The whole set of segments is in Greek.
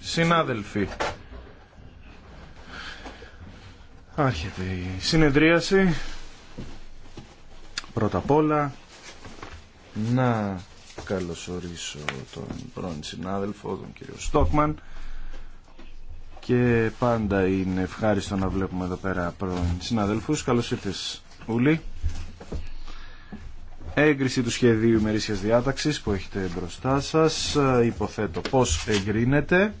Συνάδελφοι, άρχεται η συνεδρίαση. Πρώτα απ' όλα, να καλωσορίσω τον πρώην συνάδελφο, τον κύριο Στόκμαν και πάντα είναι ευχάριστο να βλέπουμε εδώ πέρα πρώην συναδέλφους. Καλώς ήρθες, Ούλη έγκριση του σχεδίου ημερήσια διάταξης που έχετε μπροστά σας. Υποθέτω πώς εγκρίνεται.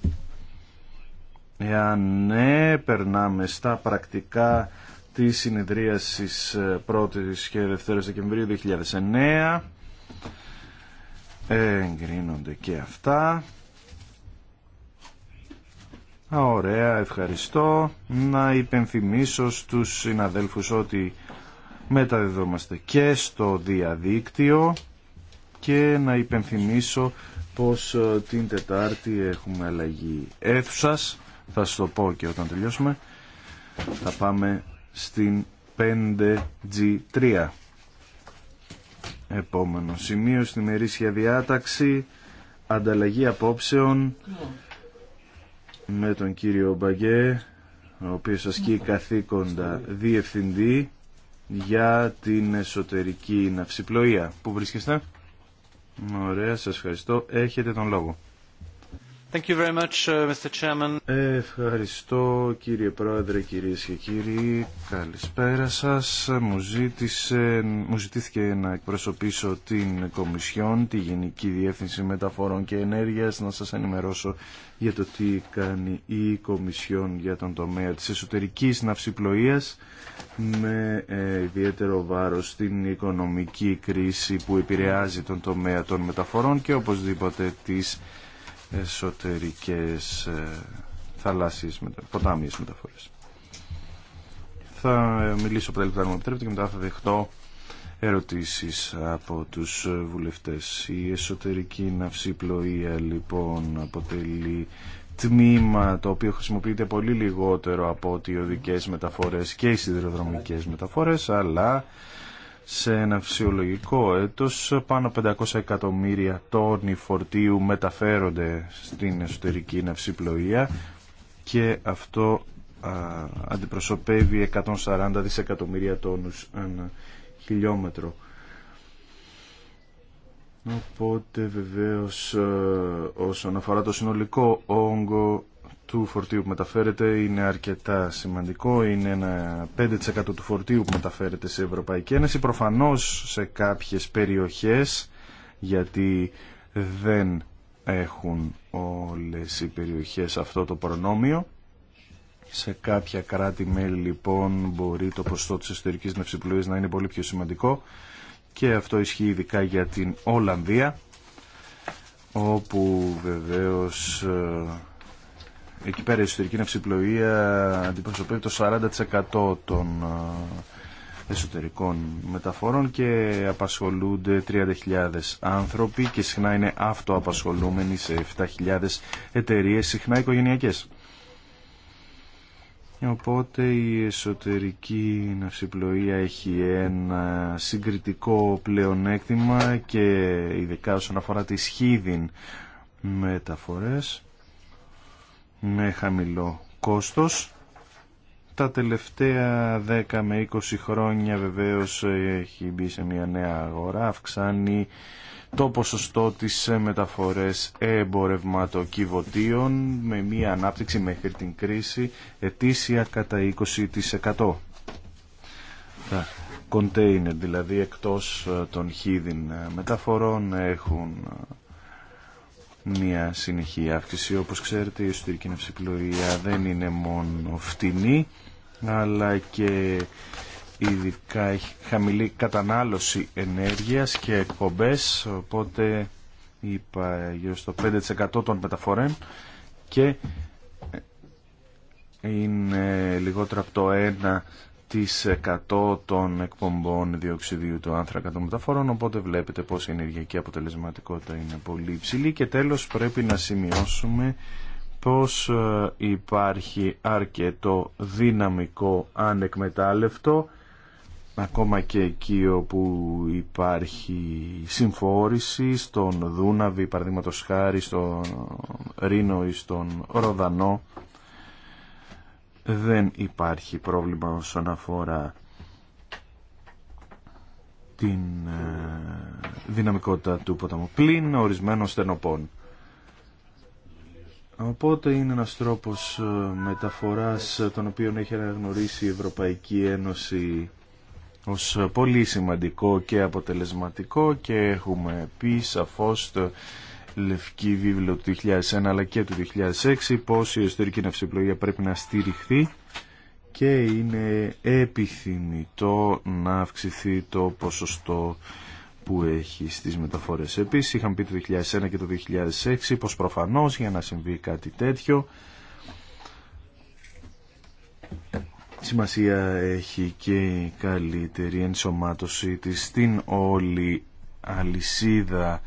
Εάν ναι, περνάμε στα πρακτικά τη συνεδρίασης 1η ε, και 2 η Δεκεμβρίου 2009. Εγκρίνονται και αυτά. Ωραία, ευχαριστώ. Να υπενθυμίσω στους συναδέλφους ότι Μεταδεδόμαστε και στο διαδίκτυο και να υπενθυμίσω πως ε, την Τετάρτη έχουμε αλλαγή αίθουσας θα στο το πω και όταν τελειώσουμε θα πάμε στην 5G3 επόμενο σημείο στη μερίσια διάταξη ανταλλαγή απόψεων με τον κύριο Μπαγκέ ο οποίος ασκεί καθήκοντα διευθυντή για την εσωτερική ναυσιπλοεία. Πού βρίσκεστε? Ωραία, σας ευχαριστώ. Έχετε τον λόγο. Uh, Ευχαριστώ κύριε Πρόεδρε, κυρίες και κύριοι. Καλησπέρα σας. Μου, ζητήθηκε να εκπροσωπήσω την Κομισιόν, τη Γενική Διεύθυνση Μεταφορών και Ενέργειας, να σας ενημερώσω για το τι κάνει η Κομισιόν για τον τομέα της εσωτερικής ναυσιπλοείας με ε, ιδιαίτερο βάρος στην οικονομική κρίση που επηρεάζει τον τομέα των μεταφορών και οπωσδήποτε τις εσωτερικές ε, θαλάσσιες ποτάμιες μεταφορές. Θα ε, μιλήσω από τα λεπτά μου επιτρέπετε και μετά θα δεχτώ ερωτήσεις από τους ε, βουλευτές. Η εσωτερική πλοία, λοιπόν αποτελεί τμήμα το οποίο χρησιμοποιείται πολύ λιγότερο από ότι οι οδικές μεταφορές και οι σιδηροδρομικές μεταφορές αλλά σε ένα φυσιολογικό έτος πάνω 500 εκατομμύρια τόνοι φορτίου μεταφέρονται στην εσωτερική ναυσιπλοεία και αυτό αντιπροσωπεύει 140 δισεκατομμύρια τόνους ένα χιλιόμετρο. Οπότε βεβαίως ε, όσον αφορά το συνολικό όγκο του φορτίου που μεταφέρεται είναι αρκετά σημαντικό. Είναι ένα 5% του φορτίου που μεταφέρεται σε Ευρωπαϊκή Ένωση. Προφανώς σε κάποιες περιοχές, γιατί δεν έχουν όλες οι περιοχές αυτό το προνόμιο. Σε κάποια κράτη-μέλη λοιπόν μπορεί το ποσοστό της εσωτερικής ναυσιπλοείας να είναι πολύ πιο σημαντικό και αυτό ισχύει ειδικά για την Ολλανδία όπου βεβαίως ε, εκεί πέρα η εσωτερική ναυσιπλοεία αντιπροσωπεύει το 40% των ε, εσωτερικών μεταφορών και απασχολούνται 30.000 άνθρωποι και συχνά είναι αυτοαπασχολούμενοι σε 7.000 εταιρείες, συχνά οικογενειακές. Οπότε η εσωτερική ναυσιπλοεία έχει ένα συγκριτικό πλεονέκτημα και ειδικά όσον αφορά τις χίδιν μεταφορές με χαμηλό κόστος. Τα τελευταία 10 με 20 χρόνια βεβαίως έχει μπει σε μια νέα αγορά, αυξάνει το ποσοστό της μεταφορές εμπορευματοκιβωτίων με μια ανάπτυξη μέχρι την κρίση ετήσια κατά 20%. Τα κοντέινερ δηλαδή εκτός των χίδιν μεταφορών έχουν μια συνεχή αύξηση. Όπως ξέρετε η εσωτερική ναυσιπλοεία δεν είναι μόνο φτηνή αλλά και ειδικά έχει χαμηλή κατανάλωση ενέργειας και εκπομπές οπότε είπα γύρω στο 5% των μεταφορέν και είναι λιγότερο από το 100 των εκπομπών διοξιδίου του άνθρακα των μεταφορών, οπότε βλέπετε πως η ενεργειακή αποτελεσματικότητα είναι πολύ υψηλή και τέλος πρέπει να σημειώσουμε πως ε, υπάρχει αρκετό δυναμικό ανεκμετάλλευτο ακόμα και εκεί όπου υπάρχει συμφόρηση στον Δούναβη, παραδείγματο χάρη στον Ρήνο ή στον Ροδανό δεν υπάρχει πρόβλημα όσον αφορά την ε, δυναμικότητα του ποταμού πλην ορισμένων στενοπών. Οπότε είναι ένας τρόπος ε, μεταφοράς ε, τον οποίο έχει αναγνωρίσει η Ευρωπαϊκή Ένωση ως πολύ σημαντικό και αποτελεσματικό και έχουμε πει σαφώς Λευκή Βίβλο του 2001 αλλά και του 2006 πως η εσωτερική ναυσιπλογία πρέπει να στηριχθεί και είναι επιθυμητό να αυξηθεί το ποσοστό που έχει στις μεταφορές. Επίσης είχαμε πει το 2001 και το 2006 πως προφανώς για να συμβεί κάτι τέτοιο σημασία έχει και η καλύτερη ενσωμάτωση της στην όλη αλυσίδα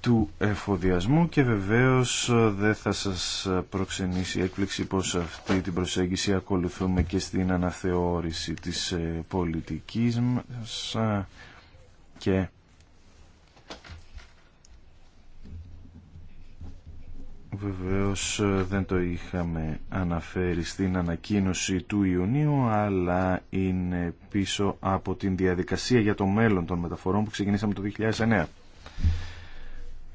του εφοδιασμού και βεβαίως ε, δεν θα σας ε, προξενήσει έκπληξη πως αυτή την προσέγγιση ακολουθούμε και στην αναθεώρηση της ε, πολιτικής μας και βεβαίως δεν το είχαμε αναφέρει στην ανακοίνωση του Ιουνίου αλλά είναι πίσω από την διαδικασία για το μέλλον των μεταφορών που ξεκινήσαμε το 2009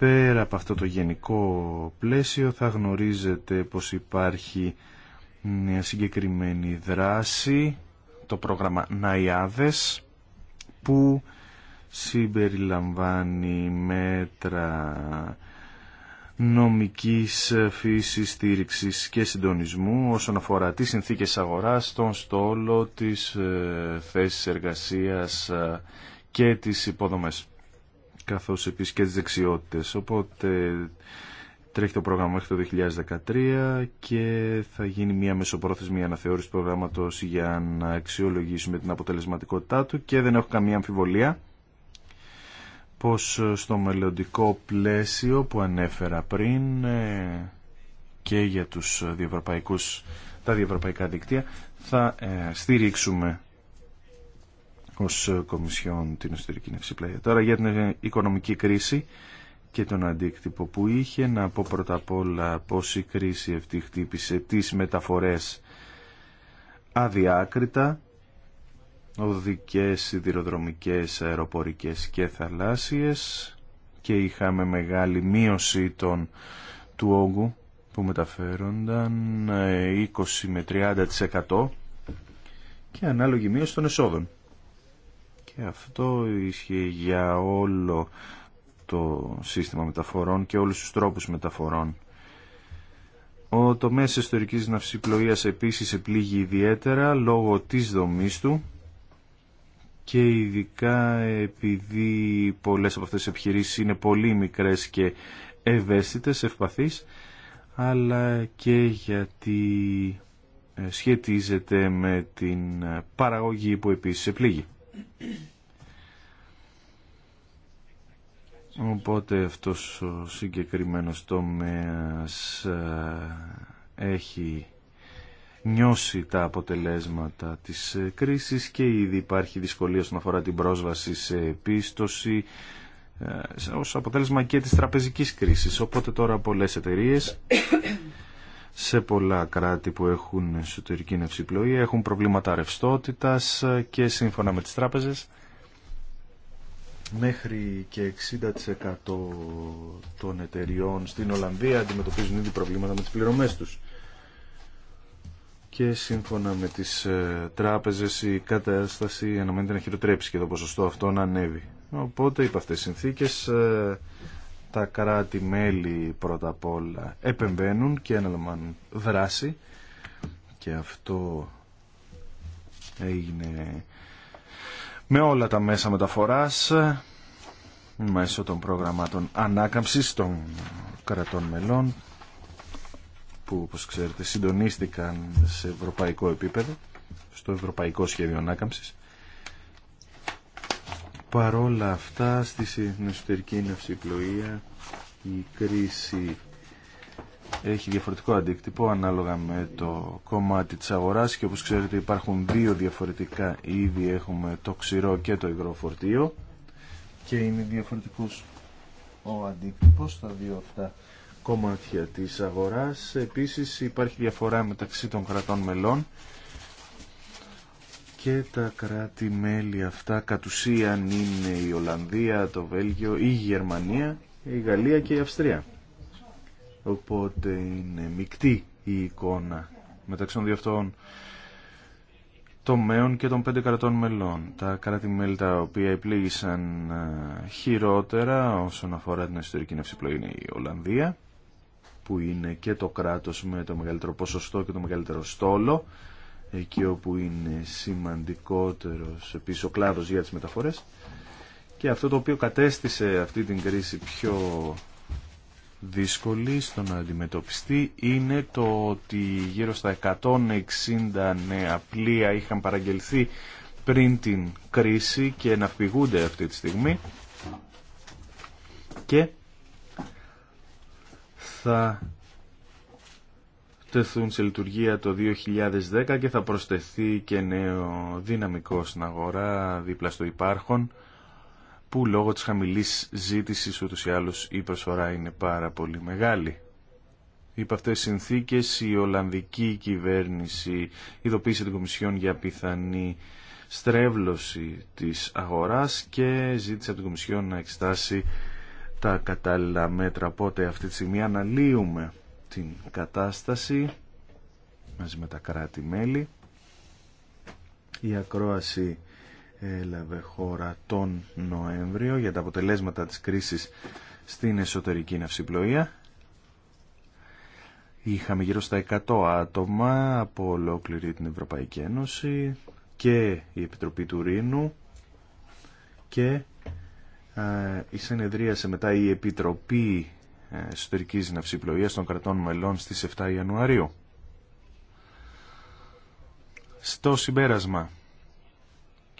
πέρα από αυτό το γενικό πλαίσιο θα γνωρίζετε πως υπάρχει μια συγκεκριμένη δράση, το πρόγραμμα Ναϊάδες, που συμπεριλαμβάνει μέτρα νομικής φύσης, στήριξης και συντονισμού όσον αφορά τις συνθήκες αγοράς, τον στόλο, τις ε, θέσεις εργασίας ε, και τις υποδομές καθώς επίσης και τις δεξιότητες. Οπότε τρέχει το πρόγραμμα μέχρι το 2013 και θα γίνει μια μεσοπρόθεσμη αναθεώρηση του προγράμματος για να αξιολογήσουμε την αποτελεσματικότητά του και δεν έχω καμία αμφιβολία πως στο μελλοντικό πλαίσιο που ανέφερα πριν ε, και για τους διευρωπαϊκούς, τα διευρωπαϊκά δικτύα θα ε, στηρίξουμε ως ε, Κομισιόν την εσωτερική πλέον. Τώρα για την ε, οικονομική κρίση και τον αντίκτυπο που είχε να πω πρώτα απ' όλα πως η κρίση αυτή χτύπησε τις μεταφορές αδιάκριτα οδικές, σιδηροδρομικές, αεροπορικές και θαλάσσιες και είχαμε μεγάλη μείωση των, του όγκου που μεταφέρονταν 20 ε, με 30% και ανάλογη μείωση των εσόδων. Και αυτό ισχύει για όλο το σύστημα μεταφορών και όλους τους τρόπους μεταφορών. Ο τομέας ιστορικής ναυσιπλοείας επίσης επλήγει ιδιαίτερα λόγω της δομής του και ειδικά επειδή πολλές από αυτές τις επιχειρήσεις είναι πολύ μικρές και ευαίσθητες, ευπαθείς, αλλά και γιατί ε, σχετίζεται με την ε, παραγωγή που επίσης επλήγει. Οπότε αυτός ο συγκεκριμένος τομέας ε, έχει νιώσει τα αποτελέσματα της ε, κρίσης και ήδη υπάρχει δυσκολία όσον αφορά την πρόσβαση σε πίστοση ε, ως αποτέλεσμα και της τραπεζικής κρίσης. Οπότε τώρα πολλές εταιρείε σε πολλά κράτη που έχουν εσωτερική έχουν προβλήματα ρευστότητας και σύμφωνα με τις τράπεζες μέχρι και 60% των εταιριών στην Ολλανδία αντιμετωπίζουν ήδη προβλήματα με τις πληρωμές τους. Και σύμφωνα με τις ε, τράπεζες η κατάσταση αναμένεται να χειροτρέψει και το ποσοστό αυτό να ανέβει. Οπότε υπ' αυτές τις συνθήκες ε, τα κράτη-μέλη πρώτα απ' όλα επεμβαίνουν και αναλαμβάνουν δράση και αυτό έγινε με όλα τα μέσα μεταφοράς μέσω των προγραμμάτων ανάκαμψης των κρατών μελών που όπως ξέρετε συντονίστηκαν σε ευρωπαϊκό επίπεδο στο Ευρωπαϊκό Σχέδιο Ανάκαμψης παρόλα αυτά στη εσωτερική ναυσιπλοεία η κρίση έχει διαφορετικό αντίκτυπο ανάλογα με το κομμάτι της αγοράς και όπως ξέρετε υπάρχουν δύο διαφορετικά Ήδη έχουμε το ξηρό και το υγρό φορτίο και είναι διαφορετικός ο αντίκτυπος στα δύο αυτά κομμάτια της αγοράς επίσης υπάρχει διαφορά μεταξύ των κρατών μελών και τα κράτη-μέλη αυτά κατ' ουσίαν είναι η Ολλανδία, το Βέλγιο, η Γερμανία, η Γαλλία και η Αυστρία. Οπότε είναι μεικτή η εικόνα μεταξύ των δύο αυτών τομέων και των πέντε κρατών μελών. Τα κράτη-μέλη τα οποία επλήγησαν ε, χειρότερα όσον αφορά την εσωτερική ναυσιπλοή είναι η Ολλανδία, που είναι και το κράτος με το μεγαλύτερο ποσοστό και το μεγαλύτερο στόλο, εκεί όπου είναι σημαντικότερος επίσης ο κλάδος για τις μεταφορές. Και αυτό το οποίο κατέστησε αυτή την κρίση πιο δύσκολη στο να αντιμετωπιστεί είναι το ότι γύρω στα 160 νέα πλοία είχαν παραγγελθεί πριν την κρίση και να φυγούνται αυτή τη στιγμή και θα τεθούν σε λειτουργία το 2010 και θα προσθεθεί και νέο δυναμικό στην αγορά δίπλα στο υπάρχον που λόγω της χαμηλής ζήτησης ούτως ή άλλως η προσφορά είναι πάρα πολύ μεγάλη. Υπ' αυτές τις συνθήκες η Ολλανδική κυβέρνηση ειδοποίησε την Κομισιόν για πιθανή στρέβλωση της αγοράς και ζήτησε από την Κομισιόν να εξτάσει τα κατάλληλα μέτρα. Οπότε αυτή τη στιγμή αναλύουμε την κατάσταση μαζί με τα κράτη-μέλη. Η ακρόαση έλαβε χώρα τον Νοέμβριο για τα αποτελέσματα της κρίσης στην εσωτερική ναυσιπλοεία. Είχαμε γύρω στα 100 άτομα από ολόκληρη την Ευρωπαϊκή Ένωση και η Επιτροπή του Ρήνου και ε, η συνεδρίασε μετά η Επιτροπή ε, Εσωτερικής Ναυσιπλοείας των Κρατών Μελών στις 7 Ιανουαρίου. Στο συμπέρασμα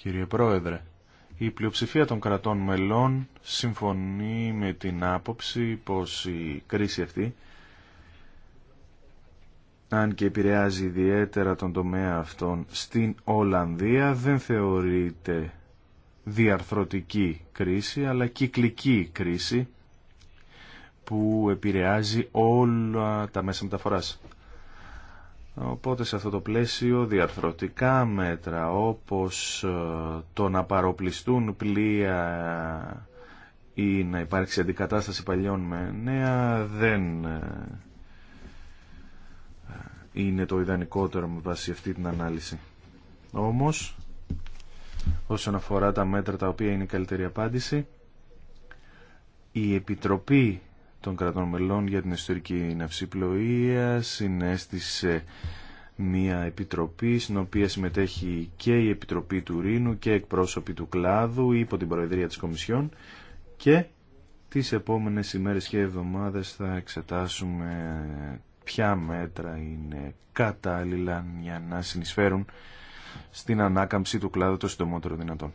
κύριε Πρόεδρε. Η πλειοψηφία των κρατών μελών συμφωνεί με την άποψη πως η κρίση αυτή, αν και επηρεάζει ιδιαίτερα τον τομέα αυτών στην Ολλανδία, δεν θεωρείται διαρθρωτική κρίση, αλλά κυκλική κρίση που επηρεάζει όλα τα μέσα μεταφοράς. Οπότε σε αυτό το πλαίσιο διαρθρωτικά μέτρα όπως ε, το να παροπλιστούν πλοία ή να υπάρξει αντικατάσταση παλιών με νέα δεν ε, ε, είναι το ιδανικότερο με βάση αυτή την ανάλυση. Όμως, όσον αφορά τα μέτρα τα οποία είναι η καλύτερη απάντηση, η Επιτροπή των κρατών μελών για την ιστορική ναυσιπλοεία συνέστησε μια επιτροπή στην οποία συμμετέχει και η Επιτροπή του Ρήνου και εκπρόσωποι του κλάδου υπό την Προεδρία της Κομισιόν και τις επόμενες ημέρες και εβδομάδες θα εξετάσουμε ποια μέτρα είναι κατάλληλα για να συνεισφέρουν στην ανάκαμψη του κλάδου το συντομότερο δυνατόν.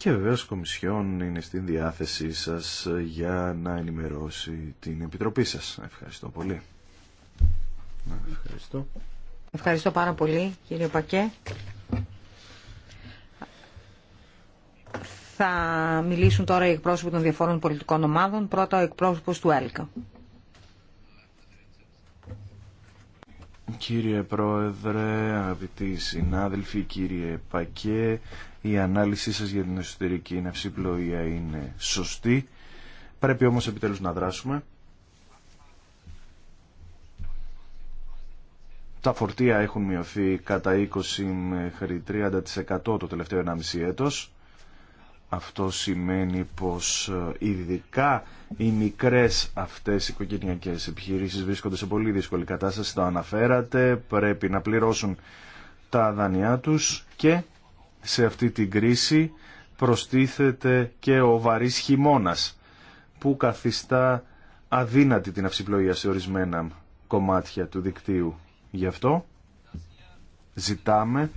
Και βεβαίω, η Κομισιόν είναι στην διάθεσή σας για να ενημερώσει την Επιτροπή σας. Ευχαριστώ πολύ. Ευχαριστώ. Ευχαριστώ πάρα πολύ κύριε Πακέ. Θα μιλήσουν τώρα οι εκπρόσωποι των διαφόρων πολιτικών ομάδων. Πρώτα ο εκπρόσωπος του ΕΛΚΑ. Κύριε Πρόεδρε, αγαπητοί συνάδελφοι, κύριε Πακέ, η ανάλυση σας για την εσωτερική πλοία είναι σωστή. Πρέπει όμως επιτέλους να δράσουμε. Τα φορτία έχουν μειωθεί κατά 20 μέχρι 30% το τελευταίο 1,5 έτος. Αυτό σημαίνει πως ε, ειδικά οι μικρές αυτές οικογενειακές επιχειρήσεις βρίσκονται σε πολύ δύσκολη κατάσταση, το αναφέρατε, πρέπει να πληρώσουν τα δανειά τους και σε αυτή την κρίση προστίθεται και ο βαρύς χειμώνας που καθιστά αδύνατη την αυσιπλοεία σε ορισμένα κομμάτια του δικτύου. Γι' αυτό ζητάμε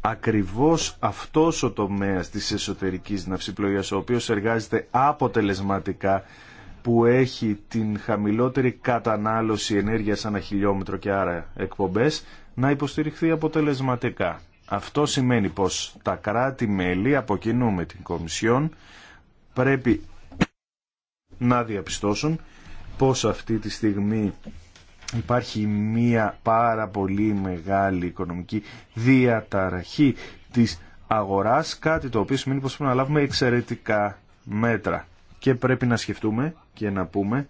ακριβώς αυτός ο τομέας της εσωτερικής ναυσιπλοείας ο οποίος εργάζεται αποτελεσματικά που έχει την χαμηλότερη κατανάλωση ενέργειας ανά χιλιόμετρο και άρα εκπομπές να υποστηριχθεί αποτελεσματικά. Αυτό σημαίνει πως τα κράτη-μέλη από κοινού με την Κομισιόν πρέπει να διαπιστώσουν πως αυτή τη στιγμή υπάρχει μία πάρα πολύ μεγάλη οικονομική διαταραχή της αγοράς, κάτι το οποίο σημαίνει πως πρέπει να λάβουμε εξαιρετικά μέτρα. Και πρέπει να σκεφτούμε και να πούμε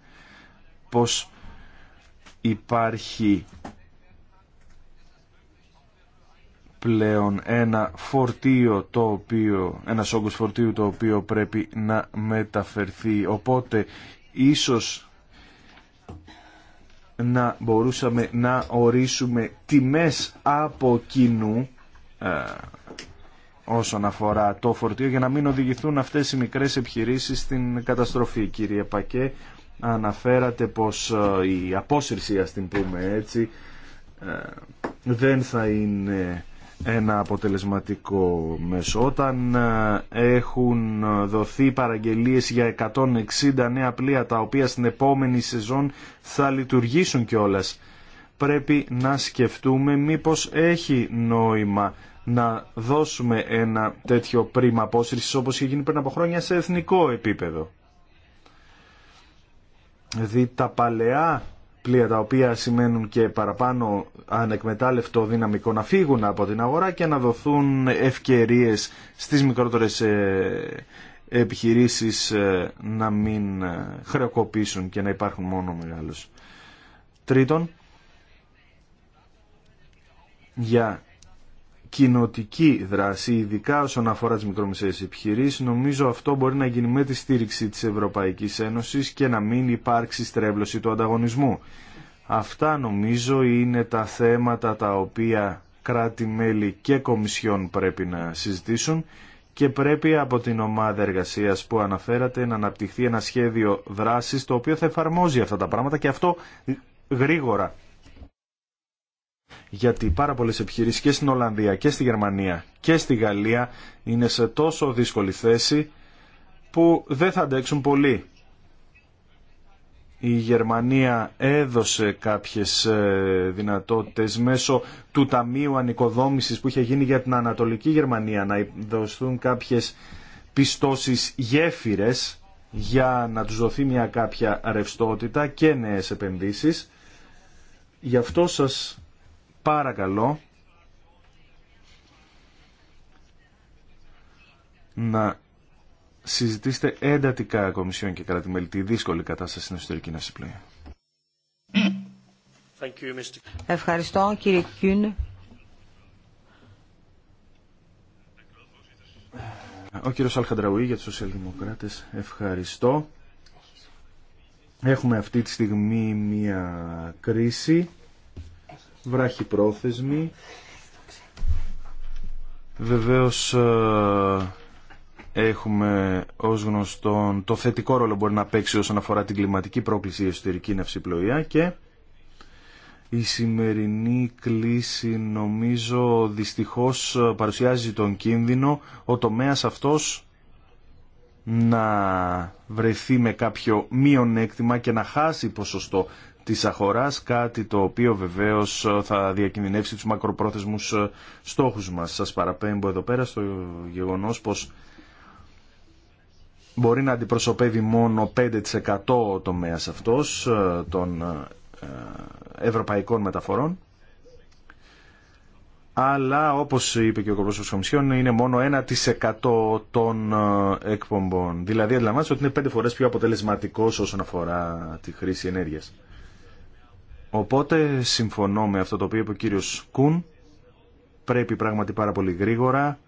πως υπάρχει πλέον ένα φορτίο το οποίο, ένας όγκος φορτίου το οποίο πρέπει να μεταφερθεί. Οπότε ίσως να μπορούσαμε να ορίσουμε τιμές από κοινού ε, όσον αφορά το φορτίο για να μην οδηγηθούν αυτές οι μικρές επιχειρήσεις στην καταστροφή. Κύριε Πακέ, αναφέρατε πως ε, η απόσυρση, ας την πούμε έτσι, ε, δεν θα είναι ένα αποτελεσματικό μέσο. Όταν ε, έχουν δοθεί παραγγελίες για 160 νέα πλοία τα οποία στην επόμενη σεζόν θα λειτουργήσουν κιόλα. πρέπει να σκεφτούμε μήπως έχει νόημα να δώσουμε ένα τέτοιο πρίμα απόσυρσης όπως είχε γίνει πριν από χρόνια σε εθνικό επίπεδο. Δηλαδή τα παλαιά πλοία τα οποία σημαίνουν και παραπάνω ανεκμετάλλευτο δυναμικό να φύγουν από την αγορά και να δοθούν ευκαιρίες στις μικρότερες ε, επιχειρήσεις ε, να μην ε, χρεοκοπήσουν και να υπάρχουν μόνο μεγάλους. Τρίτον, για κοινοτική δράση, ειδικά όσον αφορά τις μικρομεσαίες επιχειρήσεις, νομίζω αυτό μπορεί να γίνει με τη στήριξη της Ευρωπαϊκής Ένωσης και να μην υπάρξει στρέβλωση του ανταγωνισμού. Αυτά νομίζω είναι τα θέματα τα οποία κράτη-μέλη και κομισιόν πρέπει να συζητήσουν και πρέπει από την ομάδα εργασίας που αναφέρατε να αναπτυχθεί ένα σχέδιο δράσης το οποίο θα εφαρμόζει αυτά τα πράγματα και αυτό γρήγορα γιατί πάρα πολλέ επιχειρήσει και στην Ολλανδία και στη Γερμανία και στη Γαλλία είναι σε τόσο δύσκολη θέση που δεν θα αντέξουν πολύ. Η Γερμανία έδωσε κάποιες ε, δυνατότητες μέσω του Ταμείου Ανοικοδόμησης που είχε γίνει για την Ανατολική Γερμανία να δοστούν κάποιες πιστώσεις γέφυρες για να τους δοθεί μια κάποια ρευστότητα και νέες επενδύσεις. Γι' αυτό σας παρακαλώ να συζητήσετε εντατικά Κομισιόν και κράτη-μέλη τη δύσκολη κατάσταση στην εσωτερική συμπλέει. Ευχαριστώ κύριε Κιούν. Ο κύριος Αλχαντραουή για τους σοσιαλδημοκράτες. Ευχαριστώ. Έχουμε αυτή τη στιγμή μία κρίση βραχυπρόθεσμη. Βεβαίως ε, έχουμε ως γνωστόν το θετικό ρόλο μπορεί να παίξει όσον αφορά την κλιματική πρόκληση η εσωτερική ναυσιπλοεία και η σημερινή κλίση νομίζω δυστυχώς παρουσιάζει τον κίνδυνο ο τομέας αυτός να βρεθεί με κάποιο μειονέκτημα και να χάσει ποσοστό της αγοράς, κάτι το οποίο βεβαίως ε, θα διακινδυνεύσει τους μακροπρόθεσμους ε, στόχους μας. Σας παραπέμπω εδώ πέρα στο γεγονός πως μπορεί να αντιπροσωπεύει μόνο 5% ο τομέας αυτός ε, των ευρωπαϊκών μεταφορών αλλά όπως είπε και ο Κορπός της είναι μόνο 1% των εκπομπών. Δηλαδή αντιλαμβάνεστε ότι είναι 5 φορές πιο αποτελεσματικός όσον αφορά τη χρήση ενέργειας. Οπότε συμφωνώ με αυτό το οποίο είπε ο κύριος Κούν. Πρέπει πράγματι πάρα πολύ γρήγορα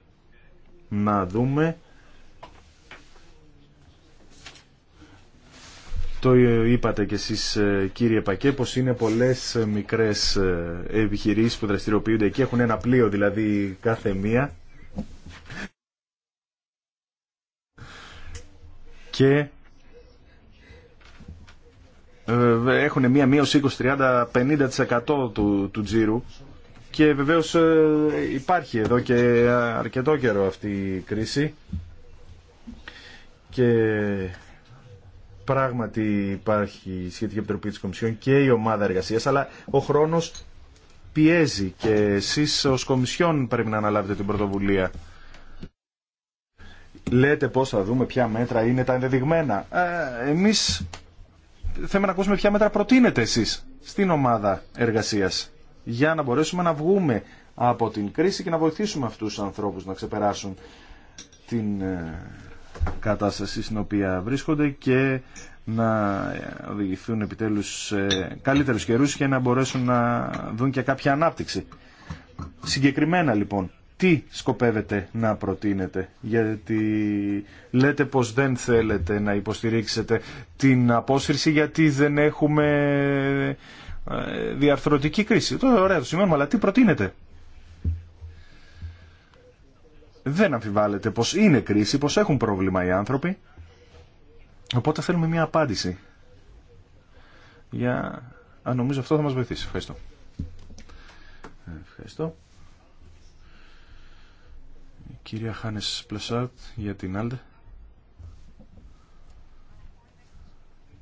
να δούμε Το είπατε κι εσείς ε, κύριε Πακέ πως είναι πολλές ε, μικρές ε, επιχειρήσεις που δραστηριοποιούνται εκεί έχουν ένα πλοίο δηλαδή κάθε μία και ε, έχουν μία μείωση 20-30-50% του, του τζίρου και βεβαίως ε, υπάρχει εδώ και αρκετό καιρό αυτή η κρίση και πράγματι υπάρχει η σχετική επιτροπή της Κομισιόν και η ομάδα εργασίας αλλά ο χρόνος πιέζει και εσείς ως Κομισιόν πρέπει να αναλάβετε την πρωτοβουλία λέτε πώς θα δούμε ποια μέτρα είναι τα ενδεδειγμένα. Ε, εμείς Θέλουμε να ακούσουμε ποια μέτρα προτείνετε εσείς στην ομάδα εργασίας για να μπορέσουμε να βγούμε από την κρίση και να βοηθήσουμε αυτούς τους ανθρώπους να ξεπεράσουν την ε, κατάσταση στην οποία βρίσκονται και να ε, οδηγηθούν επιτέλους σε καλύτερους καιρούς και να μπορέσουν να δουν και κάποια ανάπτυξη. Συγκεκριμένα λοιπόν, τι σκοπεύετε να προτείνετε, γιατί λέτε πως δεν θέλετε να υποστηρίξετε την απόσυρση γιατί δεν έχουμε ε, διαρθρωτική κρίση. Τώρα ωραία το σημαίνουμε, αλλά τι προτείνετε. Δεν αμφιβάλλετε πως είναι κρίση, πως έχουν πρόβλημα οι άνθρωποι. Οπότε θέλουμε μια απάντηση. Για... Αν νομίζω αυτό θα μας βοηθήσει. Ευχαριστώ. Ευχαριστώ κυρία Χάνες Πλασάρτ για την Άλτε.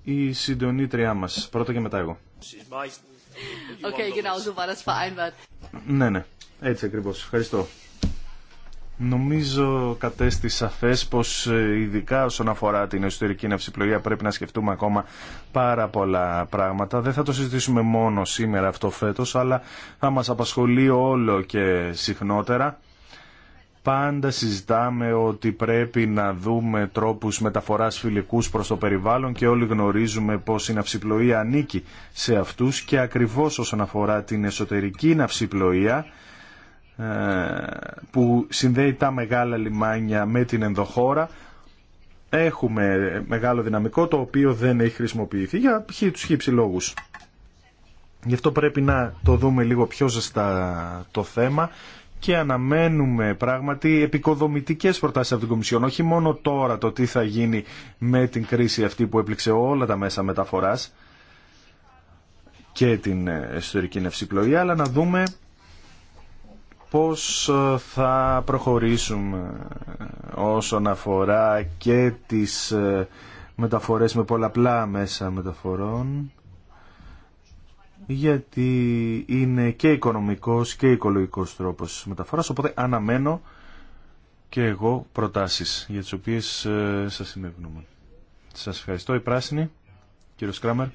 Η συντονίτριά μας, πρώτα και μετά εγώ. genau, so war das Ναι, ναι, έτσι ακριβώς. Ευχαριστώ. Νομίζω κατέστη σαφέ πω ε, ειδικά όσον αφορά την εσωτερική ναυσιπλοεία πρέπει να σκεφτούμε ακόμα πάρα πολλά πράγματα. Δεν θα το συζητήσουμε μόνο σήμερα αυτό φέτο, αλλά θα μα απασχολεί όλο και συχνότερα πάντα συζητάμε ότι πρέπει να δούμε τρόπους μεταφοράς φιλικούς προς το περιβάλλον και όλοι γνωρίζουμε πως η ναυσιπλοεία ανήκει σε αυτούς και ακριβώς όσον αφορά την εσωτερική ναυσιπλοεία ε, που συνδέει τα μεγάλα λιμάνια με την ενδοχώρα έχουμε μεγάλο δυναμικό το οποίο δεν έχει χρησιμοποιηθεί για τους χύψη λόγους. Γι' αυτό πρέπει να το δούμε λίγο πιο ζεστά το θέμα και αναμένουμε πράγματι επικοδομητικές προτάσεις από την Κομισιόν, όχι μόνο τώρα το τι θα γίνει με την κρίση αυτή που έπληξε όλα τα μέσα μεταφοράς και την ε, εσωτερική ναυσιπλοεία, αλλά να δούμε πώς ε, θα προχωρήσουμε όσον αφορά και τις ε, μεταφορές με πολλαπλά μέσα μεταφορών γιατί είναι και οικονομικός και οικολογικός τρόπος μεταφοράς, οπότε αναμένω και εγώ προτάσεις για τις οποίες ε, σας συνεργούμε. Σας ευχαριστώ. Η πράσινη, κύριο Σκράμερ.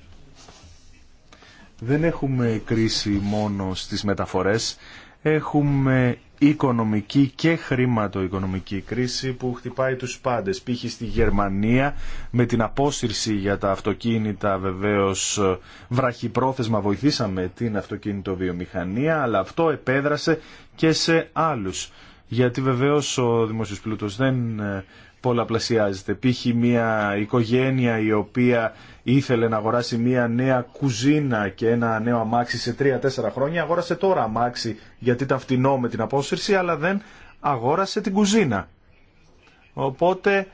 Δεν έχουμε κρίση μόνο στις μεταφορές έχουμε οικονομική και χρηματοοικονομική κρίση που χτυπάει τους πάντες. Π.χ. στη Γερμανία με την απόσυρση για τα αυτοκίνητα βεβαίως βραχυπρόθεσμα βοηθήσαμε την αυτοκίνητοβιομηχανία αλλά αυτό επέδρασε και σε άλλους. Γιατί βεβαίως ο δημόσιος πλούτος δεν ε, πολλαπλασιάζεται. Π.χ. μια οικογένεια η οποία ήθελε να αγοράσει μια νέα κουζίνα και ένα νέο αμάξι σε 3-4 χρόνια, αγόρασε τώρα αμάξι γιατί ήταν φτηνό με την απόσυρση, αλλά δεν αγόρασε την κουζίνα. Οπότε,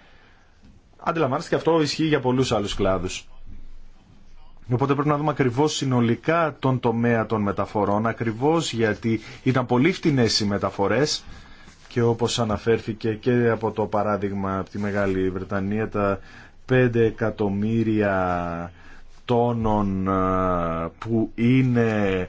αντιλαμβάνεστε και αυτό ισχύει για πολλούς άλλους κλάδους. Οπότε πρέπει να δούμε ακριβώ συνολικά τον τομέα των μεταφορών, ακριβώ γιατί ήταν πολύ φτηνέ οι μεταφορέ και όπως αναφέρθηκε και από το παράδειγμα από τη Μεγάλη Βρετανία τα 5 εκατομμύρια τόνων που είναι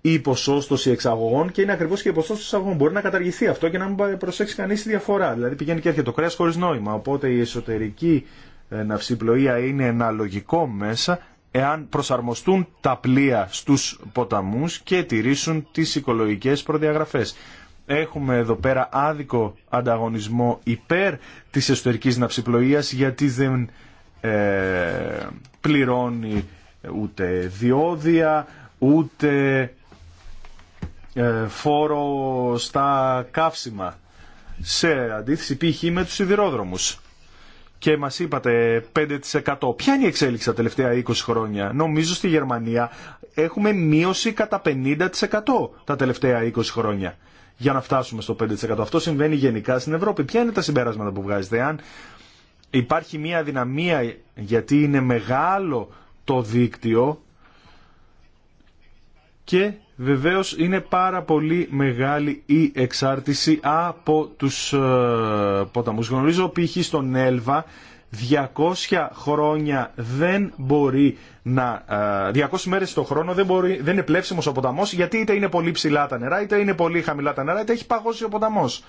η ποσόστοση εξαγωγών και είναι ακριβώς και η ποσόστοση εξαγωγών. Μπορεί να καταργηθεί αυτό και να μην προσέξει κανεί τη διαφορά. Δηλαδή πηγαίνει και έρχεται το κρέας χωρίς νόημα. Οπότε η εσωτερική ε, ναυσιπλοεία είναι ένα λογικό μέσα εάν προσαρμοστούν τα πλοία στους ποταμούς και τηρήσουν τις οικολογικές προδιαγραφές έχουμε εδώ πέρα άδικο ανταγωνισμό υπέρ της εσωτερικής ναυσιπλοείας γιατί δεν ε, πληρώνει ούτε διόδια, ούτε ε, φόρο στα καύσιμα. Σε αντίθεση π.χ. με τους σιδηρόδρομους. Και μας είπατε 5%. Ποια είναι η εξέλιξη τα τελευταία 20 χρόνια. Νομίζω στη Γερμανία έχουμε μείωση κατά 50% τα τελευταία 20 χρόνια για να φτάσουμε στο 5%. Αυτό συμβαίνει γενικά στην Ευρώπη. Ποια είναι τα συμπέρασματα που βγάζετε. Αν υπάρχει μια δυναμία γιατί είναι μεγάλο το δίκτυο και βεβαίως είναι πάρα πολύ μεγάλη η εξάρτηση από τους ε, ποταμούς. Γνωρίζω π.χ. στον Έλβα 200 χρόνια δεν μπορεί να... 200 ε, μέρες το χρόνο δεν, μπορεί, δεν είναι πλεύσιμο ο ποταμό γιατί είτε είναι πολύ ψηλά τα νερά, είτε είναι πολύ χαμηλά τα νερά, είτε έχει παγώσει ο ποταμός.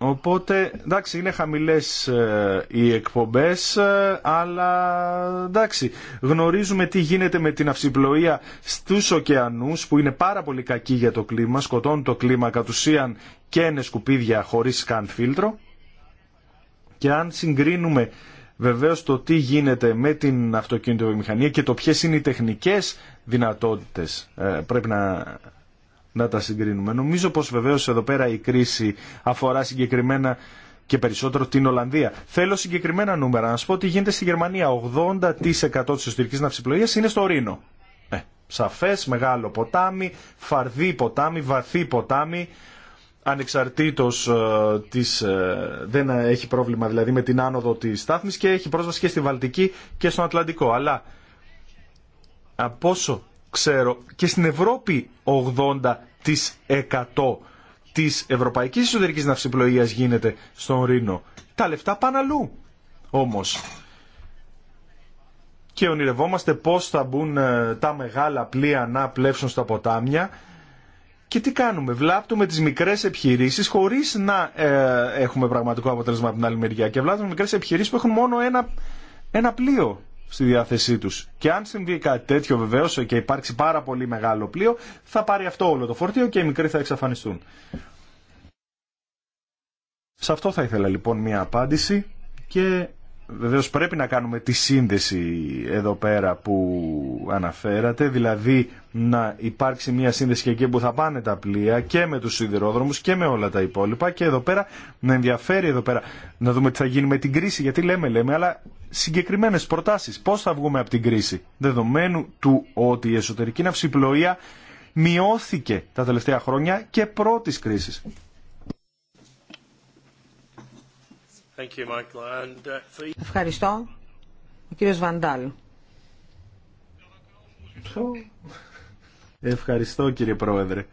Οπότε, εντάξει, είναι χαμηλές ε, οι εκπομπές, ε, αλλά εντάξει, γνωρίζουμε τι γίνεται με την αυσιπλοεία στους ωκεανούς, που είναι πάρα πολύ κακή για το κλίμα, σκοτώνουν το κλίμα κατ' ουσίαν και είναι σκουπίδια χωρίς καν φίλτρο. Και αν συγκρίνουμε βεβαίω το τι γίνεται με την αυτοκινητοβιομηχανία και το ποιε είναι οι τεχνικέ δυνατότητε, ε, πρέπει να, να τα συγκρίνουμε. Νομίζω πω βεβαίω εδώ πέρα η κρίση αφορά συγκεκριμένα και περισσότερο την Ολλανδία. Θέλω συγκεκριμένα νούμερα. Να σου πω ότι γίνεται στη Γερμανία. 80% της εσωτερικής ναυσιπλογίας είναι στο Ρήνο. Ε, σαφές, μεγάλο ποτάμι, φαρδί ποτάμι, βαθύ ποτάμι ανεξαρτήτως ε, της, ε, δεν έχει πρόβλημα δηλαδή με την άνοδο της στάθμης και έχει πρόσβαση και στη Βαλτική και στον Ατλαντικό. Αλλά από όσο ξέρω και στην Ευρώπη 80% της ευρωπαϊκής εσωτερικής ναυσιπλοείας γίνεται στον Ρήνο. Τα λεφτά πάνε αλλού όμως. Και ονειρευόμαστε πώς θα μπουν ε, τα μεγάλα πλοία να πλέψουν στα ποτάμια και τι κάνουμε, βλάπτουμε τι μικρέ επιχειρήσει χωρί να ε, έχουμε πραγματικό αποτέλεσμα από την άλλη μεριά. Και βλάπτουμε μικρέ επιχειρήσει που έχουν μόνο ένα, ένα πλοίο στη διάθεσή του. Και αν συμβεί κάτι τέτοιο βεβαίω και υπάρξει πάρα πολύ μεγάλο πλοίο, θα πάρει αυτό όλο το φορτίο και οι μικροί θα εξαφανιστούν. Σε αυτό θα ήθελα λοιπόν μία απάντηση και Βεβαίω πρέπει να κάνουμε τη σύνδεση εδώ πέρα που αναφέρατε, δηλαδή να υπάρξει μια σύνδεση και εκεί που θα πάνε τα πλοία και με τους σιδηρόδρομους και με όλα τα υπόλοιπα και εδώ πέρα να ενδιαφέρει εδώ πέρα να δούμε τι θα γίνει με την κρίση γιατί λέμε λέμε αλλά συγκεκριμένες προτάσεις πώς θα βγούμε από την κρίση δεδομένου του ότι η εσωτερική ναυσιπλοεία μειώθηκε τα τελευταία χρόνια και πρώτης κρίση. Uh, Ευχαριστώ. Ο κύριος Βαντάλ. Ευχαριστώ κύριε Πρόεδρε.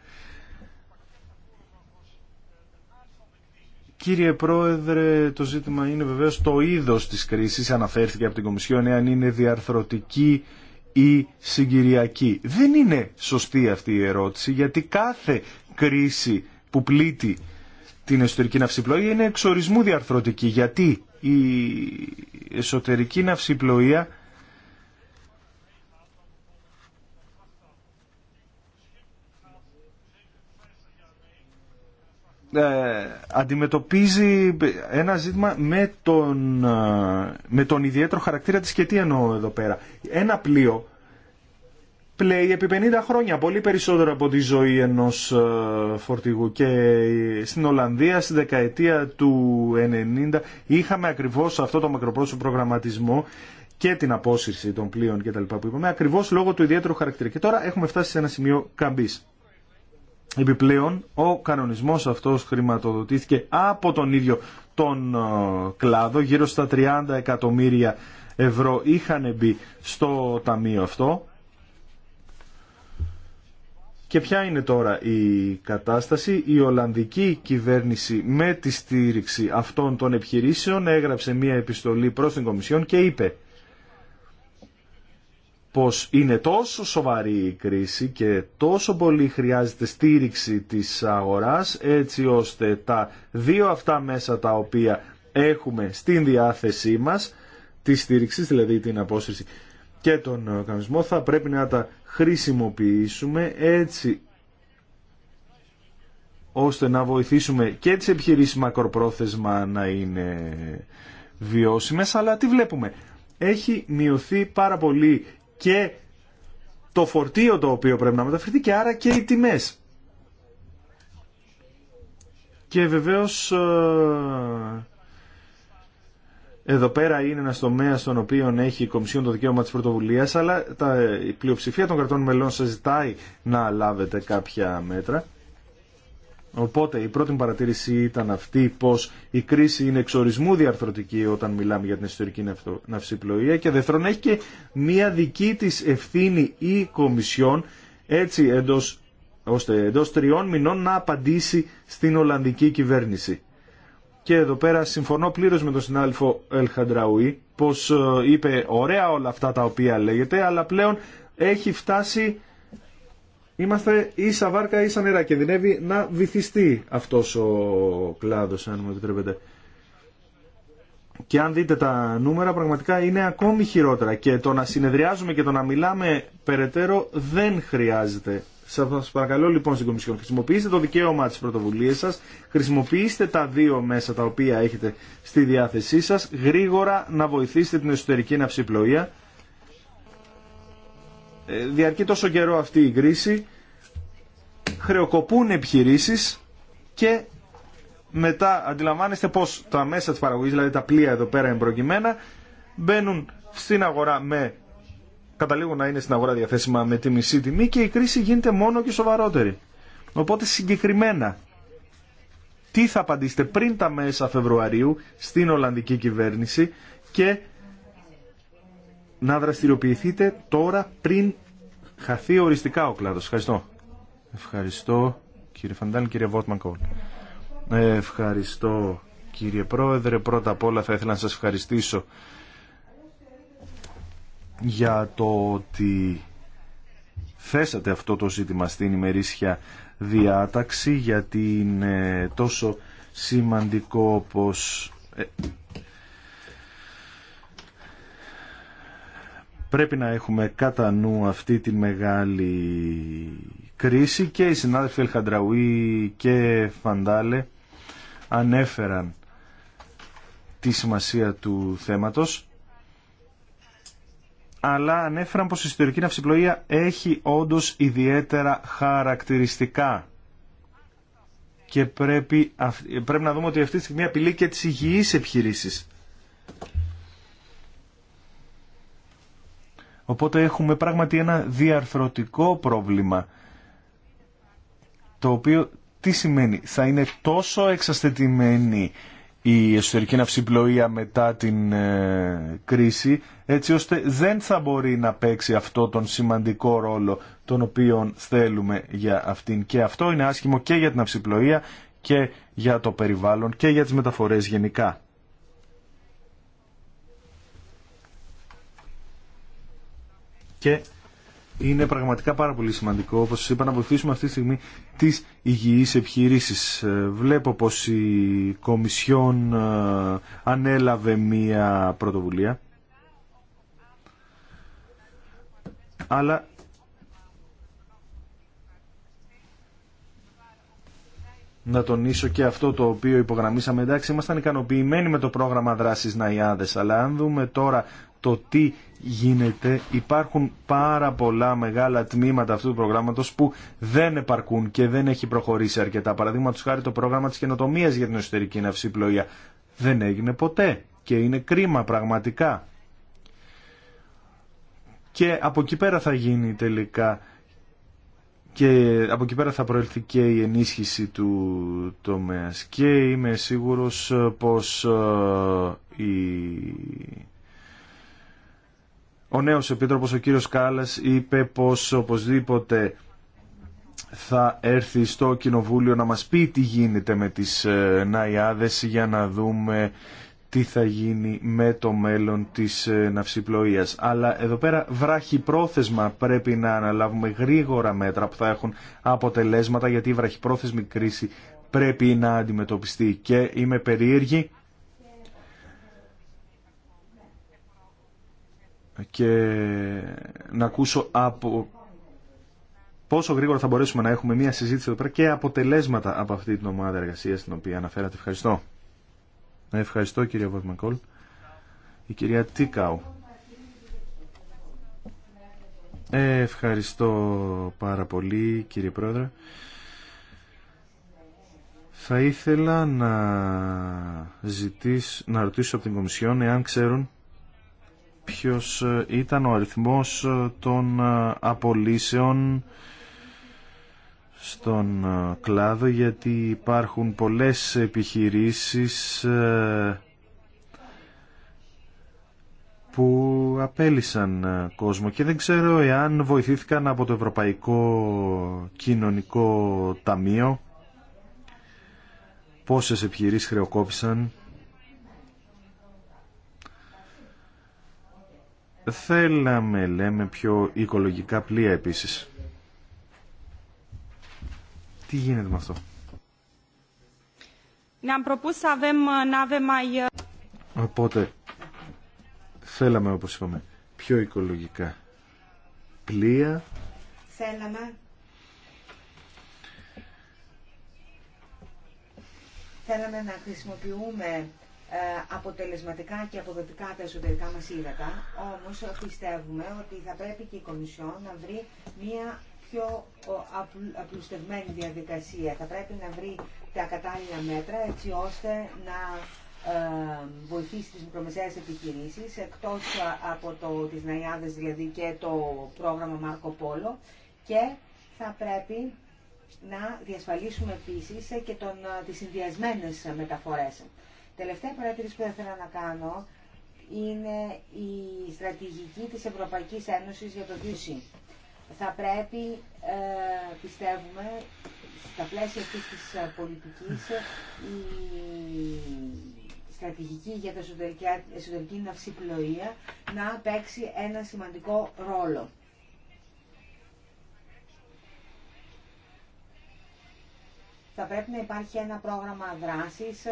Κύριε Πρόεδρε, το ζήτημα είναι βεβαίως το είδος της κρίσης, αναφέρθηκε από την Κομισιόν, εάν είναι διαρθρωτική ή συγκυριακή. Δεν είναι σωστή αυτή η ερώτηση, γιατί κάθε κρίση που πλήττει την εσωτερική ναυσιπλοεία είναι εξορισμού διαρθρωτική. Γιατί η εσωτερική ναυσιπλοεία ε, αντιμετωπίζει ένα ζήτημα με τον, ε, με τον ιδιαίτερο χαρακτήρα της και τι εννοώ εδώ πέρα. Ένα πλοίο πλέει επί 50 χρόνια, πολύ περισσότερο από τη ζωή ενός ε, φορτηγού και ε, στην Ολλανδία στη δεκαετία του 90 είχαμε ακριβώς αυτό το μακροπρόσωπο προγραμματισμό και την απόσυρση των πλοίων λοιπά που είπαμε, ακριβώς λόγω του ιδιαίτερου χαρακτήρα. Και τώρα έχουμε φτάσει σε ένα σημείο καμπής. Επιπλέον, ο κανονισμός αυτός χρηματοδοτήθηκε από τον ίδιο τον ε, κλάδο, γύρω στα 30 εκατομμύρια ευρώ είχαν μπει στο ταμείο αυτό και ποια είναι τώρα η κατάσταση. Η Ολλανδική κυβέρνηση με τη στήριξη αυτών των επιχειρήσεων έγραψε μία επιστολή προς την Κομισιόν και είπε πως είναι τόσο σοβαρή η κρίση και τόσο πολύ χρειάζεται στήριξη της αγοράς έτσι ώστε τα δύο αυτά μέσα τα οποία έχουμε στην διάθεσή μας τη στήριξη, δηλαδή την απόσυρση και τον κανονισμό ε, θα πρέπει να τα χρησιμοποιήσουμε έτσι ώστε να βοηθήσουμε και τις επιχειρήσεις μακροπρόθεσμα να είναι βιώσιμες, αλλά τι βλέπουμε. Έχει μειωθεί πάρα πολύ και το φορτίο το οποίο πρέπει να μεταφερθεί και άρα και οι τιμές. Και βεβαίως ε, εδώ πέρα είναι ένα τομέα στον οποίο έχει η Κομισιόν το δικαίωμα τη πρωτοβουλία, αλλά τα, η πλειοψηφία των κρατών μελών σα ζητάει να λάβετε κάποια μέτρα. Οπότε η πρώτη παρατήρηση ήταν αυτή πως η κρίση είναι εξορισμού διαρθρωτική όταν μιλάμε για την ιστορική ναυσιπλοεία και δεύτερον έχει και μία δική τη ευθύνη η Κομισιόν έτσι εντός, τριών μηνών να απαντήσει στην Ολλανδική κυβέρνηση και εδώ πέρα συμφωνώ πλήρως με τον συνάδελφο Ελχαντραουή πως ε, είπε ωραία όλα αυτά τα οποία λέγεται αλλά πλέον έχει φτάσει είμαστε ίσα βάρκα ίσα νερά και δυνεύει να βυθιστεί αυτός ο κλάδος αν μου επιτρέπετε και αν δείτε τα νούμερα πραγματικά είναι ακόμη χειρότερα και το να συνεδριάζουμε και το να μιλάμε περαιτέρω δεν χρειάζεται Σα παρακαλώ λοιπόν στην Κομισιόν, χρησιμοποιήστε το δικαίωμα τη πρωτοβουλία σα, χρησιμοποιήστε τα δύο μέσα τα οποία έχετε στη διάθεσή σας, γρήγορα να βοηθήσετε την εσωτερική ναυσιπλοεία. Ε, διαρκεί τόσο καιρό αυτή η κρίση, χρεοκοπούν επιχειρήσει και μετά αντιλαμβάνεστε πως τα μέσα τη παραγωγής, δηλαδή τα πλοία εδώ πέρα εμπροκειμένα, μπαίνουν στην αγορά με καταλήγουν να είναι στην αγορά διαθέσιμα με τη μισή τιμή και η κρίση γίνεται μόνο και σοβαρότερη. Οπότε συγκεκριμένα, τι θα απαντήσετε πριν τα μέσα Φεβρουαρίου στην Ολλανδική κυβέρνηση και να δραστηριοποιηθείτε τώρα πριν χαθεί οριστικά ο κλάδος. Ευχαριστώ. Ευχαριστώ κύριε Φαντάλη, κύριε Βότμαν Κόλ. Ε, ευχαριστώ κύριε Πρόεδρε. Πρώτα απ' όλα θα ήθελα να σας ευχαριστήσω για το ότι θέσατε αυτό το ζήτημα στην ημερήσια διάταξη γιατί είναι τόσο σημαντικό πως ε, πρέπει να έχουμε κατά νου αυτή τη μεγάλη κρίση και οι συνάδελφοι Ελχαντραουή και Φαντάλε ανέφεραν τη σημασία του θέματος αλλά ανέφεραν πως η ιστορική ναυσιπλοεία έχει όντως ιδιαίτερα χαρακτηριστικά. Και πρέπει, πρέπει να δούμε ότι αυτή τη στιγμή απειλεί και τις υγιείς επιχειρήσεις. Οπότε έχουμε πράγματι ένα διαρθρωτικό πρόβλημα, το οποίο τι σημαίνει, θα είναι τόσο εξαστετημένη η εσωτερική ναυσιπλοεία μετά την ε, κρίση, έτσι ώστε δεν θα μπορεί να παίξει αυτό τον σημαντικό ρόλο τον οποίο θέλουμε για αυτήν. Και αυτό είναι άσχημο και για την ναυσιπλοεία και για το περιβάλλον και για τις μεταφορές γενικά είναι πραγματικά πάρα πολύ σημαντικό, όπως σας είπα, να βοηθήσουμε αυτή τη στιγμή τις υγιείς επιχειρήσεις. Ε, βλέπω πως η Κομισιόν ε, ανέλαβε μία πρωτοβουλία, αλλά να τονίσω και αυτό το οποίο υπογραμμίσαμε. Εντάξει, ήμασταν ικανοποιημένοι με το πρόγραμμα δράσης Ναϊάδες, αλλά αν δούμε τώρα το τι γίνεται. Υπάρχουν πάρα πολλά μεγάλα τμήματα αυτού του προγράμματος που δεν επαρκούν και δεν έχει προχωρήσει αρκετά. Παραδείγματο, χάρη το πρόγραμμα της καινοτομία για την εσωτερική ναυσιπλοεία δεν έγινε ποτέ και είναι κρίμα πραγματικά. Και από εκεί πέρα θα γίνει τελικά και από εκεί πέρα θα προελθεί και η ενίσχυση του τομέας Και είμαι σίγουρος πως ε, η ο νέος επίτροπος, ο κύριος Κάλλας, είπε πως οπωσδήποτε θα έρθει στο Κοινοβούλιο να μας πει τι γίνεται με τις ε, ναϊάδες για να δούμε τι θα γίνει με το μέλλον της ε, ναυσιπλοείας. Αλλά εδώ πέρα βράχει πρόθεσμα πρέπει να αναλάβουμε γρήγορα μέτρα που θα έχουν αποτελέσματα γιατί η βραχυπρόθεσμη κρίση πρέπει να αντιμετωπιστεί και είμαι περίεργη και να ακούσω από πόσο γρήγορα θα μπορέσουμε να έχουμε μια συζήτηση εδώ πέρα και αποτελέσματα από αυτή την ομάδα εργασίας την οποία αναφέρατε. Ευχαριστώ. Ναι, ευχαριστώ κύριε Βαβμακόλ. Η κυρία Τίκαου. Ε, ευχαριστώ πάρα πολύ κύριε Πρόεδρε. Θα ήθελα να, ζητήσω, να ρωτήσω από την Κομισιόν εάν ξέρουν ποιος ε, ήταν ο αριθμός ε, των ε, απολύσεων στον κλάδο γιατί υπάρχουν πολλές επιχειρήσεις που απέλησαν κόσμο και δεν ξέρω εάν βοηθήθηκαν από το Ευρωπαϊκό Κοινωνικό Ταμείο πόσες επιχειρήσεις χρεοκόπησαν Θέλαμε, λέμε, πιο οικολογικά πλοία επίσης. Τι γίνεται με αυτό. Uh, Οπότε, θέλαμε, όπως είπαμε, πιο οικολογικά πλοία. Θέλαμε. Θέλαμε να χρησιμοποιούμε ε, αποτελεσματικά και αποδοτικά τα εσωτερικά μας ύδατα, όμως πιστεύουμε ότι θα πρέπει και η Κομισιόν να βρει μια πιο απλουστευμένη διαδικασία. Θα πρέπει να βρει τα κατάλληλα μέτρα έτσι ώστε να ε, βοηθήσει τις μικρομεσαίες επιχειρήσεις, εκτός ε, από το, τις Ναϊάδες δηλαδή και το πρόγραμμα Μάρκο Πόλο και θα πρέπει να διασφαλίσουμε επίσης και τον, τις συνδυασμένες μεταφορές. Τελευταία παρατήρηση που θα ήθελα να κάνω είναι η στρατηγική της Ευρωπαϊκής Ένωσης για το ΔΥΣΥ. Θα πρέπει, ε, πιστεύουμε, στα πλαίσια αυτής της ε, πολιτικής, η στρατηγική για την εσωτερική, εσωτερική ναυσιπλοεία να παίξει ένα σημαντικό ρόλο. Θα πρέπει να υπάρχει ένα πρόγραμμα δράσης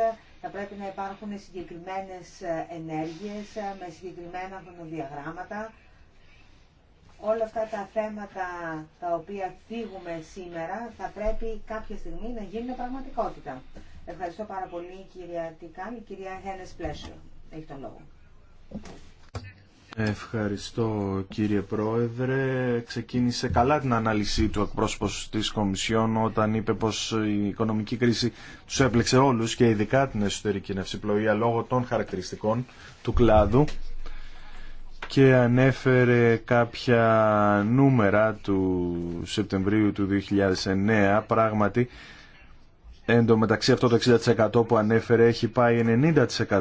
θα πρέπει να υπάρχουν συγκεκριμένες ε, ενέργειες ε, με συγκεκριμένα χρονοδιαγράμματα. Όλα αυτά τα θέματα τα οποία φύγουμε σήμερα θα πρέπει κάποια στιγμή να γίνουν πραγματικότητα. Ευχαριστώ πάρα πολύ κυρία Τικάνη. Κυρία Χένες Πλέσιο έχει τον λόγο. Ευχαριστώ κύριε Πρόεδρε. Ξεκίνησε καλά την ανάλυση του εκπρόσωπος της Κομισιόν όταν είπε πως η οικονομική κρίση τους έπλεξε όλους και ειδικά την εσωτερική ναυσιπλοεία λόγω των χαρακτηριστικών του κλάδου και ανέφερε κάποια νούμερα του Σεπτεμβρίου του 2009 πράγματι Εν μεταξύ αυτό το 60% που ανέφερε έχει πάει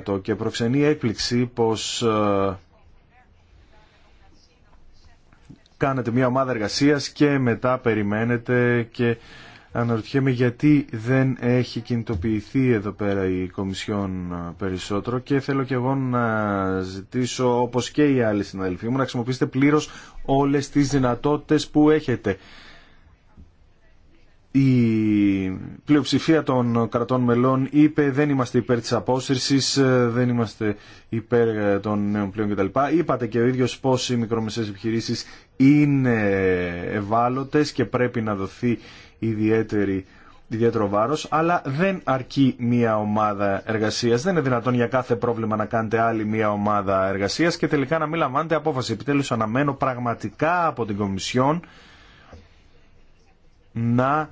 90% και προξενεί έκπληξη πως ε, κάνετε μια ομάδα εργασία και μετά περιμένετε και αναρωτιέμαι γιατί δεν έχει κινητοποιηθεί εδώ πέρα η Κομισιόν περισσότερο και θέλω και εγώ να ζητήσω όπως και οι άλλοι συναδελφοί μου να χρησιμοποιήσετε πλήρως όλες τις δυνατότητες που έχετε η πλειοψηφία των κρατών μελών είπε δεν είμαστε υπέρ της απόσυρσης, ε, δεν είμαστε υπέρ ε, των νέων πλοίων κτλ. Είπατε και ο ίδιος πως οι μικρομεσαίες επιχειρήσεις είναι ευάλωτες και πρέπει να δοθεί ιδιαίτερη ιδιαίτερο βάρος, αλλά δεν αρκεί μία ομάδα εργασίας. Δεν είναι δυνατόν για κάθε πρόβλημα να κάνετε άλλη μία ομάδα εργασίας και τελικά να μην λαμβάνετε απόφαση. Επιτέλους αναμένω πραγματικά από την Κομισιόν να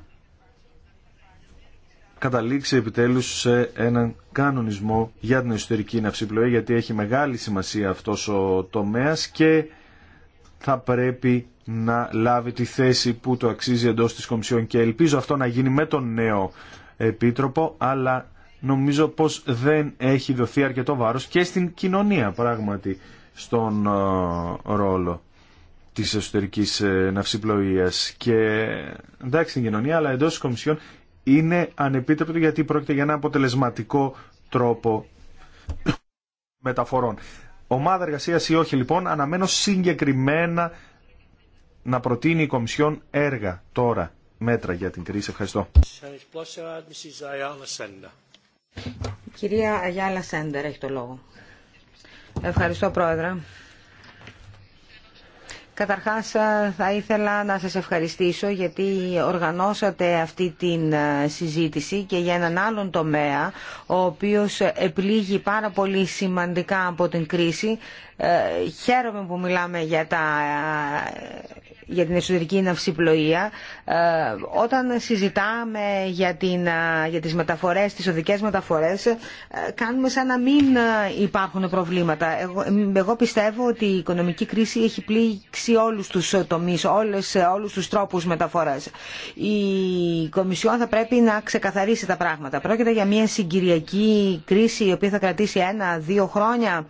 καταλήξει επιτέλους σε έναν κανονισμό για την εσωτερική ναυσιπλοεία γιατί έχει μεγάλη σημασία αυτός ο τομέας και θα πρέπει να λάβει τη θέση που το αξίζει εντός της Κομισιόν και ελπίζω αυτό να γίνει με τον νέο Επίτροπο αλλά νομίζω πως δεν έχει δοθεί αρκετό βάρος και στην κοινωνία πράγματι στον ε, ρόλο της εσωτερικής ε, ναυσιπλοείας και εντάξει στην κοινωνία αλλά εντός της Κομισιόν είναι ανεπίτρεπτο γιατί πρόκειται για ένα αποτελεσματικό τρόπο μεταφορών. Ομάδα εργασία ή όχι λοιπόν, αναμένω συγκεκριμένα να προτείνει η Κομισιόν έργα τώρα, μέτρα για την κρίση. Ευχαριστώ. Κυρία Αγιάλα Σέντερ έχει το λόγο. Ευχαριστώ Πρόεδρε. Καταρχάς ε, θα ήθελα να σας ευχαριστήσω γιατί οργανώσατε αυτή την ε, συζήτηση και για έναν άλλον τομέα ο οποίος επλήγει πάρα πολύ σημαντικά από την κρίση ε, χαίρομαι που μιλάμε για, τα, για την εσωτερική ναυσιπλοεία. Ε, όταν συζητάμε για, την, ε, για τις μεταφορές, τις οδικές μεταφορές, κάνουμε σαν να μην υπάρχουν προβλήματα. Εγώ, πιστεύω ότι η οικονομική κρίση έχει πλήξει όλους τους τομείς, όλες, όλους τους τρόπους μεταφοράς. Η Κομισιόν θα πρέπει να ξεκαθαρίσει τα πράγματα. Πρόκειται για μια συγκυριακή κρίση η οποία θα κρατήσει ένα-δύο χρόνια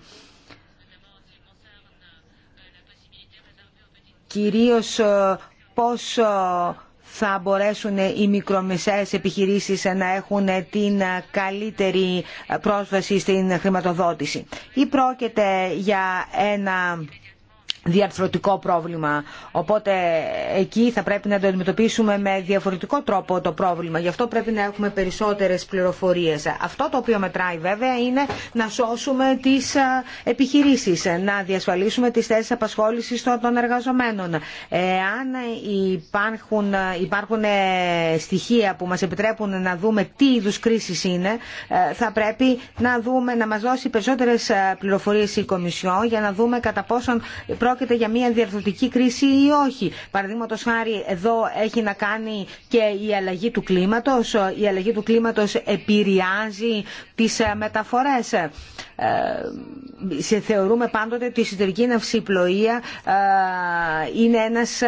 κυρίως ε, πώς ε, θα μπορέσουν οι μικρομεσαίες επιχειρήσεις να έχουν την καλύτερη πρόσβαση στην χρηματοδότηση. Ή πρόκειται για ένα διαρθρωτικό πρόβλημα. Οπότε εκεί θα πρέπει να το αντιμετωπίσουμε με διαφορετικό τρόπο το πρόβλημα. Γι' αυτό πρέπει να έχουμε περισσότερες πληροφορίες. Αυτό το οποίο μετράει βέβαια είναι να σώσουμε τις επιχειρήσεις, να διασφαλίσουμε τις θέσεις απασχόλησης των εργαζομένων. Αν υπάρχουν, υπάρχουν ε, στοιχεία που μας επιτρέπουν να δούμε τι είδους κρίση είναι, ε, θα πρέπει να, δούμε, να μας δώσει περισσότερες ε, πληροφορίες η Κομισιό για να δούμε κατά πόσον πρόκειται για μια διαρθρωτική κρίση ή όχι. Παραδείγματο χάρη εδώ έχει να κάνει και η αλλαγή του κλίματος. Η αλλαγή του κλίματος επηρεάζει τις ε, μεταφορές. Ε, θεωρούμε πάντοτε ότι η εσωτερική πλοία ε, είναι ένας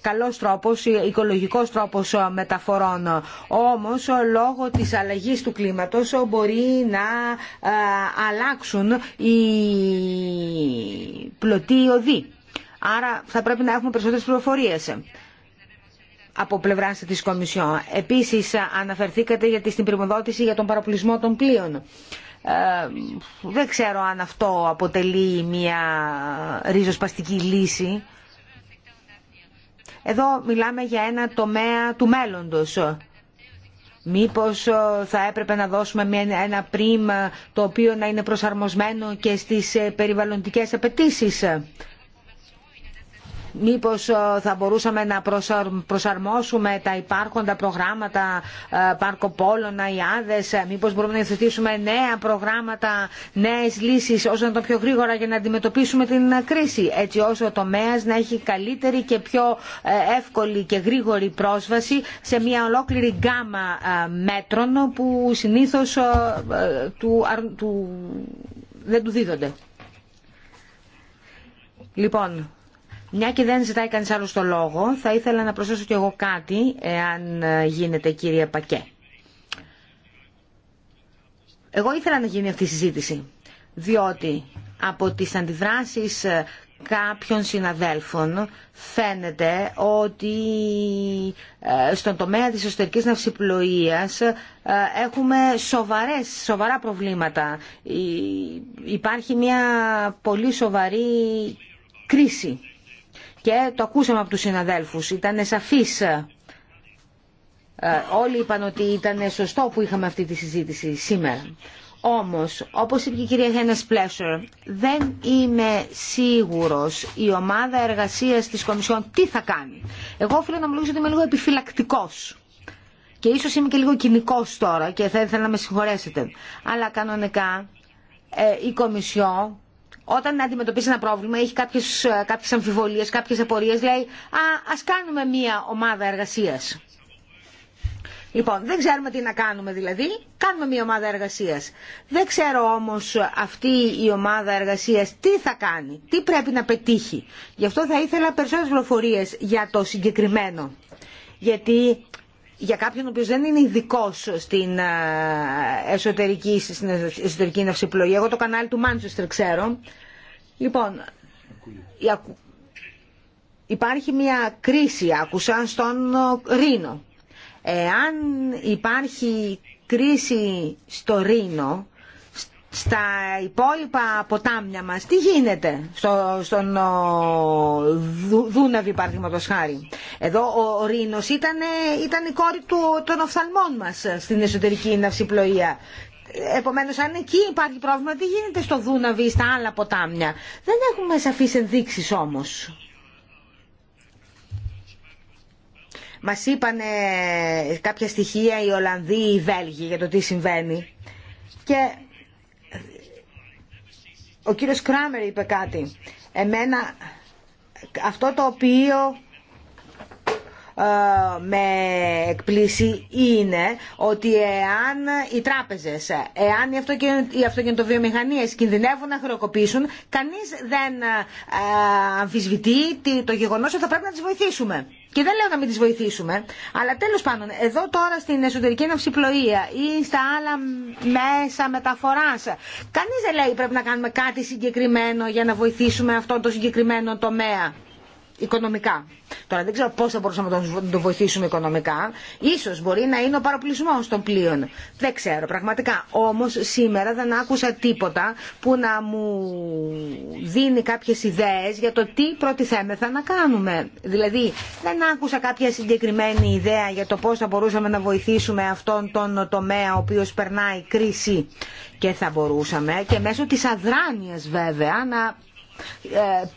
καλός τρόπος, οικολογικός τρόπος μεταφορών. Όμως λόγω της αλλαγή του κλίματος μπορεί να αλλάξουν οι πλωτοί Άρα θα πρέπει να έχουμε περισσότερες πληροφορίες από πλευρά τη Κομισιόν. Επίση, αναφερθήκατε για την πρημοδότηση για τον παραπλησμό των πλοίων. Ε, δεν ξέρω αν αυτό αποτελεί μια ριζοσπαστική λύση. Εδώ μιλάμε για ένα τομέα του μέλλοντος. Μήπως ε, θα έπρεπε να δώσουμε ένα πριμ ε, το οποίο να είναι προσαρμοσμένο και στις περιβαλλοντικές απαιτήσεις μήπως ε, θα μπορούσαμε να προσαρμόσουμε τα υπάρχοντα προγράμματα ε, Πάρκο Πόλωνα, οι Άδες, ε, μήπως μπορούμε να υιοθετήσουμε νέα προγράμματα, νέες λύσεις όσο να το πιο γρήγορα για να αντιμετωπίσουμε την κρίση, έτσι ώστε ο τομέας να έχει καλύτερη και πιο εύκολη και γρήγορη πρόσβαση σε μια ολόκληρη γκάμα μέτρων που συνήθως του, δεν του δίδονται. Λοιπόν, μια και δεν ζητάει κανείς άλλο το λόγο, θα ήθελα να προσθέσω κι εγώ κάτι, εάν ε, γίνεται κύριε Πακέ. Εγώ ήθελα να γίνει αυτή η συζήτηση, διότι από τις αντιδράσεις ε, κάποιων συναδέλφων φαίνεται ότι ε, στον τομέα της εσωτερικής ναυσιπλοείας έχουμε σοβαρές, σοβαρά προβλήματα. Υπάρχει μια πολύ σοβαρή κρίση και το ακούσαμε από τους συναδέλφους, ήταν σαφής. Ε, όλοι είπαν ότι ήταν σωστό που είχαμε αυτή τη συζήτηση σήμερα. Όμως, όπως είπε και η κυρία Χένες Πλέσσερ, δεν είμαι σίγουρος η ομάδα εργασίας της Κομισιόν τι θα κάνει. Εγώ οφείλω να μιλήσω ότι είμαι λίγο επιφυλακτικός. Και ίσως είμαι και λίγο κοινικός τώρα και θα ήθελα να με συγχωρέσετε. Αλλά κανονικά ε, η Κομισιόν όταν αντιμετωπίζει ένα πρόβλημα, έχει κάποιες, ε, κάποιες αμφιβολίες, κάποιες απορίες, λέει «Α, ας κάνουμε μία ομάδα εργασίας». Λοιπόν, δεν ξέρουμε τι να κάνουμε δηλαδή, κάνουμε μία ομάδα εργασίας. Δεν ξέρω όμως αυτή η ομάδα εργασίας τι θα κάνει, τι πρέπει να πετύχει. Γι' αυτό θα ήθελα περισσότερες πληροφορίες για το συγκεκριμένο. Γιατί για κάποιον ο οποίος δεν είναι ειδικό στην ε, εσωτερική, στην εσωτερική Εγώ το κανάλι του Μάντσεστερ ξέρω. Λοιπόν, υπάρχει μια κρίση, άκουσα, στον ε, Ρήνο. Εάν υπάρχει κρίση στο Ρήνο, στα υπόλοιπα ποτάμια μας τι γίνεται στο, στον ο, δου, Δούναβη παραδείγματος χάρη εδώ ο Ρήνος ήταν, ήταν η κόρη του, των οφθαλμών μας στην εσωτερική ναυσιπλοεία Επομένως αν εκεί υπάρχει πρόβλημα τι γίνεται στο Δούναβη ή στα άλλα ποτάμια δεν έχουμε σαφείς ενδείξεις όμως Μας είπαν κάποια στοιχεία οι Ολλανδοί, οι Βέλγοι για το τι συμβαίνει και ο κύριος Κράμερ είπε κάτι. Εμένα αυτό το οποίο ε, με εκπλήσει είναι ότι εάν οι τράπεζες, εάν οι, οι αυτοκινητοβιομηχανίες κινδυνεύουν να χρεοκοπήσουν, κανείς δεν ε, αμφισβητεί το γεγονός ότι θα πρέπει να τις βοηθήσουμε. Και δεν λέω να μην τις βοηθήσουμε, αλλά τέλος πάντων, εδώ τώρα στην εσωτερική ναυσιπλοεία ή στα άλλα μέσα μεταφορά κανείς δεν λέει πρέπει να κάνουμε κάτι συγκεκριμένο για να βοηθήσουμε αυτόν τον συγκεκριμένο τομέα οικονομικά. Τώρα δεν ξέρω πώς θα μπορούσαμε να τον, βοηθήσουμε οικονομικά. Ίσως μπορεί να είναι ο παροπλισμός των πλοίων. Δεν ξέρω πραγματικά. Όμως σήμερα δεν άκουσα τίποτα που να μου δίνει κάποιες ιδέες για το τι προτιθέμεθα να κάνουμε. Δηλαδή δεν άκουσα κάποια συγκεκριμένη ιδέα για το πώς θα μπορούσαμε να βοηθήσουμε αυτόν τον τομέα ο οποίος περνάει κρίση. Και θα μπορούσαμε και μέσω τη αδράνεια βέβαια να ε,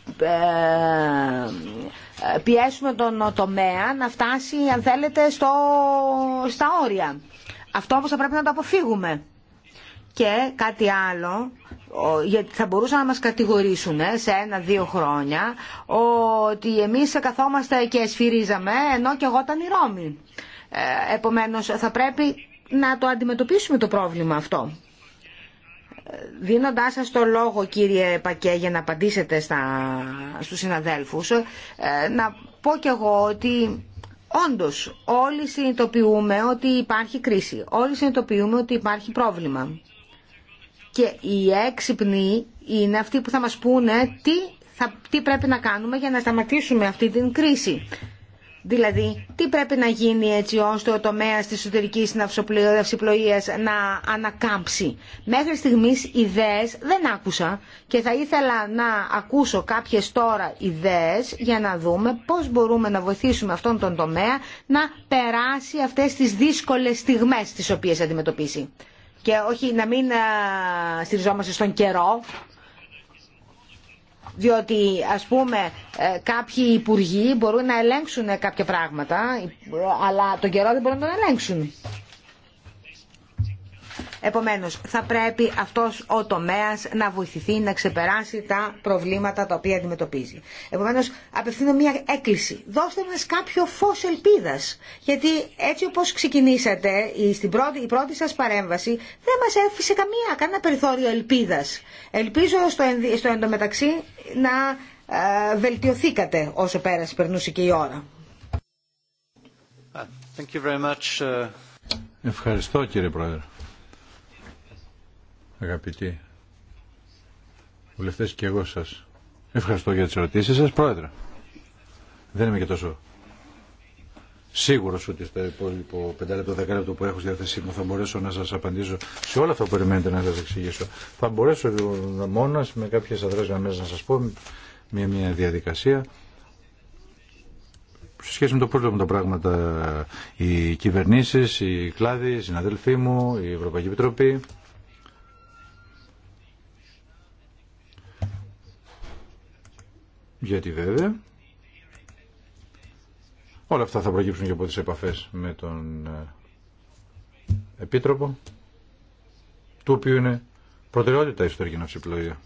ε, πιέσουμε τον τομέα να φτάσει αν θέλετε στο, στα όρια. Αυτό όμως θα πρέπει να το αποφύγουμε. Και κάτι άλλο, γιατί θα μπορούσαν να μας κατηγορήσουν ε, σε ένα-δύο χρόνια ότι εμείς καθόμαστε και σφυρίζαμε ενώ και εγώ ήταν η Ρώμη. Επομένως θα πρέπει να το αντιμετωπίσουμε το πρόβλημα αυτό δίνοντάς σας το λόγο κύριε Πακέ για να απαντήσετε στα, στους συναδέλφους ε, να πω κι εγώ ότι όντως όλοι συνειδητοποιούμε ότι υπάρχει κρίση όλοι συνειδητοποιούμε ότι υπάρχει πρόβλημα και οι έξυπνοι είναι αυτοί που θα μας πούνε τι, θα, τι πρέπει να κάνουμε για να σταματήσουμε αυτή την κρίση Δηλαδή, τι πρέπει να γίνει έτσι ώστε ο τομέας της εσωτερικής να ανακάμψει. Μέχρι στιγμής ιδέες δεν άκουσα και θα ήθελα να ακούσω κάποιες τώρα ιδέες για να δούμε πώς μπορούμε να βοηθήσουμε αυτόν τον τομέα να περάσει αυτές τις δύσκολες στιγμές τις οποίες αντιμετωπίσει. Και όχι να μην ε, στηριζόμαστε στον καιρό, διότι ας πούμε ε, κάποιοι υπουργοί μπορούν να ελέγξουν κάποια πράγματα ε, αλλά τον καιρό δεν μπορούν να τον ελέγξουν. Επομένως, θα πρέπει αυτός ο τομέας να βοηθηθεί να ξεπεράσει τα προβλήματα τα οποία αντιμετωπίζει. Επομένως, απευθύνω μια έκκληση. Δώστε μας κάποιο φως ελπίδας. Γιατί έτσι όπως ξεκινήσατε, στην πρώτη, η πρώτη σας παρέμβαση δεν μας έφυσε καμία, κανένα περιθώριο ελπίδας. Ελπίζω στο, εν, εντωμεταξύ να ε, βελτιωθήκατε όσο πέρασε, περνούσε και η ώρα. Ε. Ευχαριστώ κύριε Πρόεδρε. Αγαπητοί βουλευτές και εγώ σας ευχαριστώ για τις ερωτήσεις σας. Πρόεδρε, δεν είμαι και τόσο σίγουρος ότι στο υπόλοιπο 5 λεπτό, 10 λεπτό που έχω στη διάθεσή μου θα μπορέσω να σας απαντήσω σε όλα αυτά που περιμένετε να σας εξηγήσω. Θα μπορέσω μόνος με κάποιες αδρές γραμμές να σας πω μια, μια διαδικασία σε σχέση με το πρόβλημα τα πράγματα οι κυβερνήσεις, οι κλάδοι, οι συναδελφοί μου, η Ευρωπαϊκή Επιτροπή Γιατί βέβαια όλα αυτά θα προκύψουν και από τις επαφές με τον ε, Επίτροπο του οποίου είναι προτεραιότητα η ιστορική ναυσιπλοεία.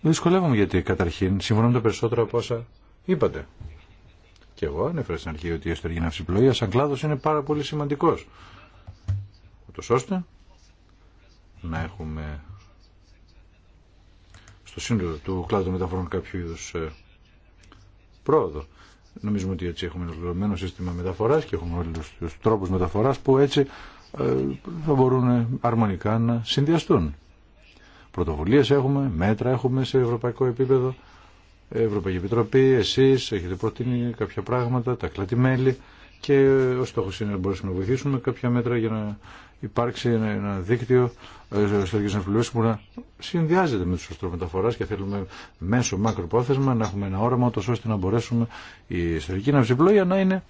Δυσκολεύομαι γιατί καταρχήν συμφωνώ με το περισσότερα από όσα είπατε. Και εγώ ανέφερα στην αρχή ότι η εσωτερική ναυσιπλοεία σαν κλάδο είναι πάρα πολύ σημαντικό. Ούτω ώστε να έχουμε στο σύνολο του κλάδου μεταφορών κάποιο είδου ε, πρόοδο. Νομίζουμε ότι έτσι έχουμε ένα ολοκληρωμένο σύστημα μεταφορά και έχουμε όλου του τρόπου μεταφορά που έτσι ε, θα μπορούν ε, αρμονικά να συνδυαστούν. Πρωτοβουλίε έχουμε, μέτρα έχουμε σε ευρωπαϊκό επίπεδο Ευρωπαϊκή Επιτροπή, εσείς έχετε προτείνει κάποια πράγματα, τα κλατιμέλη και ο στόχος είναι να μπορέσουμε να βοηθήσουμε κάποια μέτρα για να υπάρξει ένα δίκτυο εσωτερικής εμφυλίωσης που να συνδυάζεται με τους μεταφοράς και θέλουμε μέσω μακροπρόθεσμα να έχουμε ένα όραμα ώστε να μπορέσουμε η εσωτερική ναυσιπλόγια να είναι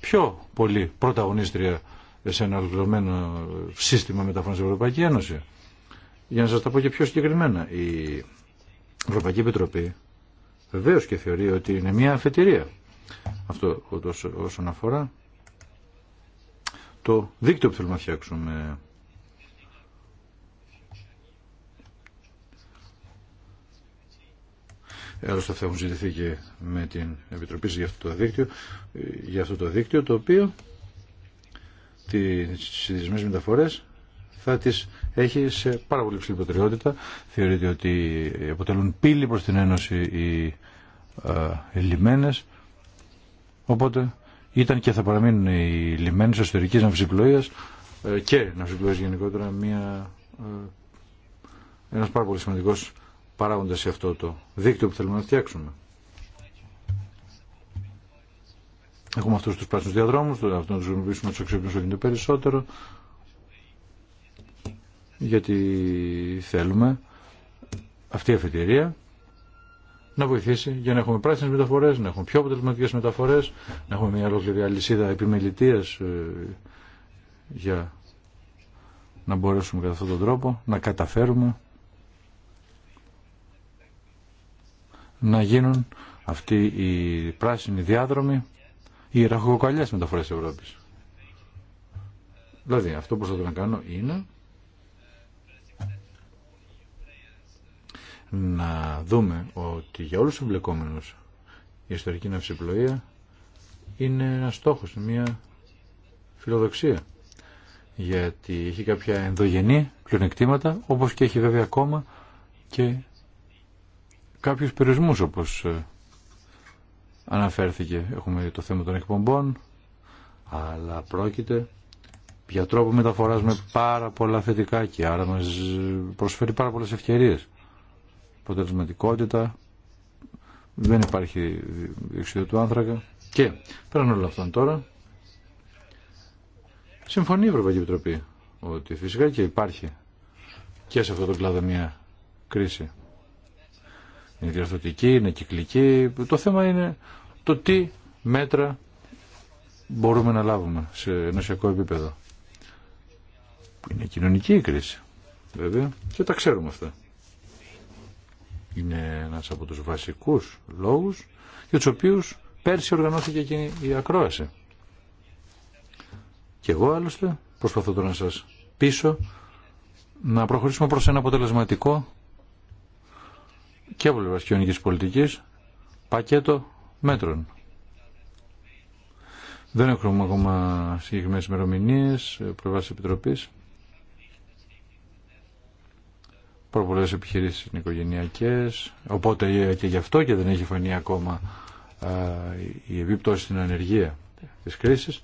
πιο πολύ πρωταγωνίστρια σε ένα ολοκληρωμένο σύστημα μεταφοράς στην Ευρωπαϊκή Ένωση. Για να σα τα πω και πιο συγκεκριμένα, η Ευρωπαϊκή Επιτροπή Βεβαίω και θεωρεί ότι είναι μια αφετηρία. Αυτό όσον αφορά το δίκτυο που θέλουμε να φτιάξουμε. Άλλωστε θα έχουν ζητηθεί και με την Επιτροπή για αυτό το δίκτυο, για αυτό το, δίκτυο το οποίο τις συνδυσμές μεταφορές θα τις έχει σε πάρα πολύ ψηλή προτεραιότητα. Θεωρείται ότι αποτελούν πύλη προς την Ένωση οι ε, λιμένες. Οπότε ήταν και θα παραμείνουν οι λιμένες εσωτερικής ναυσιπλοείας ε, και ναυσιπλοείας γενικότερα μια, ε, ένας πάρα πολύ σημαντικός παράγοντας σε αυτό το δίκτυο που θέλουμε να φτιάξουμε. Έχουμε αυτούς τους πράσινους διαδρόμους, αυτό να τους γνωρίσουμε τους αξιοποιήσουμε περισσότερο γιατί θέλουμε αυτή η αφετηρία να βοηθήσει για να έχουμε πράσινε μεταφορέ, να έχουμε πιο αποτελεσματικέ μεταφορέ, να έχουμε μια ολόκληρη αλυσίδα επιμελητία ε, για να μπορέσουμε κατά αυτόν τον τρόπο να καταφέρουμε να γίνουν αυτοί οι πράσινοι διάδρομοι οι ραχοκοκαλιές μεταφορές της Ευρώπης. Δηλαδή αυτό που το να κάνω είναι να δούμε ότι για όλους τους εμπλεκόμενους η ιστορική ναυσιπλοεία είναι ένα στόχος, μια φιλοδοξία. Γιατί έχει κάποια ενδογενή πλεονεκτήματα, όπως και έχει βέβαια ακόμα και κάποιους περιορισμού όπως ε, αναφέρθηκε. Έχουμε το θέμα των εκπομπών, αλλά πρόκειται για τρόπο μεταφοράς με πάρα πολλά θετικά και άρα μας ε, προσφέρει πάρα πολλές ευκαιρίες αποτελεσματικότητα, δεν υπάρχει διοξείδιο του άνθρακα και πέραν όλα αυτά τώρα συμφωνεί η Ευρωπαϊκή Επιτροπή ότι φυσικά και υπάρχει και σε αυτό το κλάδο μια κρίση. Είναι διορθωτική, είναι κυκλική. Το θέμα είναι το τι μέτρα μπορούμε να λάβουμε σε ενωσιακό επίπεδο. Που είναι κοινωνική η κρίση, βέβαια, και τα ξέρουμε αυτά είναι ένας από τους βασικούς λόγους για τους οποίους πέρσι οργανώθηκε η ακρόαση. Και εγώ άλλωστε προσπαθώ τώρα να σας πείσω να προχωρήσουμε προς ένα αποτελεσματικό και από κοινωνικής πολιτικής πακέτο μέτρων. Δεν έχουμε ακόμα συγκεκριμένες ημερομηνίε προβάσεις επιτροπής. πάρα πολλέ επιχειρήσει είναι οικογενειακέ, οπότε και γι' αυτό και δεν έχει φανεί ακόμα η επίπτωση στην ανεργία τη κρίση.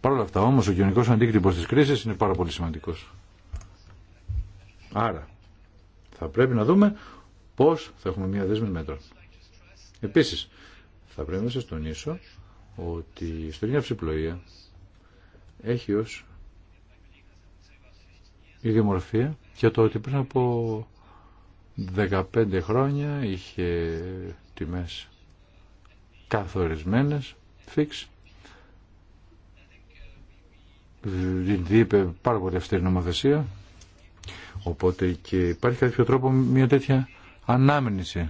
Παρ' όλα αυτά όμω, ο κοινωνικός αντίκτυπος τη κρίση είναι πάρα πολύ σημαντικό. Άρα θα πρέπει να δούμε πώς θα έχουμε μια δέσμη μέτρα. Επίσης θα πρέπει να σα τονίσω ότι η ιστορία ψηπλοεία έχει ως η μορφή και το ότι πριν από 15 χρόνια είχε τιμές καθορισμένες, fix. Είπε πάρα πολύ αυστηρή νομοθεσία. Οπότε και υπάρχει κάποιο τρόπο μια τέτοια ανάμνηση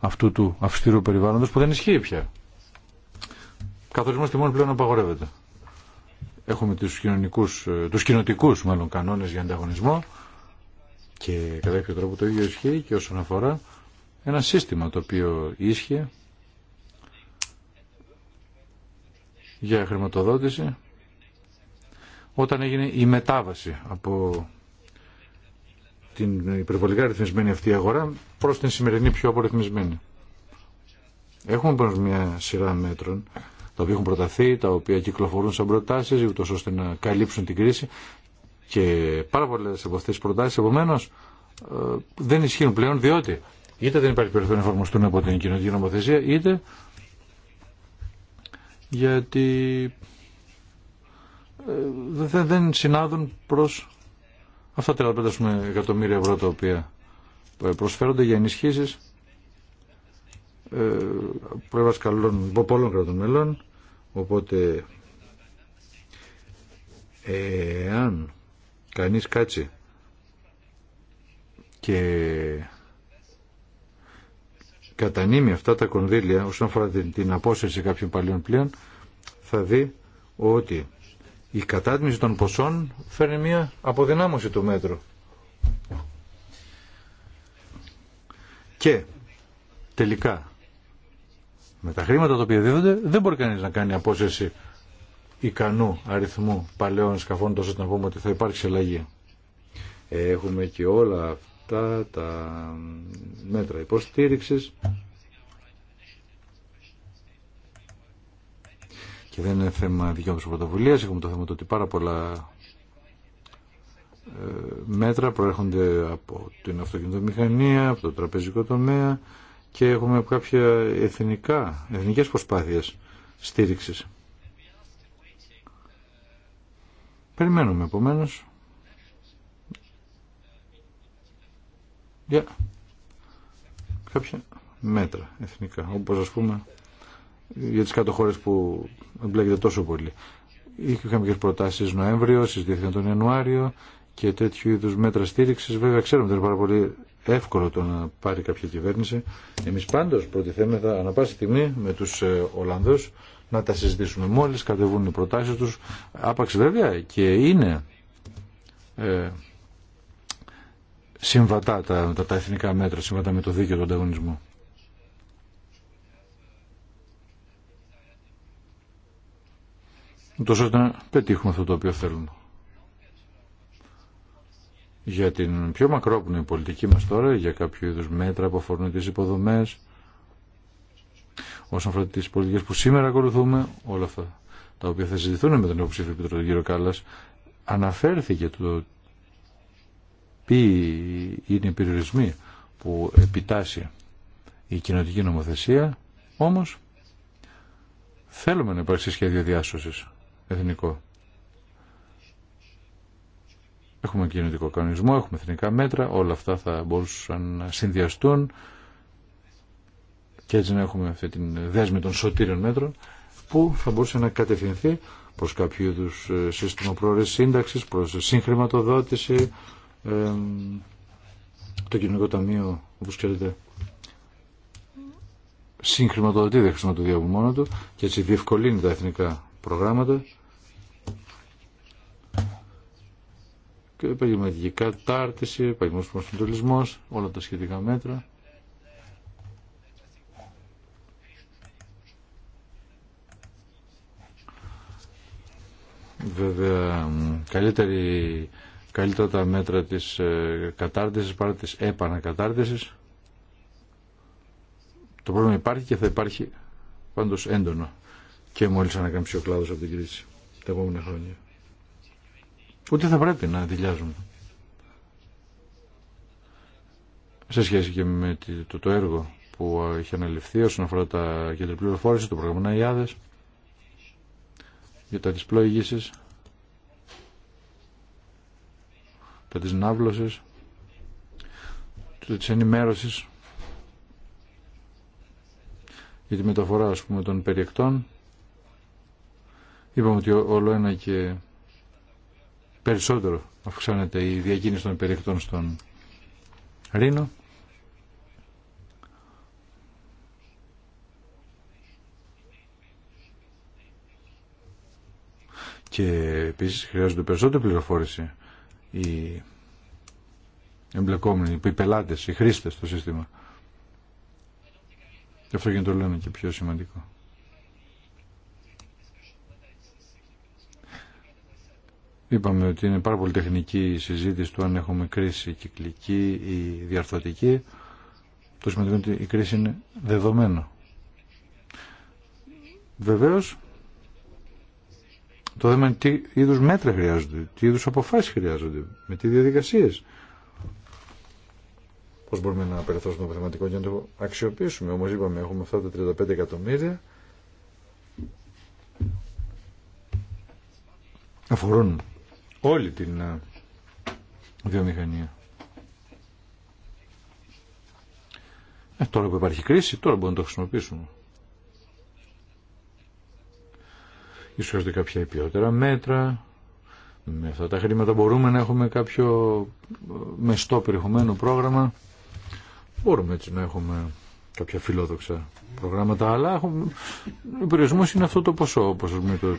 αυτού του αυστηρού περιβάλλοντος που δεν ισχύει πια. Καθορισμός τιμών πλέον απαγορεύεται έχουμε τους, κοινωνικούς, ε, τους μάλλον κανόνες για ανταγωνισμό και κατά κάποιο τρόπο το ίδιο ισχύει και όσον αφορά ένα σύστημα το οποίο ίσχυε για χρηματοδότηση όταν έγινε η μετάβαση από την υπερβολικά ρυθμισμένη αυτή αγορά προς την σημερινή πιο απορριθμισμένη. Έχουμε προς μια σειρά μέτρων τα οποία έχουν προταθεί, τα οποία κυκλοφορούν σαν προτάσεις, ούτως ώστε να καλύψουν την κρίση και πάρα πολλές από αυτές τις προτάσεις, επομένω, ε, δεν ισχύουν πλέον διότι είτε δεν υπάρχει περιθώριο να εφαρμοστούν από την κοινωνική νομοθεσία, είτε γιατί ε, δεν συνάδουν προς αυτά τα 35 εκατομμύρια ευρώ τα οποία ε, προσφέρονται για ενισχύσεις προέβαση καλών πολλών κρατών μελών Οπότε, εάν κανείς κάτσει και κατανείμει αυτά τα κονδύλια όσον αφορά την, την απόσταση κάποιων παλιών πλοίων, θα δει ότι η κατάτμιση των ποσών φέρνει μια αποδυνάμωση του μέτρου. Και τελικά με τα χρήματα τα οποία δίδονται δεν μπορεί κανεί να κάνει απόσυρση ικανού αριθμού παλαιών σκαφών τόσο να πούμε ότι θα υπάρξει αλλαγή. Έχουμε και όλα αυτά τα μέτρα υποστήριξη. και δεν είναι θέμα δικαιώματος πρωτοβουλίας, έχουμε το θέμα το ότι πάρα πολλά ε, μέτρα προέρχονται από την αυτοκινητομηχανία, από το τραπεζικό τομέα, και έχουμε κάποια εθνικά, εθνικές προσπάθειες στήριξης. Περιμένουμε επομένω. για κάποια μέτρα εθνικά, όπως ας πούμε για τις κάτω χώρες που εμπλέκεται τόσο πολύ. Είχαμε και προτάσεις Νοέμβριο, συζητήθηκαν τον Ιανουάριο και τέτοιου είδους μέτρα στήριξης. Βέβαια ξέρουμε ότι είναι πάρα πολύ εύκολο το να πάρει κάποια κυβέρνηση. Εμείς πάντως προτιθέμεθα ανα πάση στιγμή με τους ε, Ολλανδούς να τα συζητήσουμε μόλις κατεβούν οι προτάσεις τους. Άπαξ βέβαια και είναι ε, συμβατά τα, τα, τα εθνικά μέτρα, συμβατά με το δίκαιο του ανταγωνισμού. Τόσο ώστε να πετύχουμε αυτό το οποίο θέλουμε για την πιο μακρόπνοη πολιτική μας τώρα, για κάποιο είδους μέτρα που αφορούν τις υποδομές, όσον αφορά τις πολιτικές που σήμερα ακολουθούμε, όλα αυτά τα οποία θα συζητηθούν με τον υποψήφιο επίτροπο κύριο Κάλλας, αναφέρθηκε το ποιοι είναι οι περιορισμοί που επιτάσσει η κοινωτική νομοθεσία, όμως θέλουμε να υπάρξει σχέδιο διάσωσης εθνικό. Έχουμε κοινωνικό κανονισμό, έχουμε εθνικά μέτρα, όλα αυτά θα μπορούσαν να συνδυαστούν και έτσι να έχουμε αυτή την δέσμη των σωτήρων μέτρων που θα μπορούσε να κατευθυνθεί προς κάποιο είδου ε, σύστημα πρόορες σύνταξης, προς συγχρηματοδότηση, το κοινωνικό ταμείο, όπως ξέρετε, συγχρηματοδοτεί δεν χρησιμοποιεί από μόνο του και έτσι διευκολύνει τα εθνικά προγράμματα Και επαγγελματική κατάρτιση, επαγγελματικός προσυντολισμός, όλα τα σχετικά μέτρα. Βέβαια, καλύτερη, καλύτερα τα μέτρα της ε, κατάρτισης παρά της επανακατάρτισης. Το πρόβλημα υπάρχει και θα υπάρχει πάντως έντονο και μόλις ανακαμψεί ο κλάδος από την κρίση τα επόμενα χρόνια. Ούτε θα πρέπει να δηλιάζουν. Σε σχέση και με το, το έργο που είχε αναλυφθεί όσον αφορά τα κέντρα πληροφόρηση, το πρόγραμμα Ναϊάδες, για τα της πλοήγηση, τα της ναύλωσης, της ενημέρωσης για τη μεταφορά ας πούμε των περιεκτών είπαμε ότι όλο ένα και περισσότερο αυξάνεται η διακίνηση των περιεκτών στον Ρήνο. Και επίσης χρειάζονται περισσότερη πληροφόρηση οι εμπλεκόμενοι, οι πελάτες, οι χρήστες στο σύστημα. Και αυτό και το λέμε και πιο σημαντικό. Είπαμε ότι είναι πάρα πολύ τεχνική η συζήτηση του αν έχουμε κρίση κυκλική ή διαρθωτική. Το σημαντικό είναι ότι η κρίση είναι δεδομένο. Βεβαίως, το θέμα δεδομενο Βεβαίω, το θεμα ειναι τι είδου μέτρα χρειάζονται, τι είδου αποφάσει χρειάζονται, με τι διαδικασίε. Πώ μπορούμε να απελευθερώσουμε το πνευματικό και να το αξιοποιήσουμε. Όμω είπαμε έχουμε αυτά τα 35 εκατομμύρια αφορούν όλη την ε, βιομηχανία. Ε, τώρα που υπάρχει κρίση, τώρα μπορούμε να το χρησιμοποιήσουμε. Ίσως χρειάζονται κάποια υπηρετέρα μέτρα. Με αυτά τα χρήματα μπορούμε να έχουμε κάποιο ε, μεστό περιεχομένο πρόγραμμα. Μπορούμε έτσι να έχουμε κάποια φιλόδοξα προγράμματα, αλλά έχουμε... ο περιορισμό είναι αυτό το ποσό, όπως το,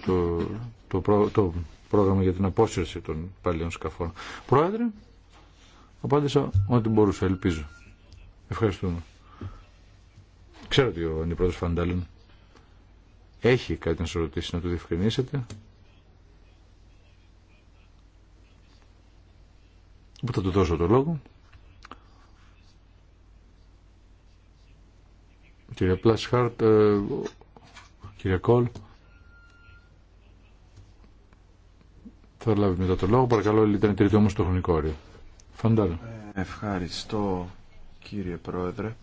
το, το, πρόγραμμα για την απόσυρση των παλιών σκαφών. Πρόεδρε, απάντησα ό,τι μπορούσα, ελπίζω. Ευχαριστούμε. Ξέρω ότι ο αντιπρόεδρος Φανταλίν έχει κάτι να σας ρωτήσει, να το διευκρινίσετε. Που θα του δώσω το λόγο. Κύριε Πλάσχαρτ, ε, κύριε Κόλ, Θα λάβει μετά το λόγο. Παρακαλώ, ήταν τρίτο όμως το χρονικό όριο. Φαντάρα. Ευχαριστώ, κύριε Πρόεδρε.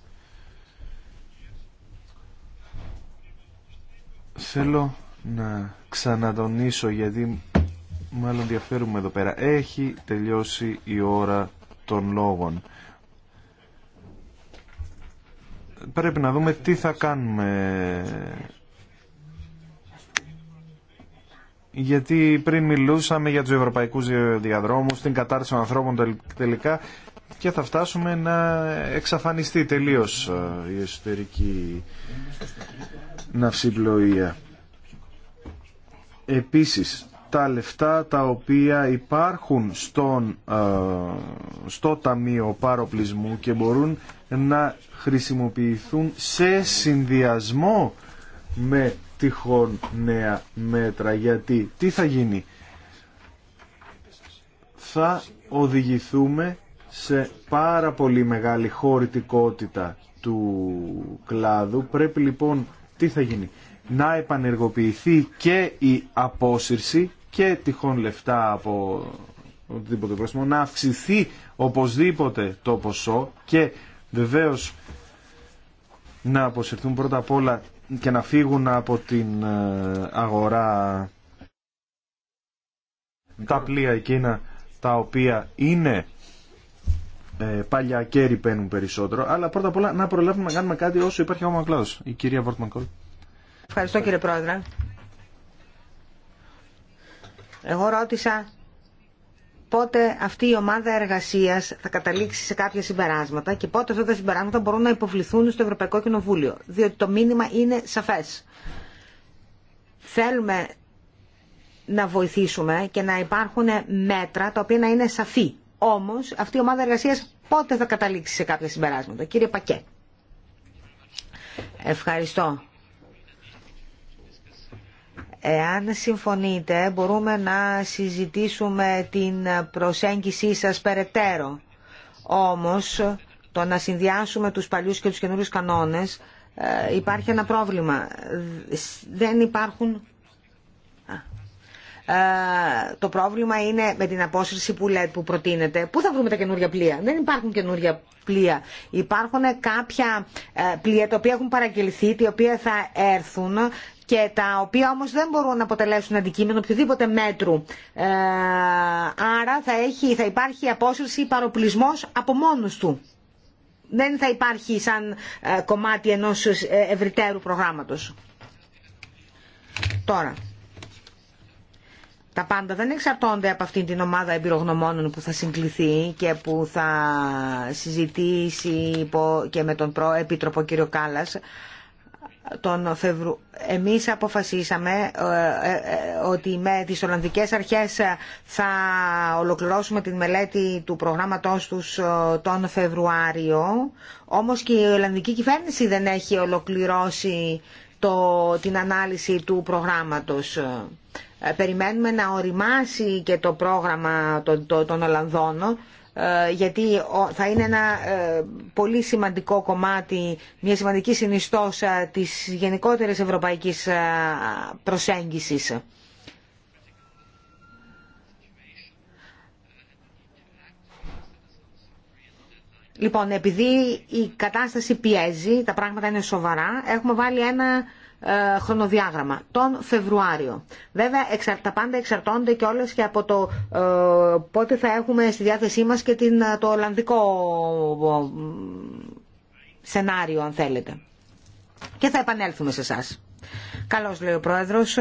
Θέλω να ξανατονίσω γιατί μάλλον διαφέρουμε εδώ πέρα. Έχει τελειώσει η ώρα των λόγων. Πρέπει να δούμε τι θα κάνουμε γιατί πριν μιλούσαμε για τους ευρωπαϊκούς διαδρόμους, την κατάρτιση των ανθρώπων τελικά και θα φτάσουμε να εξαφανιστεί τελείως ε, η εσωτερική ναυσιπλοεία. Επίσης, τα λεφτά τα οποία υπάρχουν στον, ε, στο Ταμείο Παροπλισμού και μπορούν να χρησιμοποιηθούν σε συνδυασμό με τυχόν νέα μέτρα. Γιατί τι θα γίνει. Θα οδηγηθούμε σε πάρα πολύ μεγάλη χωρητικότητα του κλάδου. Πρέπει λοιπόν τι θα γίνει. Να επανεργοποιηθεί και η απόσυρση και τυχόν λεφτά από οτιδήποτε προσμό να αυξηθεί οπωσδήποτε το ποσό και βεβαίως να αποσυρθούν πρώτα απ' όλα και να φύγουν από την ε, αγορά τα πλοία εκείνα τα οποία είναι ε, παλιά και ρηπαίνουν περισσότερο. Αλλά πρώτα απ' όλα να προλάβουμε να κάνουμε κάτι όσο υπάρχει ακόμα κλάδος. Η κυρία Βόρτμαν Κόλ. Ευχαριστώ κύριε Πρόεδρε. Εγώ ρώτησα πότε αυτή η ομάδα εργασίας θα καταλήξει σε κάποια συμπεράσματα και πότε αυτά τα συμπεράσματα μπορούν να υποβληθούν στο Ευρωπαϊκό Κοινοβούλιο. Διότι το μήνυμα είναι σαφές. Θέλουμε να βοηθήσουμε και να υπάρχουν μέτρα τα οποία να είναι σαφή. Όμως αυτή η ομάδα εργασίας πότε θα καταλήξει σε κάποια συμπεράσματα. Κύριε Πακέ. Ευχαριστώ. Εάν συμφωνείτε μπορούμε να συζητήσουμε την προσέγγιση σας περαιτέρω. Όμως το να συνδυάσουμε τους παλιούς και τους καινούριους κανόνες ε, υπάρχει ένα πρόβλημα. Δεν υπάρχουν... Ε, το πρόβλημα είναι με την απόσυρση που, που προτείνεται. Πού θα βρούμε τα καινούργια πλοία. Δεν υπάρχουν καινούργια πλοία. Υπάρχουν κάποια ε, πλοία τα οποία έχουν παραγγελθεί, τα οποία θα έρθουν και τα οποία όμως δεν μπορούν να αποτελέσουν αντικείμενο οποιοδήποτε μέτρου. Ε, άρα θα, έχει, θα υπάρχει απόσυρση ή παροπλισμός από μόνος του. Δεν θα υπάρχει σαν ε, κομμάτι ενός ε, ευρυτέρου προγράμματος. Τώρα, τα πάντα δεν εξαρτώνται από αυτήν την ομάδα εμπειρογνωμόνων που θα συγκληθεί και που θα συζητήσει και με τον Επίτροπο κύριο Κάλλας τον Φεβρου... εμείς αποφασίσαμε ε, ε, ε, ότι με τις Ολλανδικές Αρχές θα ολοκληρώσουμε την μελέτη του προγράμματός τους τον Φεβρουάριο, όμως και η Ολλανδική Κυβέρνηση δεν έχει ολοκληρώσει το... την ανάλυση του προγράμματος. Περιμένουμε να οριμάσει και το πρόγραμμα των Ολλανδών ε, γιατί θα είναι ένα ε, πολύ σημαντικό κομμάτι, μια σημαντική συνιστόσα της γενικότερης ευρωπαϊκής ε, προσέγγισης. Λοιπόν, επειδή η κατάσταση πιέζει, τα πράγματα είναι σοβαρά, έχουμε βάλει ένα ε, χρονοδιάγραμμα, τον Φεβρουάριο. Βέβαια, τα πάντα εξαρτώνται και όλες και από το ε, πότε θα έχουμε στη διάθεσή μας και την, ε, το Ολλανδικό σενάριο, αν θέλετε. Και θα επανέλθουμε σε εσά. Καλώς λέει ο Πρόεδρος.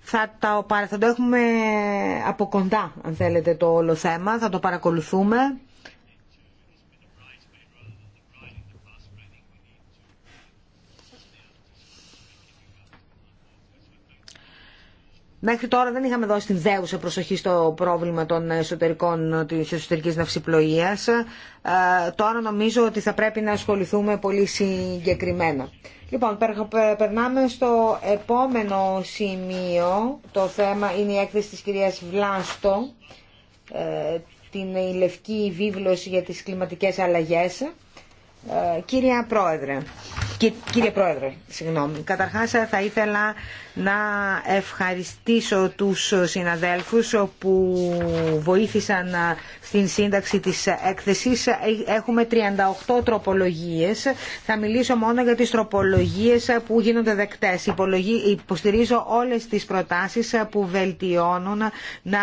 Θα, θα το έχουμε από κοντά, αν θέλετε, το όλο θέμα. Θα το παρακολουθούμε Μέχρι τώρα δεν είχαμε δώσει την δέουσα προσοχή στο πρόβλημα των εσωτερικών, της εσωτερικής ναυσιπλοείας. Ε, τώρα νομίζω ότι θα πρέπει να ασχοληθούμε πολύ συγκεκριμένα. Λοιπόν, περνάμε στο επόμενο σημείο. Το θέμα είναι η έκθεση της κυρίας Βλάστο, ε, την λευκή Βίβλωση για τις κλιματικές αλλαγές. Κύριε Πρόεδρε, κύριε Πρόεδρε, συγγνώμη. Καταρχάς ε, θα ήθελα να ευχαριστήσω τους συναδέλφους που βοήθησαν ε, στην σύνταξη της έκθεσης. Ε, έχουμε 38 τροπολογίες. Θα μιλήσω μόνο για τις τροπολογίες που γίνονται δεκτές. Υποστηρίζω όλες τις προτάσεις που βελτιώνουν να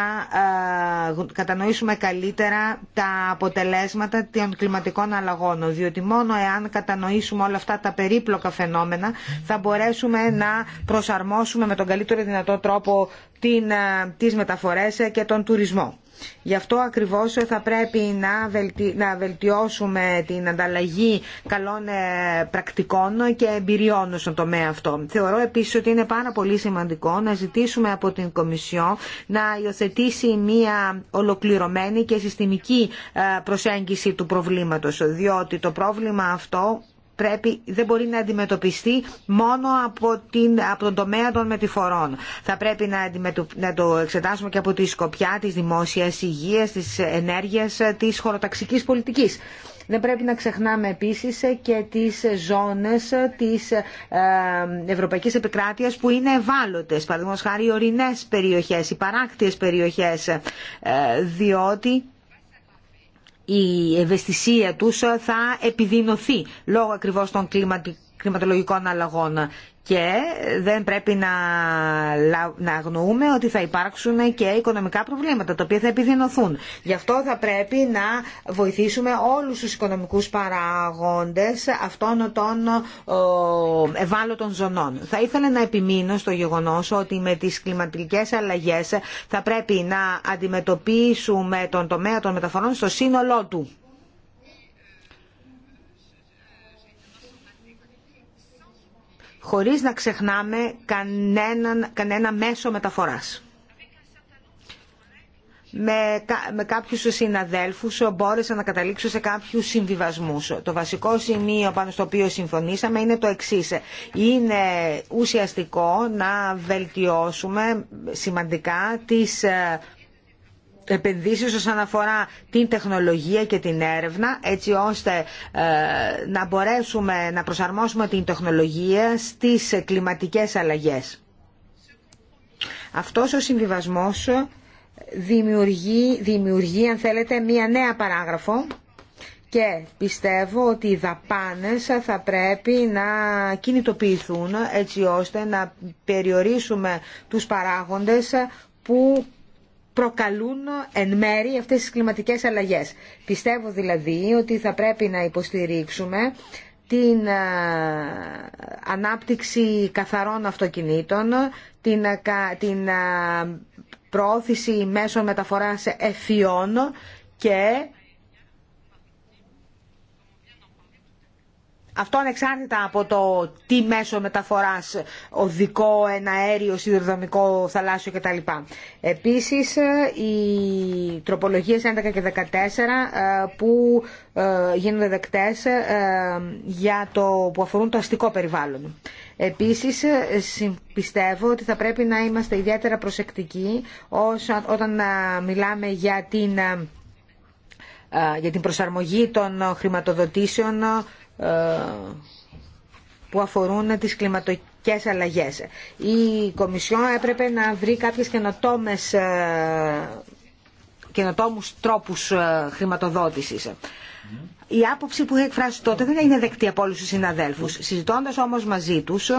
κατανοήσουμε καλύτερα τα αποτελέσματα των κλιματικών αλλαγών, διότι μόνο εάν κατανοήσουμε όλα αυτά τα περίπλοκα φαινόμενα θα μπορέσουμε να προσαρμόσουμε με τον καλύτερο δυνατό τρόπο την, ε, τις μεταφορές ε, και τον τουρισμό. Γι' αυτό ακριβώς θα πρέπει να, να βελτιώσουμε την ανταλλαγή καλών ε, πρακτικών και εμπειριών στον τομέα αυτό. Θεωρώ επίσης ότι είναι πάρα πολύ σημαντικό να ζητήσουμε από την Κομισιό να υιοθετήσει μια ολοκληρωμένη και συστημική ε, προσέγγιση του προβλήματος, διότι το πρόβλημα αυτό πρέπει, δεν μπορεί να αντιμετωπιστεί μόνο από, την, από τον τομέα των μετηφορών. Θα πρέπει να, να το εξετάσουμε και από τη σκοπιά της δημόσιας υγείας, της ενέργειες της χωροταξικής πολιτικής. Δεν πρέπει να ξεχνάμε επίσης και τις ζώνες της ε, Ευρωπαϊκής Επικράτειας που είναι ευάλωτες, παραδείγματος χάρη οι περιοχές, οι παράκτιες περιοχές, ε, διότι η ευαισθησία τους θα επιδεινωθεί λόγω ακριβώς των κλιματολογικών αλλαγών και δεν πρέπει να, να αγνοούμε ότι θα υπάρξουν και οικονομικά προβλήματα τα οποία θα επιδεινωθούν. Γι' αυτό θα πρέπει να βοηθήσουμε όλους τους οικονομικούς παράγοντες αυτών των ευάλωτων ζωνών. Θα ήθελα να επιμείνω στο γεγονός ότι με τις κλιματικές αλλαγές θα πρέπει να αντιμετωπίσουμε τον τομέα των μεταφορών στο σύνολό του χωρίς να ξεχνάμε κανένα, κανένα μέσο μεταφοράς. Με, με κάποιους συναδέλφους μπόρεσα να καταλήξω σε κάποιους συμβιβασμούς. Το βασικό σημείο πάνω στο οποίο συμφωνήσαμε είναι το εξής. Είναι ουσιαστικό να βελτιώσουμε σημαντικά τις ε, επενδύσει όσον αφορά την τεχνολογία και την έρευνα έτσι ώστε ε, να μπορέσουμε να προσαρμόσουμε την τεχνολογία στις κλιματικές αλλαγές. Αυτός ο συμβιβασμός δημιουργεί, δημιουργεί αν θέλετε μία νέα παράγραφο και πιστεύω ότι οι δαπάνες θα πρέπει να κινητοποιηθούν έτσι ώστε να περιορίσουμε τους παράγοντες που προκαλούν εν μέρη αυτές τις κλιματικές αλλαγές. Πιστεύω δηλαδή ότι θα πρέπει να υποστηρίξουμε την ε, ανάπτυξη καθαρών αυτοκινήτων, την, ε, την ε, προώθηση μέσων μεταφοράς εφιών και αυτό ανεξάρτητα από το τι μέσο μεταφοράς, οδικό, ένα αέριο, σιδηροδρομικό, θαλάσσιο κτλ. Επίσης, ε, οι τροπολογίες 11 και 14 ε, που ε, γίνονται δεκτές για το, που αφορούν το αστικό περιβάλλον. Επίσης, πιστεύω ότι θα πρέπει να είμαστε ιδιαίτερα προσεκτικοί όταν μιλάμε για για την προσαρμογή των χρηματοδοτήσεων που αφορούν τις κλιματικές αλλαγές. Η Κομισιόν έπρεπε να βρει κάποιες καινοτόμες, ε, καινοτόμους τρόπους ε, χρηματοδότησης. Η άποψη που είχε εκφράσει τότε δεν είναι δεκτή από όλους τους συναδέλφους. Συζητώντας όμως μαζί τους,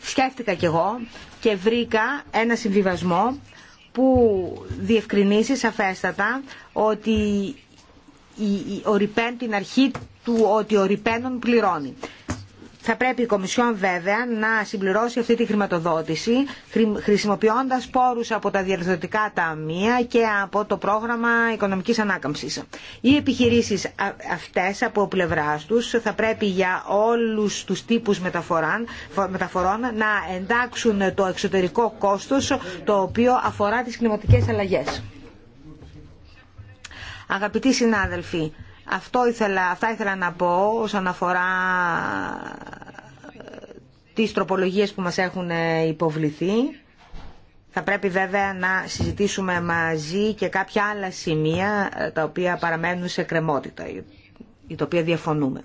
σκέφτηκα κι εγώ και βρήκα ένα συμβιβασμό που διευκρινίσει σαφέστατα ότι ο την αρχή του ότι ο Ριπένων πληρώνει. Θα πρέπει η Κομισιόν βέβαια να συμπληρώσει αυτή τη χρηματοδότηση χρησιμοποιώντας πόρους από τα διαρθρωτικά ταμεία και από το πρόγραμμα οικονομικής ανάκαμψης. Οι επιχειρήσεις αυτές από πλευρά τους θα πρέπει για όλους τους τύπους μεταφορών να εντάξουν το εξωτερικό κόστος το οποίο αφορά τις κλιματικές αλλαγές. Αγαπητοί συνάδελφοι, αυτό ήθελα, αυτά ήθελα να πω όσον αφορά ε, τις τροπολογίες που μας έχουν ε, υποβληθεί. Θα πρέπει βέβαια να συζητήσουμε μαζί και κάποια άλλα σημεία ε, τα οποία παραμένουν σε κρεμότητα, ή τα διαφωνούμε.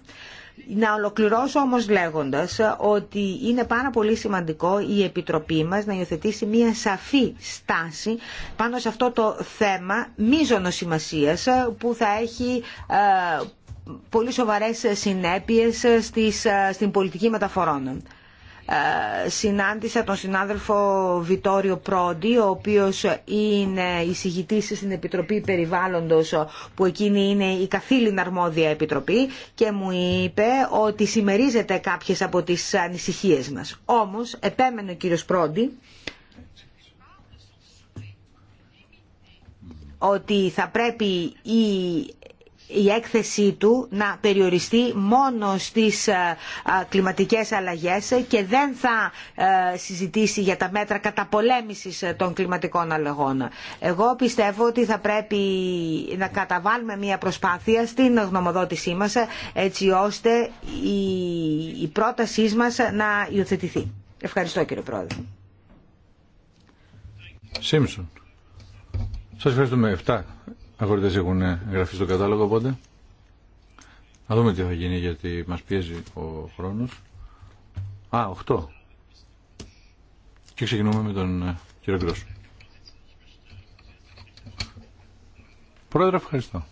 Να ολοκληρώσω όμως λέγοντας ότι είναι πάρα πολύ σημαντικό η Επιτροπή μας να υιοθετήσει μια σαφή στάση πάνω σε αυτό το θέμα μίζωνος σημασίας που θα έχει ε, πολύ σοβαρές συνέπειες ε, στην πολιτική μεταφορών. Ε, συνάντησα τον συνάδελφο Βιτόριο Πρόντι, ο οποίος είναι εισηγητής στην Επιτροπή Περιβάλλοντος, που εκείνη είναι η καθήλυνα αρμόδια επιτροπή και μου είπε ότι συμμερίζεται κάποιες από τις ανησυχίες μας. Όμως, επέμενε ο κύριος Πρόντι, ότι θα πρέπει η η έκθεσή του να περιοριστεί μόνο στις ε, ε, κλιματικές αλλαγές και δεν θα ε, συζητήσει για τα μέτρα καταπολέμησης των κλιματικών αλλαγών. Εγώ πιστεύω ότι θα πρέπει να καταβάλουμε μια προσπάθεια στην γνωμοδότησή μας έτσι ώστε η πρότασή μας να υιοθετηθεί. Ευχαριστώ κύριε Πρόεδρε. Σίμψον. Σας ευχαριστούμε αγορητές έχουν γραφεί στο κατάλογο οπότε. Να δούμε τι θα γίνει γιατί μας πιέζει ο χρόνος. Α, 8. Και ξεκινούμε με τον ε, κύριο Γκρός. Πρόεδρε, ευχαριστώ.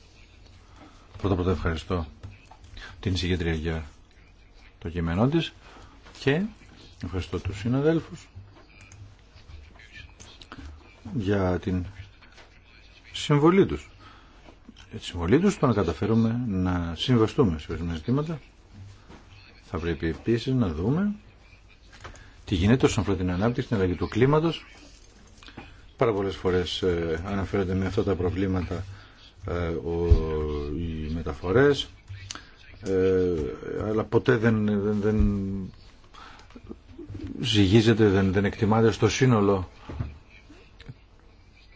Πρώτα πρώτα ευχαριστώ την συγκεντρία για το κείμενό της και ευχαριστώ τους συναδέλφους για την συμβολή τους τη συμβολή του το να καταφέρουμε να συμβαστούμε σε ορισμένα ζητήματα. Θα πρέπει επίση να δούμε τι γίνεται όσον αφορά την ανάπτυξη, την αλλαγή του κλίματος. Πάρα πολλές φορές ε, αναφέρονται με αυτά τα προβλήματα ε, οι μεταφορές, ε, αλλά ποτέ δεν, δεν, δεν ζυγίζεται, δεν, δεν εκτιμάται στο σύνολο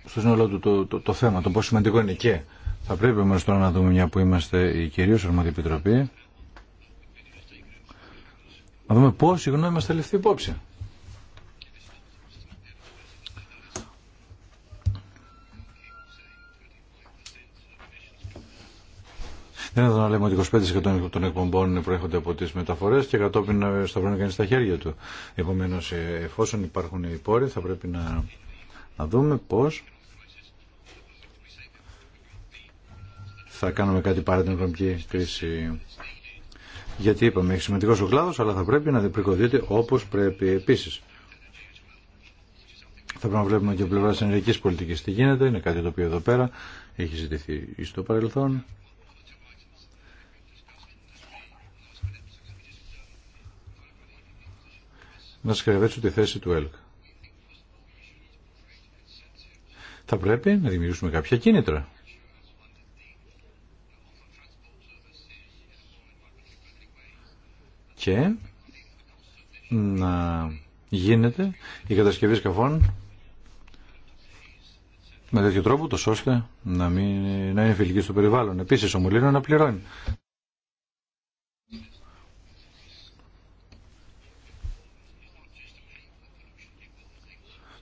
στο σύνολό του το, το, το, θέμα, το πόσο σημαντικό είναι και θα πρέπει όμω τώρα να δούμε μια που είμαστε η κυρίω αρμόδια επιτροπή να δούμε πώ η γνώμη μας θα ληφθεί υπόψη. Δεν είναι να λέμε ότι 25% των εκπομπών προέρχονται από τι μεταφορέ και κατόπιν να σταυρώνει κανεί τα χέρια του. Επομένω, ε, εφόσον υπάρχουν οι πόροι, θα πρέπει να, να δούμε πώ θα κάνουμε κάτι παρά την οικονομική κρίση. Γιατί είπαμε, έχει σημαντικό ο κλάδο, αλλά θα πρέπει να διπλικοδείται όπω πρέπει επίση. Θα πρέπει να βλέπουμε και πλευρά τη ενεργειακή πολιτική τι γίνεται. Είναι κάτι το οποίο εδώ πέρα έχει ζητηθεί στο παρελθόν. Να σκρεβέτσω τη θέση του ΕΛΚ. Θα πρέπει να δημιουργήσουμε κάποια κίνητρα. και να γίνεται η κατασκευή σκαφών με τέτοιο τρόπο, το ώστε να, μην, να είναι φιλική στο περιβάλλον. Επίσης, ο Μουλίνο να πληρώνει.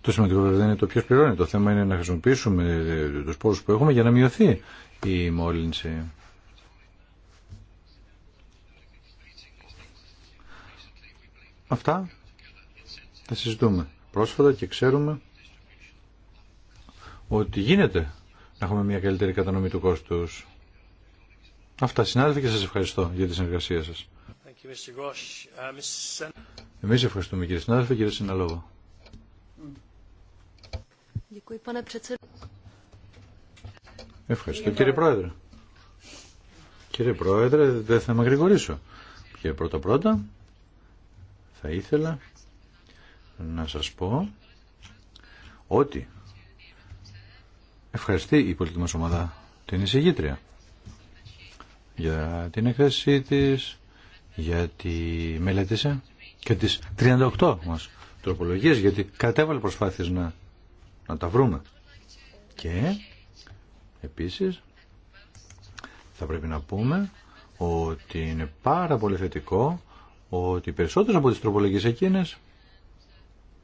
Το σημαντικό βέβαια δεν είναι το ποιο πληρώνει. Το θέμα είναι να χρησιμοποιήσουμε ε, ε, του πόρου που έχουμε για να μειωθεί η μόλυνση. Αυτά θα συζητούμε πρόσφατα και ξέρουμε ότι γίνεται να έχουμε μια καλύτερη κατανομή του κόστους. Αυτά συνάδελφοι και σας ευχαριστώ για τη συνεργασία σας. Εμείς ευχαριστούμε κύριε συνάδελφε, κύριε συναλόγο. Ευχαριστώ κύριε Πρόεδρε. Κύριε Πρόεδρε, δεν θα με γρηγορήσω. Και πρώτα πρώτα θα ήθελα να σας πω ότι ευχαριστεί η πολιτική μας ομάδα την εισηγήτρια για την έκθεσή της, τη μελέτησε και τις 38 μας τροπολογίες, γιατί κατέβαλε προσπάθειες να, να τα βρούμε. Και επίσης θα πρέπει να πούμε ότι είναι πάρα πολύ θετικό ότι περισσότερες από τις τροπολογίες εκείνες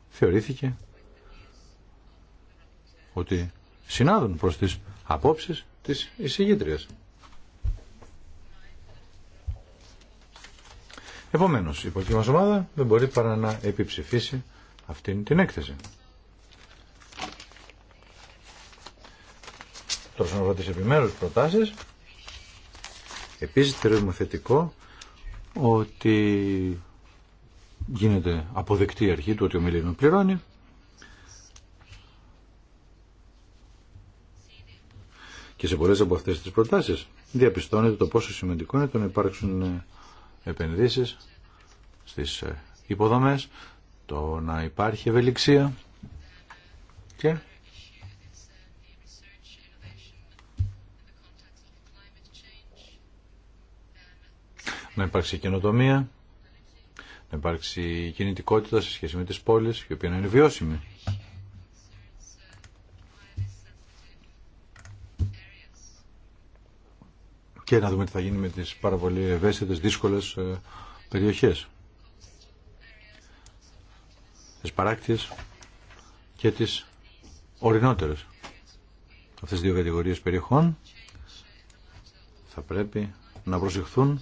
θεωρήθηκε ότι συνάδουν προς τις απόψεις της εισηγήτριας. Επομένως, η πολιτική μας ομάδα δεν μπορεί παρά να επιψηφίσει αυτήν την έκθεση. Τώρα, σαν να τις επιμέρους προτάσεις, επίσης θεωρούμε θετικό ότι γίνεται αποδεκτή η αρχή του ότι ο Μιλήνων πληρώνει και σε πολλές από αυτές τις προτάσεις διαπιστώνεται το πόσο σημαντικό είναι το να υπάρξουν επενδύσεις στις ε, υποδομές, το να υπάρχει ευελιξία και να υπάρξει καινοτομία, να υπάρξει κινητικότητα σε σχέση με τις πόλεις, η οποία να είναι βιώσιμη. Και να δούμε τι θα γίνει με τις πάρα πολύ ευαίσθητες, δύσκολες ε, περιοχές. Τις παράκτιες και τις ορεινότερες. Αυτές οι δύο κατηγορίες περιοχών θα πρέπει να προσεχθούν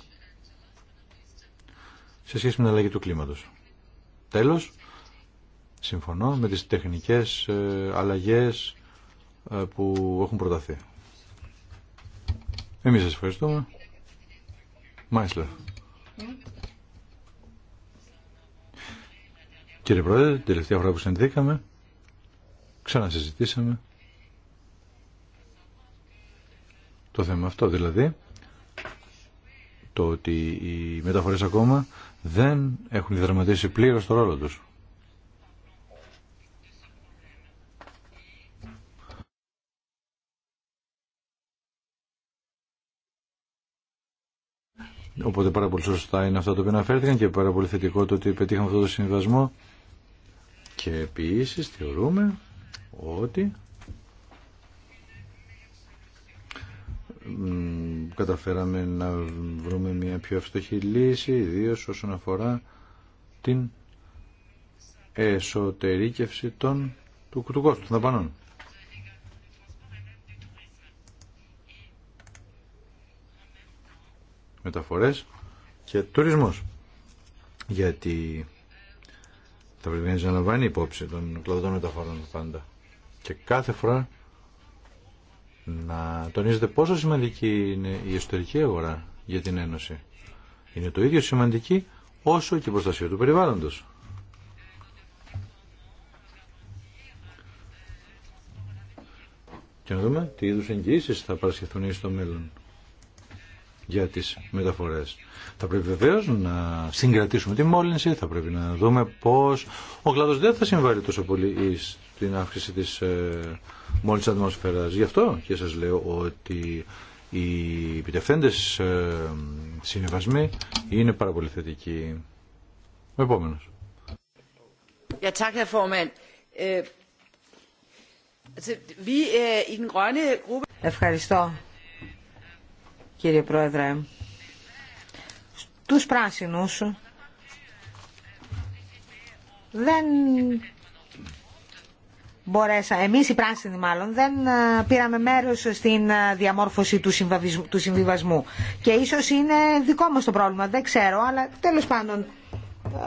σε σχέση με την αλλαγή του κλίματος. Τέλος, συμφωνώ με τις τεχνικές ε, αλλαγές ε, που έχουν προταθεί. Εμείς σας ευχαριστούμε. Κύριε Πρόεδρε, τελευταία φορά που συνδίκαμε, ξανασυζητήσαμε το θέμα αυτό δηλαδή το ότι οι μεταφορές ακόμα δεν έχουν διδραματίσει πλήρως το ρόλο τους. Οπότε πάρα πολύ σωστά είναι αυτά το οποίο αναφέρθηκαν και πάρα πολύ θετικό το ότι πετύχαμε αυτό το συνδυασμό Και επίσης θεωρούμε ότι καταφέραμε να βρούμε μια πιο ευστοχή λύση, ιδίω όσον αφορά την εσωτερήκευση των, του, του κόστου των δαπανών. Μεταφορές και τουρισμός. Γιατί θα πρέπει να λαμβάνει υπόψη των κλαδών μεταφορών πάντα. Και κάθε φορά να τονίζετε πόσο σημαντική είναι η εσωτερική αγορά για την Ένωση. Είναι το ίδιο σημαντική όσο και η προστασία του περιβάλλοντος. Και να δούμε τι είδους εγγυήσεις θα παρασχεθούν στο μέλλον για τις μεταφορές. Θα πρέπει βεβαίω να συγκρατήσουμε τη μόλυνση, θα πρέπει να δούμε πώς ο κλάδος δεν θα συμβάλλει τόσο πολύ την αύξηση της ε, μόλις ατμόσφαιρας. Γι' αυτό και σας λέω ότι οι επιτευθέντες ε, συνέβασμοί είναι πάρα πολύ θετικοί. Ο επόμενος. Ευχαριστώ, κύριε Πρόεδρε. Τους πράσινους δεν μπορέσα, εμείς οι πράσινοι μάλλον, δεν ε, πήραμε μέρος στην ε, διαμόρφωση του συμβιβασμού. Και ίσως είναι δικό μας το πρόβλημα, δεν ξέρω, αλλά τέλος πάντων, ε,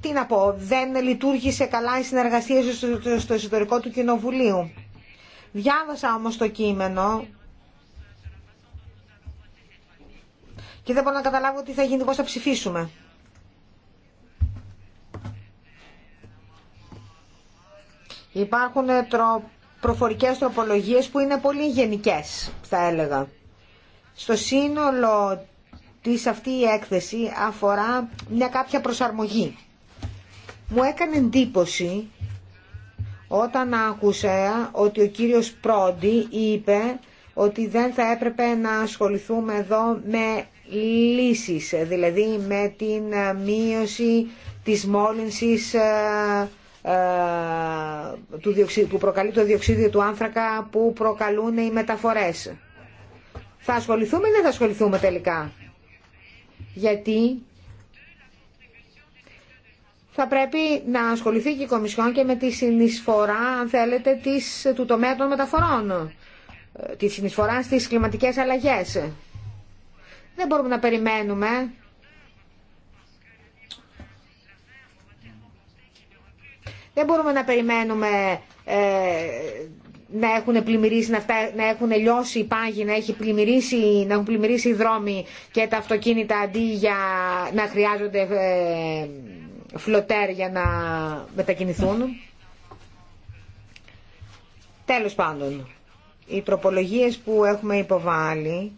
τι να πω, δεν λειτουργήσε καλά η συνεργασία στο εσωτερικό του Κοινοβουλίου. Διάβασα όμως το κείμενο και δεν μπορώ να καταλάβω τι θα γίνει, πώς θα ψηφίσουμε. Υπάρχουν προφορικές τροπολογίες που είναι πολύ γενικές, θα έλεγα. Στο σύνολο της αυτή η έκθεση αφορά μια κάποια προσαρμογή. Μου έκανε εντύπωση όταν άκουσα ότι ο κύριος Πρόντι είπε ότι δεν θα έπρεπε να ασχοληθούμε εδώ με λύσεις, δηλαδή με την μείωση της μόλυνσης ε, ε, που προκαλεί το διοξίδιο του άνθρακα που προκαλούν οι μεταφορές. Θα ασχοληθούμε ή δεν θα ασχοληθούμε τελικά. Γιατί θα πρέπει να ασχοληθεί και η Κομισιόν και με τη συνεισφορά, αν θέλετε, της, του τομέα των μεταφορών. Ε, τη συνεισφορά στις κλιματικές αλλαγές. Δεν μπορούμε να περιμένουμε Δεν μπορούμε να περιμένουμε ε, να έχουν πλημμυρίσει, να, να έχουν λιώσει οι πάγοι, να, έχει πλημμυρίσει, να έχουν πλημμυρίσει οι δρόμοι και τα αυτοκίνητα αντί για να χρειάζονται ε, φλωτέρ για να μετακινηθούν. Τέλος πάντων, οι τροπολογίες που έχουμε υποβάλει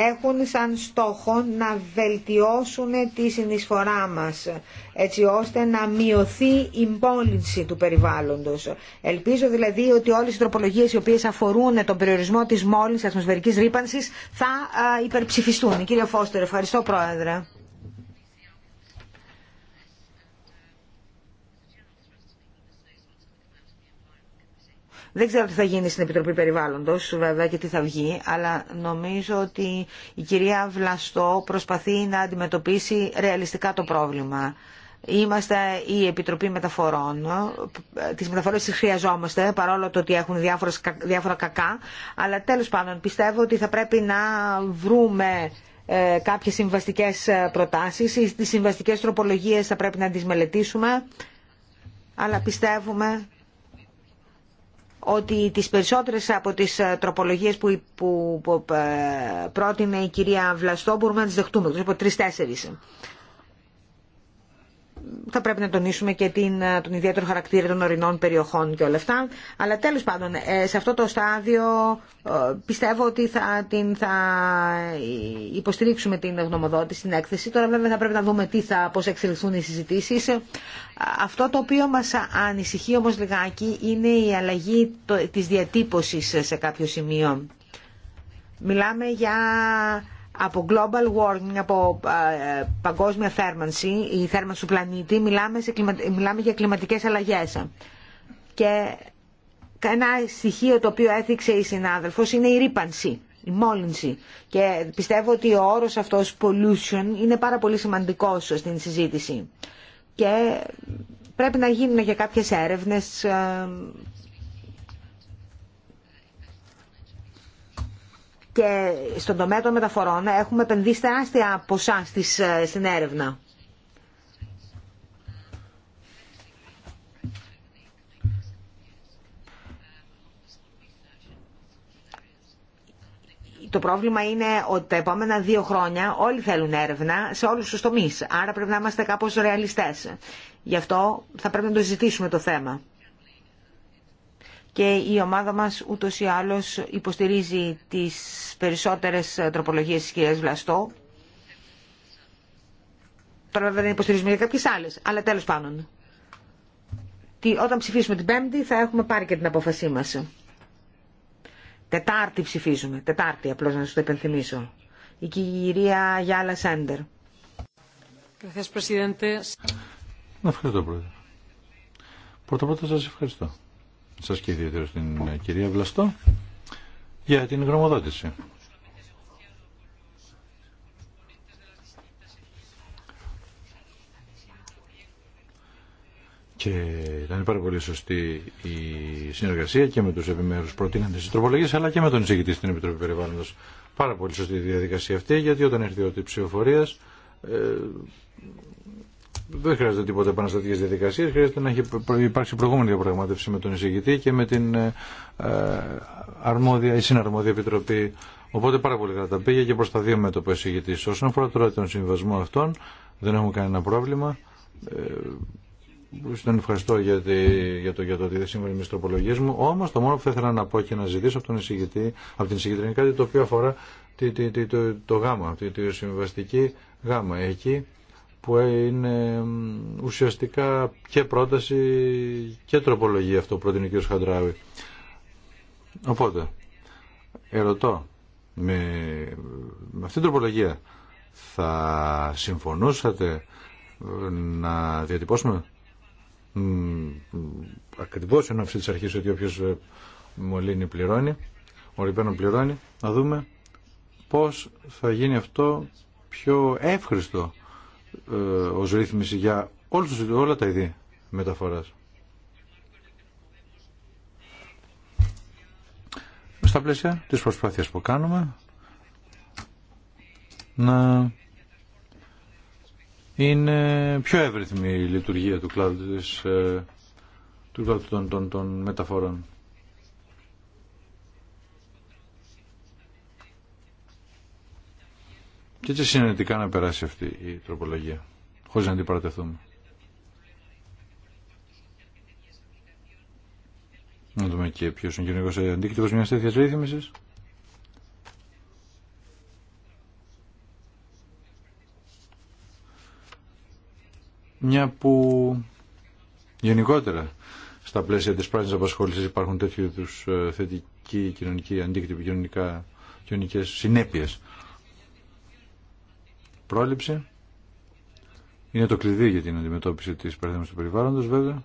έχουν σαν στόχο να βελτιώσουν τη συνεισφορά μας, έτσι ώστε να μειωθεί η μπόλυνση του περιβάλλοντος. Ελπίζω δηλαδή ότι όλες οι τροπολογίες οι οποίες αφορούν τον περιορισμό της μόλυνσης ατμοσφαιρικής ρήπανσης θα υπερψηφιστούν. Κύριε Φώστερ, ευχαριστώ Πρόεδρε. Δεν ξέρω τι θα γίνει στην Επιτροπή Περιβάλλοντος βέβαια και τι θα βγει, αλλά νομίζω ότι η κυρία Βλαστό προσπαθεί να αντιμετωπίσει ρεαλιστικά το πρόβλημα. Είμαστε η Επιτροπή Μεταφορών. Τι μεταφορέ τι χρειαζόμαστε, παρόλο το ότι έχουν διάφορα κακά. Αλλά τέλο πάντων πιστεύω ότι θα πρέπει να βρούμε ε, κάποιες συμβαστικές ε, προτάσεις. Ή τις τροπολογίες θα πρέπει να τι μελετήσουμε. Αλλά πιστεύουμε ότι τις περισσότερες από τις ε, τροπολογίες που, ε, πρότεινε η κυρία Βλαστό μπορούμε να τις δεχτούμε, εκτός από τρεις-τέσσερις θα πρέπει να τονίσουμε και την, ε, τον ιδιαίτερο χαρακτήρα των ορεινών περιοχών και όλα αυτά. Αλλά τέλος πάντων, ε, σε αυτό το στάδιο ε, πιστεύω ότι θα, την, θα υποστηρίξουμε την γνωμοδότηση, την έκθεση. Τώρα βέβαια θα πρέπει να δούμε τι θα, πώς εξελιχθούν οι συζητήσεις. Αυτό το οποίο μας ανησυχεί όμως λιγάκι είναι η αλλαγή της διατύπωσης σε κάποιο σημείο. Μιλάμε για από global warming, από ε, παγκόσμια θέρμανση, η θέρμανση του πλανήτη, μιλάμε, σε μιλάμε για κλιματικές αλλαγές. Και ένα στοιχείο το οποίο έθιξε η συνάδελφος είναι η ρήπανση, η μόλυνση. Και πιστεύω ότι ο όρος αυτός pollution είναι πάρα πολύ σημαντικός στην συζήτηση. Και πρέπει να γίνουν και κάποιες έρευνες ε, και στον τομέα των μεταφορών έχουμε επενδύσει τεράστια ποσά στις, ε, στην έρευνα. Το πρόβλημα είναι ότι τα επόμενα δύο χρόνια όλοι θέλουν έρευνα σε όλους τους τομείς. Άρα πρέπει να είμαστε κάπως ρεαλιστές. Γι' αυτό θα πρέπει να το ζητήσουμε το θέμα και η ομάδα μας ούτως ή άλλως υποστηρίζει τις περισσότερες τροπολογίες της κυρίας Βλαστό. Τώρα βέβαια δεν υποστηρίζουμε για κάποιες άλλες, αλλά τέλος πάντων. Τι, όταν ψηφίσουμε την Πέμπτη θα έχουμε πάρει και την απόφασή μας. Τετάρτη ψηφίζουμε, Τετάρτη απλώς να σου το υπενθυμίσω. Η κυρία Γιάλα Σέντερ. Ευχαριστώ, Πρόεδρε. όλα σας ευχαριστώ σας και ιδιαίτερα στην ε, κυρία Βλαστό για την γνωμοδότηση. Και ήταν πάρα πολύ σωστή η συνεργασία και με τους επιμέρους προτείναντες της τροπολογίας αλλά και με τον εισηγητή στην Επιτροπή Περιβάλλοντος. Πάρα πολύ σωστή η διαδικασία αυτή γιατί όταν έρθει η ψηφοφορία ε, δεν χρειάζεται τίποτα επαναστατικέ διαδικασίε. Χρειάζεται να έχει υπάρξει προηγούμενη διαπραγμάτευση με τον εισηγητή και με την ε, ε, αρμόδια ή συναρμόδια επιτροπή. Οπότε πάρα πολύ καλά τα πήγε και προ τα δύο μέτωπα εισηγητή. Όσον αφορά τώρα τον συμβασμό αυτών, δεν έχουμε κανένα πρόβλημα. Ε, τον ευχαριστώ για, για, το, για το ότι δεν σήμερα με τι τροπολογίε μου. Όμω το μόνο που θα ήθελα να πω και να ζητήσω από, τον εισηγητή, από την εισηγητή κάτι το οποίο αφορά τη, τη, το, το γάμα, τη, τη συμβαστική γάμα. Εκεί που είναι ουσιαστικά και πρόταση και τροπολογία αυτό που προτείνει ο κ. Χαντράουι. Οπότε, ερωτώ, με, με αυτήν την τροπολογία θα συμφωνούσατε ε, να διατυπώσουμε ακριβώς ενώ αυτή της αρχής ότι όποιος ε, μολύνει πληρώνει, ο Ριπένον πληρώνει, να δούμε πώς θα γίνει αυτό πιο εύχριστο ο ε, ως ρύθμιση για όλους, όλα τα είδη μεταφοράς. Στα πλαίσια της προσπάθειας που κάνουμε να είναι πιο εύρυθμη η λειτουργία του κλάδου, ε, του κλάδου των, των, των μεταφορών. Και έτσι συνενετικά να περάσει αυτή η τροπολογία, χωρίς να αντιπαρατεθούμε. Να δούμε και ποιος είναι ο κοινωνικός αντίκτυπος μιας τέτοιας ρύθμισης. Μια που γενικότερα στα πλαίσια της πράσινης απασχόλησης υπάρχουν τέτοιου είδους ε, θετικοί κοινωνικοί αντίκτυποι, κοινωνικά, κοινωνικές συνέπειες πρόληψη είναι το κλειδί για την αντιμετώπιση της παραδείγματος του περιβάλλοντος βέβαια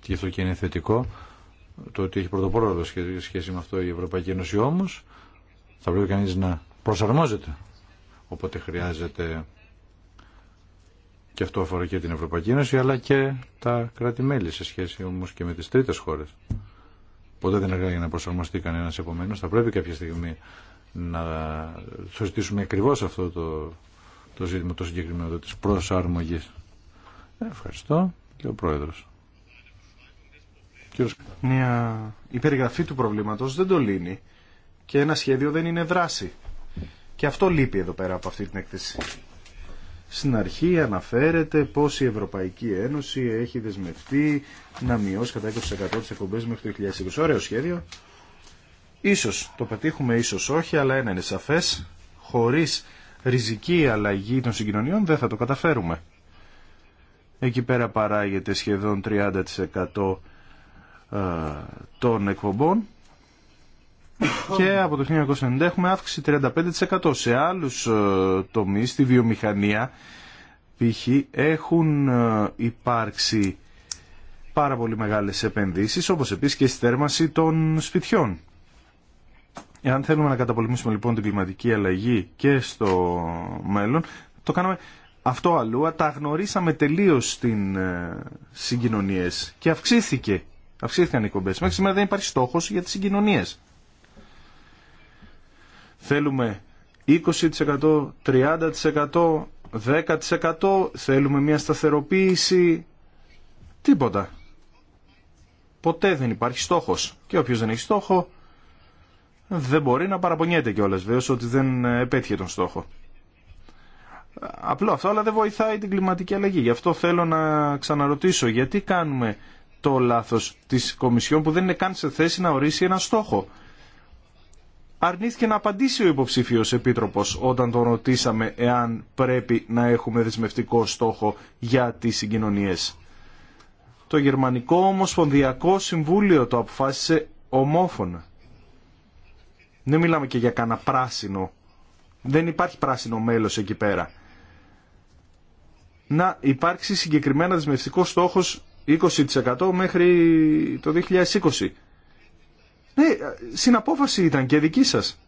και γι' αυτό και είναι θετικό το ότι έχει πρωτοπόρο σχέση με αυτό η Ευρωπαϊκή Ένωση όμως θα πρέπει κανείς να προσαρμόζεται οπότε χρειάζεται και αυτό αφορά και την Ευρωπαϊκή Ένωση αλλά και τα κράτη-μέλη σε σχέση όμως και με τις τρίτες χώρες. Ποτέ δεν εργάζεται να προσαρμοστεί κανένας επομένως. Θα πρέπει κάποια στιγμή να το ζητήσουμε ακριβώς αυτό το, το ζήτημα το συγκεκριμένο το, της προσαρμογής. Ε, ευχαριστώ και ο Πρόεδρος. Μια... Η περιγραφή του προβλήματος δεν το λύνει και ένα σχέδιο δεν είναι δράση. Και αυτό λείπει εδώ πέρα από αυτή την έκθεση. Στην αρχή αναφέρεται πως η Ευρωπαϊκή Ένωση έχει δεσμευτεί να μειώσει κατά 20% τις εκπομπές μέχρι το 2020. Ωραίο σχέδιο. Ίσως το πετύχουμε, ίσως όχι, αλλά ένα είναι σαφές, χωρίς ριζική αλλαγή των συγκοινωνιών δεν θα το καταφέρουμε. Εκεί πέρα παράγεται σχεδόν 30% ε, των εκπομπών και από το 1990 έχουμε αύξηση 35%. Σε άλλους ε, τομείς, στη βιομηχανία, π.χ. έχουν ε, υπάρξει πάρα πολύ μεγάλες επενδύσεις, όπως επίσης και στη θέρμανση των σπιτιών. Εάν θέλουμε να καταπολεμήσουμε λοιπόν την κλιματική αλλαγή και στο μέλλον, το κάναμε αυτό αλλού, τα γνωρίσαμε τελείως στην ε, συγκοινωνίε και αυξήθηκε. Αυξήθηκαν οι κομπέ. Μέχρι σήμερα δεν υπάρχει στόχος για τι συγκοινωνίε. Θέλουμε 20%, 30%, 10%, θέλουμε μια σταθεροποίηση, τίποτα. Ποτέ δεν υπάρχει στόχος. Και όποιος δεν έχει στόχο δεν μπορεί να παραπονιέται κιόλα βέβαια ότι δεν επέτυχε τον στόχο. Απλό αυτό, αλλά δεν βοηθάει την κλιματική αλλαγή. Γι' αυτό θέλω να ξαναρωτήσω γιατί κάνουμε το λάθος της Κομισιόν που δεν είναι καν σε θέση να ορίσει ένα στόχο. Αρνήθηκε να απαντήσει ο υποψηφίο επίτροπος όταν τον ρωτήσαμε εάν πρέπει να έχουμε δεσμευτικό στόχο για τι συγκοινωνίε. Το Γερμανικό Ομοσπονδιακό Συμβούλιο το αποφάσισε ομόφωνα. Δεν μιλάμε και για κανένα πράσινο. Δεν υπάρχει πράσινο μέλος εκεί πέρα. Να υπάρξει συγκεκριμένα δεσμευτικό στόχος 20% μέχρι το 2020. Ναι, συναπόφαση ήταν και δική σας.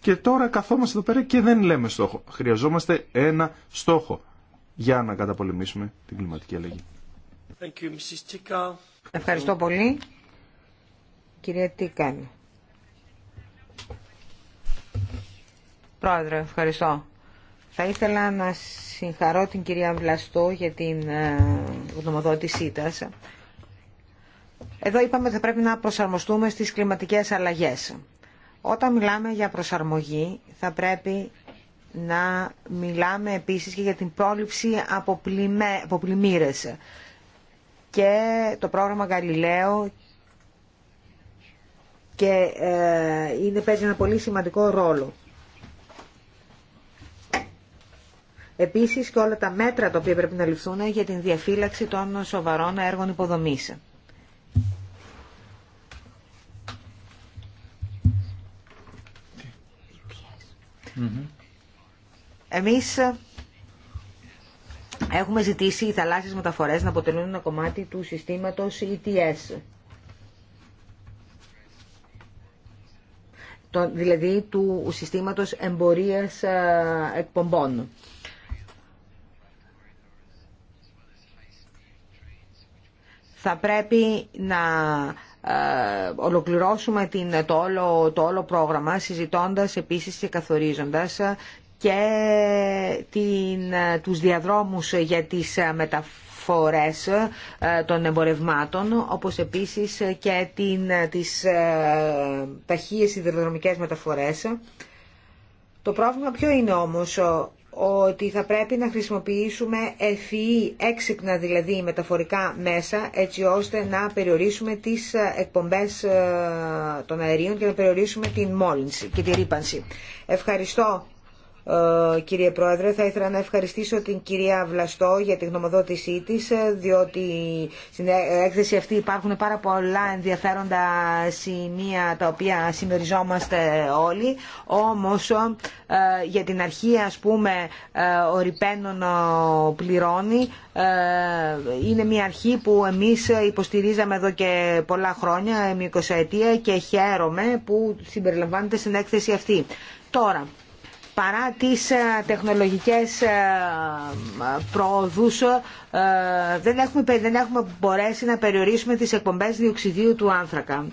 Και τώρα καθόμαστε εδώ πέρα και δεν λέμε στόχο. Χρειαζόμαστε ένα στόχο για να καταπολεμήσουμε την κλιματική αλλαγή. Ευχαριστώ πολύ. Κυρία Τίκαν. Πρόεδρε, ευχαριστώ. Θα ήθελα να συγχαρώ την κυρία Βλαστό για την ε, γνωμοδότησή τας. Εδώ είπαμε ότι θα πρέπει να προσαρμοστούμε στις κλιματικές αλλαγές. Όταν μιλάμε για προσαρμογή θα πρέπει να μιλάμε επίσης και για την πρόληψη από, πλημέ, και το πρόγραμμα Γαλιλαίο και ε, είναι, παίζει ένα πολύ σημαντικό ρόλο. Επίσης και όλα τα μέτρα τα οποία πρέπει να ληφθούν για την διαφύλαξη των σοβαρών έργων υποδομής. Εμείς έχουμε ζητήσει οι θαλάσσιες μεταφορές να αποτελούν ένα κομμάτι του συστήματος ETS. δηλαδή του συστήματος εμπορίας ε, εκπομπών. θα πρέπει να ε, ολοκληρώσουμε την, το, όλο, το όλο πρόγραμμα συζητώντας επίσης και καθορίζοντας και την, τους διαδρόμους για τις μεταφορές ε, των εμπορευμάτων όπως επίσης και την, τις ε, ταχύες σιδηροδρομικές μεταφορές. Το πρόβλημα ποιο είναι όμως ότι θα πρέπει να χρησιμοποιήσουμε ευφυή, e e, έξυπνα δηλαδή μεταφορικά μέσα, έτσι ώστε να περιορίσουμε τις ε, εκπομπές ε, των αερίων και να περιορίσουμε την μόλυνση και τη ρήπανση. Ευχαριστώ ε, κύριε Πρόεδρε. Θα ήθελα να ευχαριστήσω την κυρία Βλαστό για τη γνωμοδότησή της, ε, διότι στην ε, έκθεση αυτή υπάρχουν πάρα πολλά ενδιαφέροντα σημεία τα οποία συμμεριζόμαστε όλοι. Όμως για την αρχή ας πούμε ο Ριπένων πληρώνει. Είναι μια αρχή που εμείς υποστηρίζαμε εδώ και πολλά χρόνια, ετία, και χαίρομαι που συμπεριλαμβάνεται στην έκθεση αυτή. Τώρα, παρά τις ε, τεχνολογικές ε, προόδους ε, δεν έχουμε, δεν έχουμε μπορέσει να περιορίσουμε τις εκπομπές διοξιδίου του άνθρακα.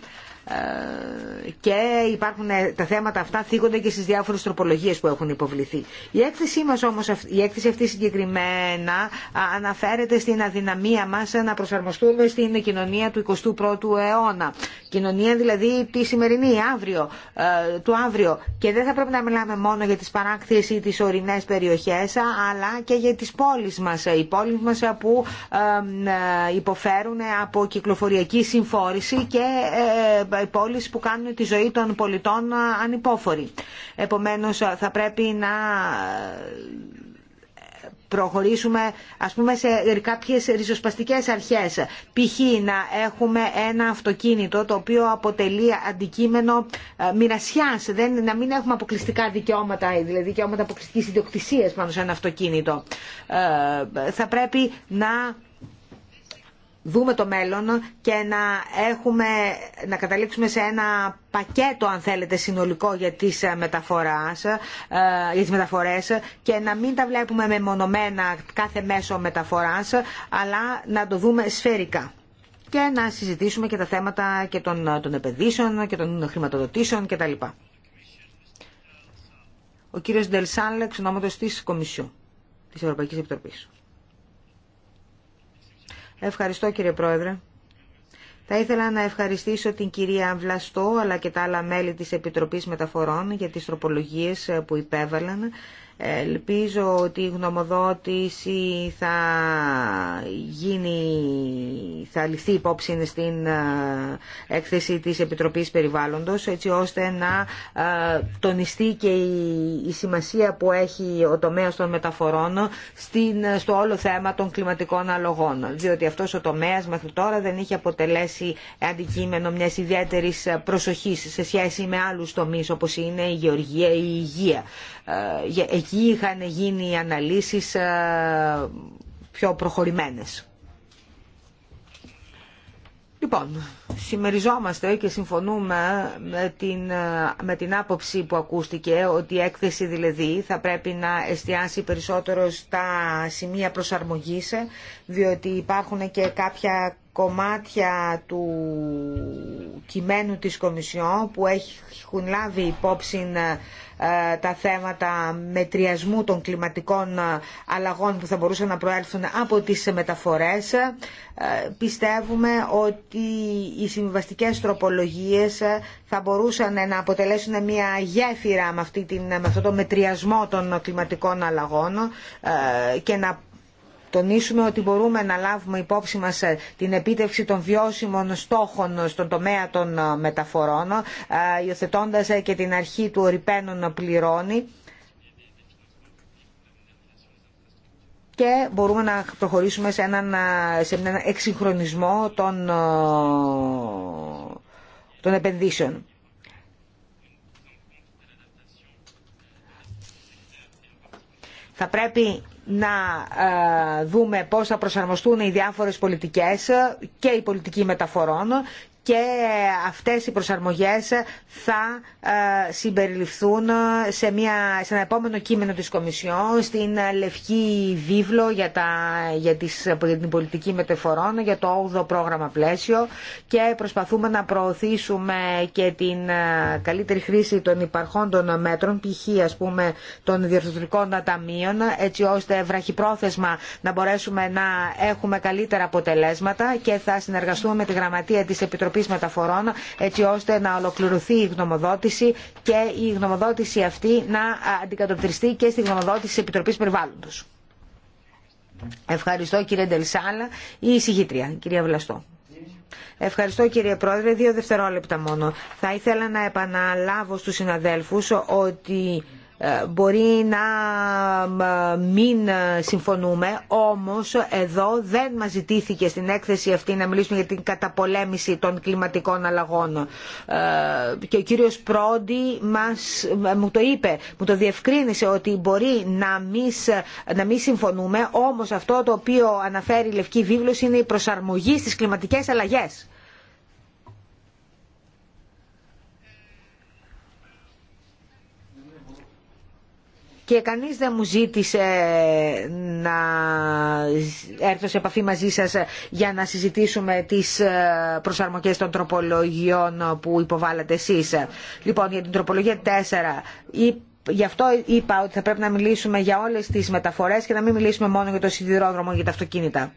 Ε, και υπάρχουν ε, τα θέματα αυτά θίγονται και στις διάφορες τροπολογίες που έχουν υποβληθεί. Η έκθεσή μας όμως, η έκθεση αυτή συγκεκριμένα αναφέρεται στην αδυναμία μας να προσαρμοστούμε στην κοινωνία του 21ου αιώνα. Κοινωνία δηλαδή τη σημερινή, αύριο, ε, του αύριο. Και δεν θα πρέπει να μιλάμε μόνο για τις παράκτιες ή τις ορεινές περιοχές, αλλά και για τις πόλεις μας. Οι πόλεις μας που υποφέρουν από κυκλοφοριακή συμφόρηση και πόλεις που κάνουν τη ζωή των πολιτών ανυπόφορη. Επομένως θα πρέπει να ε, προχωρήσουμε ας πούμε σε κάποιες ριζοσπαστικές αρχές π.χ. να έχουμε ένα αυτοκίνητο το οποίο αποτελεί αντικείμενο ε, μοιρασιάς δεν, να μην έχουμε αποκλειστικά δικαιώματα ε, δηλαδή δικαιώματα αποκλειστικής ιδιοκτησίας πάνω σε ένα αυτοκίνητο θα πρέπει να δούμε το μέλλον και να, έχουμε, να καταλήξουμε σε ένα πακέτο αν θέλετε συνολικό για τις, ε, μεταφοράς, ε, για τις μεταφορές και να μην τα βλέπουμε μεμονωμένα κάθε μέσο μεταφοράς αλλά να το δούμε σφαιρικά και να συζητήσουμε και τα θέματα και των, των επενδύσεων και των χρηματοδοτήσεων κτλ. Ο κύριος Ντελσάλεξ, Ο ονόματος της Κομισιού, της Ευρωπαϊκής Επιτροπής. Ευχαριστώ κύριε Πρόεδρε. Θα ήθελα να ευχαριστήσω την κυρία Βλαστό αλλά και τα άλλα μέλη της Επιτροπής Μεταφορών για τις τροπολογίες ε, που υπέβαλαν Ελπίζω ότι η γνωμοδότηση θα γίνει, θα ληφθεί υπόψη στην ε, έκθεση της Επιτροπής Περιβάλλοντος έτσι ώστε να ε, τονιστεί και η σημασία που έχει ο τομέας των μεταφορών στο όλο θέμα των κλιματικών αλογών διότι αυτός ο τομέας μέχρι τώρα δεν είχε αποτελέσει αντικείμενο μιας ιδιαίτερης προσοχής σε σχέση με άλλους τομείς όπως είναι η γεωργία ή η υγεία. Ε, εκεί είχαν γίνει αναλύσεις ε, πιο προχωρημένες. Λοιπόν, συμμεριζόμαστε και συμφωνούμε με την, ε, με την άποψη που ακούστηκε ότι η έκθεση δηλαδή θα πρέπει να εστιάσει περισσότερο στα σημεία προσαρμογής διότι υπάρχουν και κάποια κομμάτια του κειμένου της Κομισιόν που έχουν λάβει υπόψη ε, τα θέματα μετριασμού των κλιματικών ε, αλλαγών που θα μπορούσαν να προέλθουν από τις μεταφορές. Ε, πιστεύουμε ότι οι συμβαστικές τροπολογίες θα μπορούσαν να αποτελέσουν μια γέφυρα με, αυτή την, με αυτό το μετριασμό των κλιματικών αλλαγών και να τονίσουμε ότι μπορούμε να λάβουμε υπόψη μας ε, την επίτευξη των βιώσιμων στόχων στον τομέα των ε, μεταφορών, ε, υιοθετώντα και την αρχή του ορυπαίνων πληρώνει. και μπορούμε να προχωρήσουμε σε έναν, σε εξυγχρονισμό των, των επενδύσεων. Θα πρέπει να ε, δούμε πώς θα προσαρμοστούν οι διάφορες πολιτικές και η πολιτική μεταφορών και αυτές οι προσαρμογές θα ε, συμπεριληφθούν σε, μια, ένα επόμενο κείμενο της Κομισιόν, στην Λευκή Βίβλο για, τα, για, τις, για την πολιτική μεταφορών, για το 8ο πρόγραμμα πλαίσιο και προσπαθούμε να προωθήσουμε και την ε, καλύτερη χρήση των υπαρχών των μέτρων, π.χ. πούμε των διορθωτικών ταμείων, έτσι ώστε βραχυπρόθεσμα να μπορέσουμε να έχουμε καλύτερα αποτελέσματα και θα συνεργαστούμε με τη Γραμματεία της Επιτροπής Επιτροπή Μεταφορών έτσι ώστε να ολοκληρωθεί η γνωμοδότηση και η γνωμοδότηση αυτή να αντικατοπτριστεί και στη γνωμοδότηση τη Επιτροπής Περιβάλλοντος. Ευχαριστώ κύριε Ντελσάλα ή η η κυρία Βλαστό. Ευχαριστώ κύριε Πρόεδρε. Δύο δευτερόλεπτα μόνο. Θα ήθελα να επαναλάβω στους συναδέλφους ότι ε, μπορεί να μην συμφωνούμε, όμως εδώ δεν μας ζητήθηκε στην έκθεση αυτή να μιλήσουμε για την καταπολέμηση των κλιματικών αλλαγών. Ε, και ο κύριος Πρόντι μας, ε, μου το είπε, μου το διευκρίνησε ότι μπορεί να μην, να μην συμφωνούμε, όμως αυτό το οποίο αναφέρει η Λευκή Βίβλος είναι η προσαρμογή στις κλιματικές αλλαγές και κανείς δεν μου ζήτησε να έρθω σε επαφή μαζί σας για να συζητήσουμε τις ε, προσαρμογές των τροπολογιών που υποβάλλατε εσείς. Λοιπόν, για την τροπολογία 4 γι' αυτό είπα ότι θα πρέπει να μιλήσουμε για όλες τις μεταφορές και να μην μιλήσουμε μόνο για το σιδηρόδρομο και τα αυτοκίνητα.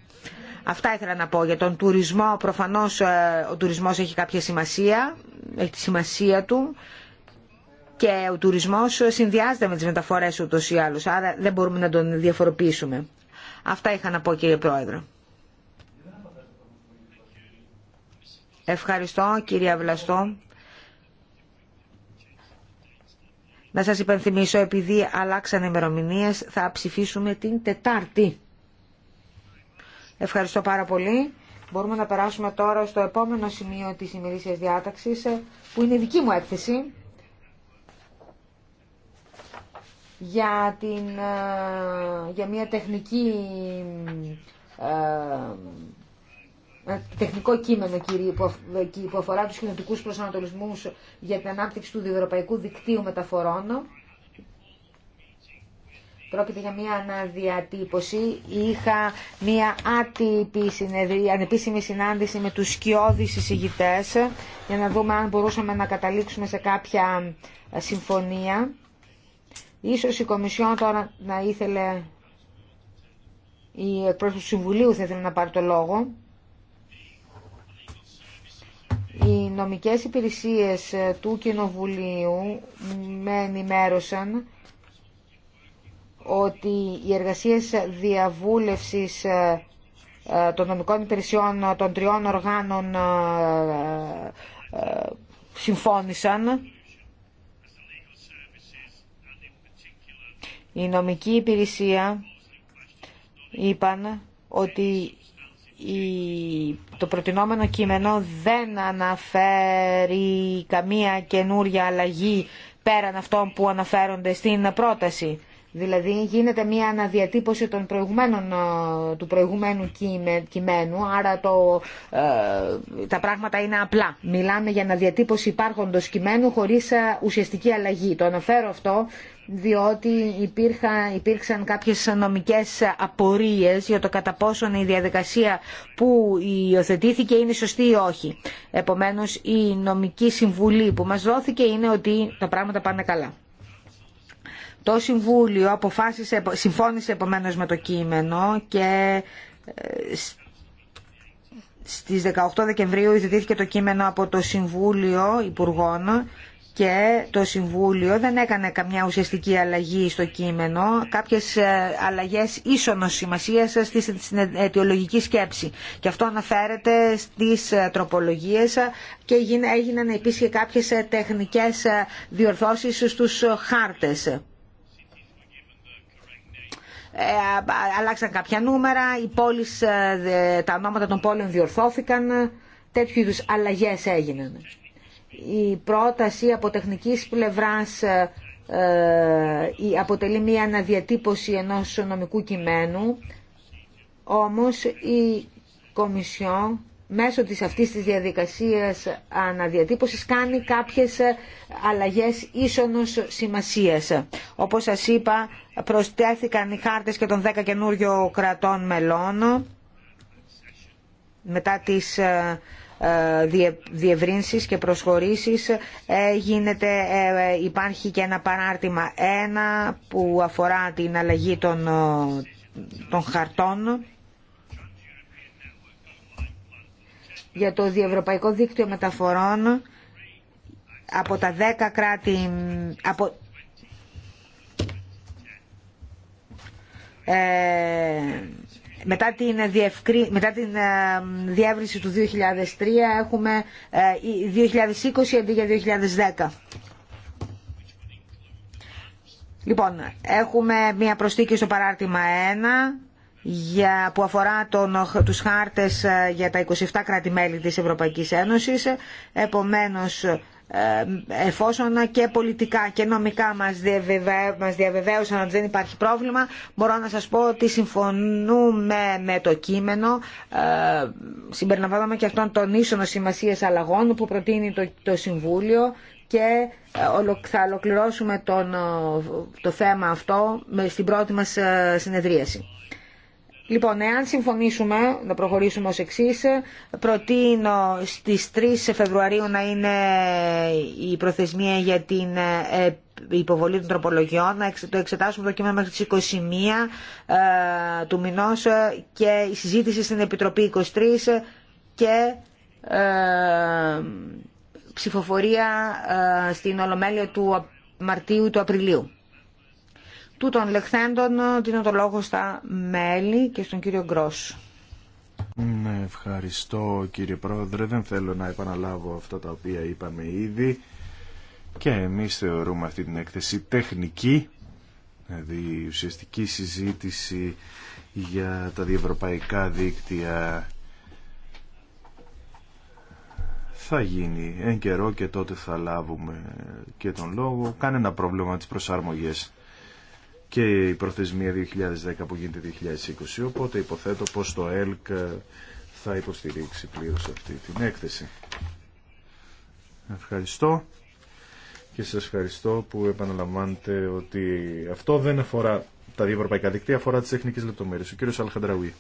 Αυτά ήθελα να πω για τον τουρισμό. Προφανώς ε, ο τουρισμός έχει κάποια σημασία, έχει τη σημασία του και ο τουρισμός συνδυάζεται με τις μεταφορές ούτως ή άλλως, άρα δεν μπορούμε να τον διαφοροποιήσουμε. Αυτά είχα να πω κύριε Πρόεδρο. Ευχαριστώ κύριε Βλαστό. Να σας υπενθυμίσω, επειδή αλλάξαν ημερομηνίε, θα ψηφίσουμε την Τετάρτη. Ευχαριστώ πάρα πολύ. Μπορούμε να περάσουμε τώρα στο επόμενο σημείο της ημερήσιας διάταξης, που είναι δική μου έκθεση. για, την, ε, για μια τεχνική ε, ε, τεχνικό κείμενο κύριε, που αφορά τους κοινωτικούς προσανατολισμού για την ανάπτυξη του διευρωπαϊκού δικτύου μεταφορών. Πρόκειται για μια αναδιατύπωση. Είχα μια άτυπη συνεδρία, ανεπίσημη συνάντηση με τους σκιώδεις εισηγητές για να δούμε αν μπορούσαμε να καταλήξουμε σε κάποια συμφωνία. Ίσως η Κομισιόν τώρα να ήθελε, η εκπρόσωπος του Συμβουλίου θα ήθελε να πάρει το λόγο. Οι νομικές υπηρεσίες του Κοινοβουλίου με ενημέρωσαν ότι οι εργασίες διαβούλευσης ε, ε, των νομικών υπηρεσιών των τριών οργάνων ε, συμφώνησαν Η νομική υπηρεσία είπαν ότι το προτινόμενο κείμενο δεν αναφέρει καμία καινούρια αλλαγή πέραν αυτών που αναφέρονται στην πρόταση. Δηλαδή γίνεται μια αναδιατύπωση των προηγουμένων, ε, του προηγουμένου κειμένου, άρα το, ε, τα πράγματα είναι απλά. Μιλάμε για αναδιατύπωση υπάρχοντος κειμένου χωρίς ε, ουσιαστική αλλαγή. Το αναφέρω αυτό διότι υπήρχα υπήρξαν κάποιες νομικές απορίες για το κατά πόσον η διαδικασία που υιοθετήθηκε είναι σωστή ή όχι. Επομένως η νομική συμβουλή που μας δόθηκε είναι ότι τα πράγματα πάνε καλά. Το Συμβούλιο αποφάσισε, συμφώνησε επομένως με το κείμενο και ε, στις 18 Δεκεμβρίου υιοθετήθηκε το κείμενο από το Συμβούλιο Υπουργών και το Συμβούλιο δεν έκανε καμιά ουσιαστική αλλαγή στο κείμενο, κάποιες ε, αλλαγές ίσονος σημασίας στην αιτιολογική σκέψη. Και αυτό αναφέρεται στις ε, τροπολογίες και έγιναν επίσης και κάποιες ε, τεχνικές διορθώσεις στους χάρτες. αλλάξαν κάποια νούμερα, οι πόλεις, τα ονόματα των πόλεων διορθώθηκαν, τέτοιου είδους αλλαγές έγιναν η πρόταση από τεχνικής πλευράς ε, ε, αποτελεί μια αναδιατύπωση ενός νομικού κειμένου, όμως η Κομισιόν μέσω της αυτής της διαδικασίας αναδιατύπωσης κάνει κάποιες ε, αλλαγές ίσονος σημασίας. Όπως σας είπα, προσθέθηκαν οι χάρτες και των 10 καινούριων κρατών μελών μετά τις ε, διευρύνσεις και προσχωρήσεις ε, γίνεται, ε, υπάρχει και ένα παράρτημα ένα που αφορά την αλλαγή των, των χαρτών για το Διευρωπαϊκό Δίκτυο Μεταφορών από τα 10 κράτη από, μετά την, διευκρι... μετά την ε, διεύρυνση του 2003 έχουμε 2020 ε, αντί για 2010. Λοιπόν, έχουμε μια προσθήκη στο παράρτημα 1 για, που αφορά τον, τους χάρτες ε, για τα 27 κράτη-μέλη της Ευρωπαϊκής Ένωσης. Επομένως, εφόσον και πολιτικά και νομικά μας, διαβεβαίωσαν ότι δεν υπάρχει πρόβλημα μπορώ να σας πω ότι συμφωνούμε με το κείμενο ε, και αυτόν τον ίσονο σημασίας αλλαγών που προτείνει το, Συμβούλιο και ε, θα ολοκληρώσουμε ε, το θέμα αυτό στην πρώτη μας ε, συνεδρίαση. Λοιπόν, εάν συμφωνήσουμε να προχωρήσουμε ως εξή, προτείνω στις 3 Φεβρουαρίου να είναι η προθεσμία για την ε, υποβολή των τροπολογιών, να το εξετάσουμε το κείμενο μέχρι τις 21 ε, του μηνός και η συζήτηση στην Επιτροπή 23 και ε, ψηφοφορία στην Ολομέλεια του Μαρτίου του Απριλίου. Τούτων λεχθέντων ε, δίνω το λόγο στα μέλη και στον κύριο Γκρός. Ναι, ευχαριστώ κύριε Πρόεδρε. Δεν θέλω να επαναλάβω αυτά τα οποία είπαμε ήδη. Και εμείς θεωρούμε αυτή την έκθεση τεχνική, δηλαδή ουσιαστική συζήτηση για τα διευρωπαϊκά δίκτυα θα γίνει εν καιρό και τότε θα λάβουμε και τον λόγο. Κανένα ένα πρόβλημα τις προσαρμογές και η προθεσμία 2010 που γίνεται 2020, οπότε υποθέτω πως το ΕΛΚ ε, θα υποστηρίξει πλήρως αυτή την έκθεση. Ευχαριστώ και σας ευχαριστώ που επαναλαμβάνετε ότι αυτό δεν αφορά τα δύο ευρωπαϊκά δικτύα, αφορά τις τεχνικές λεπτομέρειες. Ο κύριος Αλχαντραουή.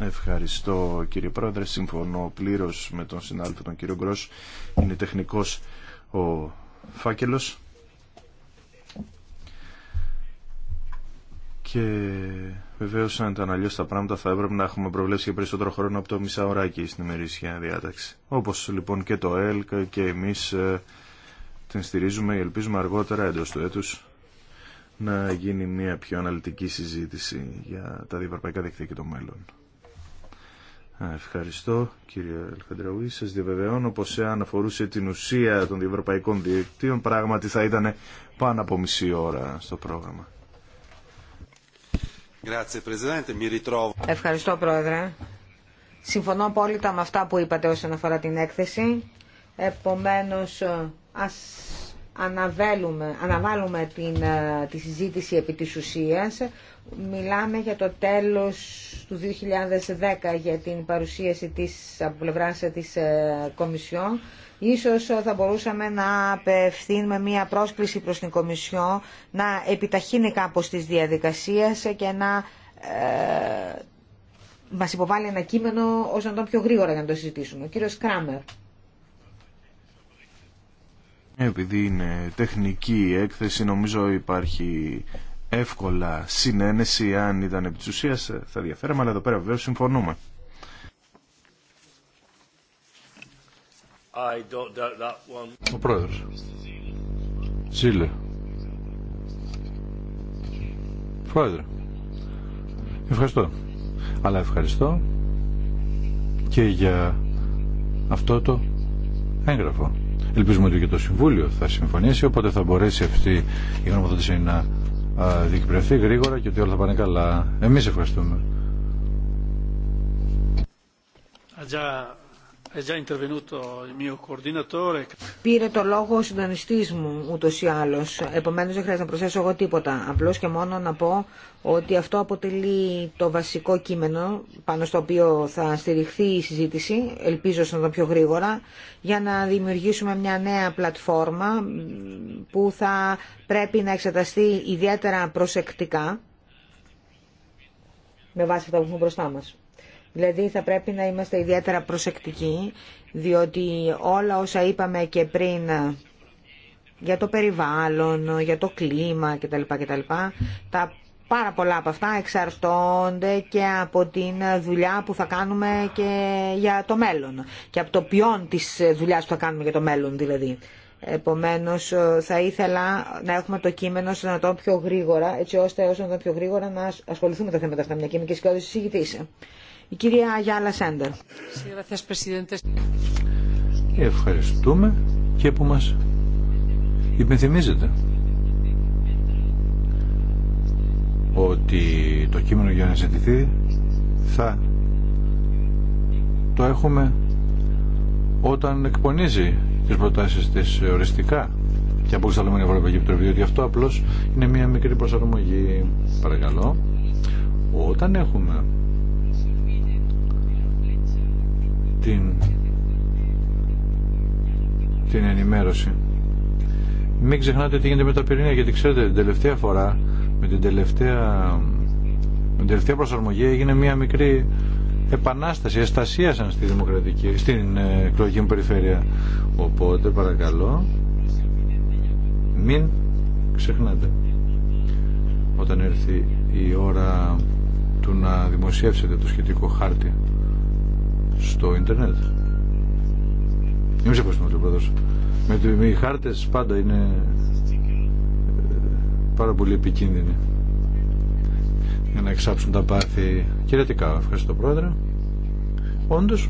Ευχαριστώ κύριε Πρόεδρε, συμφωνώ πλήρως με τον συνάδελφο τον κύριο Γκρός, είναι τεχνικός ο φάκελος Και βεβαίω αν ήταν αλλιώ τα πράγματα θα έπρεπε να έχουμε προβλέψει και περισσότερο χρόνο από το μισάωράκι στην ημερήσια διάταξη. Όπω λοιπόν και το ΕΛΚ και εμείς ε, την στηρίζουμε και ελπίζουμε αργότερα εντό του έτου, να γίνει μια πιο αναλυτική συζήτηση για τα διευρωπαϊκά δίκτυα και το μέλλον. Ευχαριστώ κύριε Ελχαντραουή. σα διαβεβαιώνω πως εάν αφορούσε την ουσία των διευρωπαϊκών δικτύων πράγματι θα ήταν πάνω από μισή ώρα στο πρόγραμμα. Ευχαριστώ Πρόεδρε. Συμφωνώ απόλυτα με αυτά που είπατε όσον αφορά την έκθεση. Επομένως, ας αναβάλουμε, την, ε, τη συζήτηση επί της ουσίας. Μιλάμε για το τέλος του 2010 για την παρουσίαση της από πλευράς της ε, Κομισιόν Ίσως θα μπορούσαμε να απευθύνουμε μία πρόσκληση προς την Κομισιό να επιταχύνει κάπως τις διαδικασίες και να ε, μας υποβάλει ένα κείμενο όσο να τον πιο γρήγορα για να το συζητήσουμε. Ο κύριος Κράμερ. Ναι, επειδή είναι τεχνική έκθεση, νομίζω υπάρχει εύκολα συνένεση. Αν ήταν επί της ουσίας, θα διαφέραμε, αλλά εδώ πέρα βεβαίως συμφωνούμε. Ο πρόεδρος. Ζήλε. Πρόεδρε. Ευχαριστώ. Αλλά ευχαριστώ και για αυτό το έγγραφο. Ελπίζουμε ότι και το Συμβούλιο θα συμφωνήσει, οπότε θα μπορέσει αυτή η γνωμοδότηση να διεκπαιρεθεί γρήγορα και ότι όλα θα πάνε καλά. Εμείς ευχαριστούμε. Πήρε το λόγο ο συντονιστή μου ούτω ή άλλω. Επομένω δεν χρειάζεται να προσθέσω εγώ τίποτα. Απλώ και μόνο να πω ότι αυτό αποτελεί το βασικό κείμενο πάνω στο οποίο θα στηριχθεί η συζήτηση. Ελπίζω να το πιο γρήγορα. Για να δημιουργήσουμε μια νέα πλατφόρμα που θα πρέπει να εξεταστεί ιδιαίτερα προσεκτικά με βάση αυτά που έχουμε μπροστά μας. Δηλαδή θα πρέπει να είμαστε ιδιαίτερα προσεκτικοί, διότι όλα όσα είπαμε και πριν για το περιβάλλον, για το κλίμα κτλ. κτλ τα πάρα πολλά από αυτά εξαρτώνται και από την δουλειά που θα κάνουμε και για το μέλλον. Και από το ποιόν της δουλειάς που θα κάνουμε για το μέλλον δηλαδή. Επομένως θα ήθελα να έχουμε το κείμενο στον πιο γρήγορα, έτσι ώστε όσο να πιο γρήγορα να ασχοληθούμε τα θέματα αυτά, μια και σκέψη. Η κυρία Γιάλα Σέντερ. Ευχαριστούμε και που μας υπενθυμίζετε ότι το κείμενο για να ζητηθεί θα το έχουμε όταν εκπονίζει τις προτάσεις της οριστικά και από την Ευρωπαϊκή Επιτροπή, ότι αυτό απλώς είναι μια μικρή προσαρμογή. Παρακαλώ, όταν έχουμε την, την ενημέρωση. Μην ξεχνάτε τι γίνεται με τα πυρηνία, γιατί ξέρετε την τελευταία φορά, με την τελευταία, με την τελευταία προσαρμογή έγινε μια μικρή επανάσταση, εστασίασαν στη δημοκρατική, στην ε, εκλογική μου περιφέρεια. Οπότε παρακαλώ, μην ξεχνάτε όταν έρθει η ώρα του να δημοσιεύσετε το σχετικό χάρτη στο ίντερνετ. Εμείς ευχαριστούμε το πρόεδρος. Με, το οι χάρτες πάντα είναι ε, πάρα πολύ επικίνδυνοι για να εξάψουν τα πάθη. Κύριε Τικά, ευχαριστώ πρόεδρε. Όντως,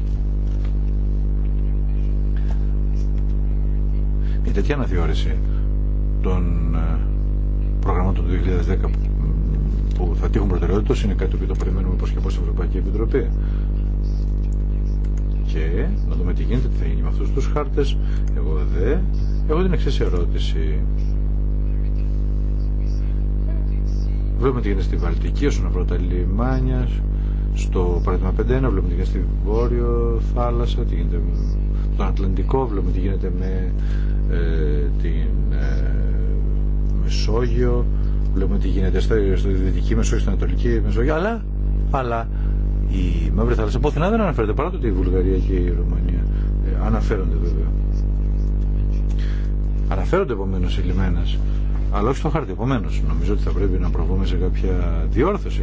μια τέτοια αναθεώρηση των ε, προγραμμάτων του 2010 που θα τύχουν προτεραιότητα είναι κάτι που το περιμένουμε πως και πως στην Ευρωπαϊκή Επιτροπή και να δούμε τι γίνεται, τι θα γίνει με αυτούς τους χάρτες. Εγώ δε. Έχω την εξή ερώτηση. Βλέπουμε τι γίνεται στη Βαλτική όσον αφορά τα λιμάνια, στο παράδειγμα 51, βλέπουμε τι γίνεται στη Βόρειο θάλασσα, τι γίνεται με τον Ατλαντικό, βλέπουμε τι γίνεται με ε, την ε, Μεσόγειο, βλέπουμε τι γίνεται στη Δυτική Μεσόγειο, στην Ανατολική Μεσόγειο, αλλά, αλλά η Μαύρη Θάλασσα πουθενά δεν αναφέρεται παρά το ότι η Βουλγαρία και η Ρουμανία ε, αναφέρονται βέβαια. Αναφέρονται επομένω οι λιμένε, αλλά όχι στο χάρτη. Επομένω, νομίζω ότι θα πρέπει να προβούμε σε κάποια διόρθωση.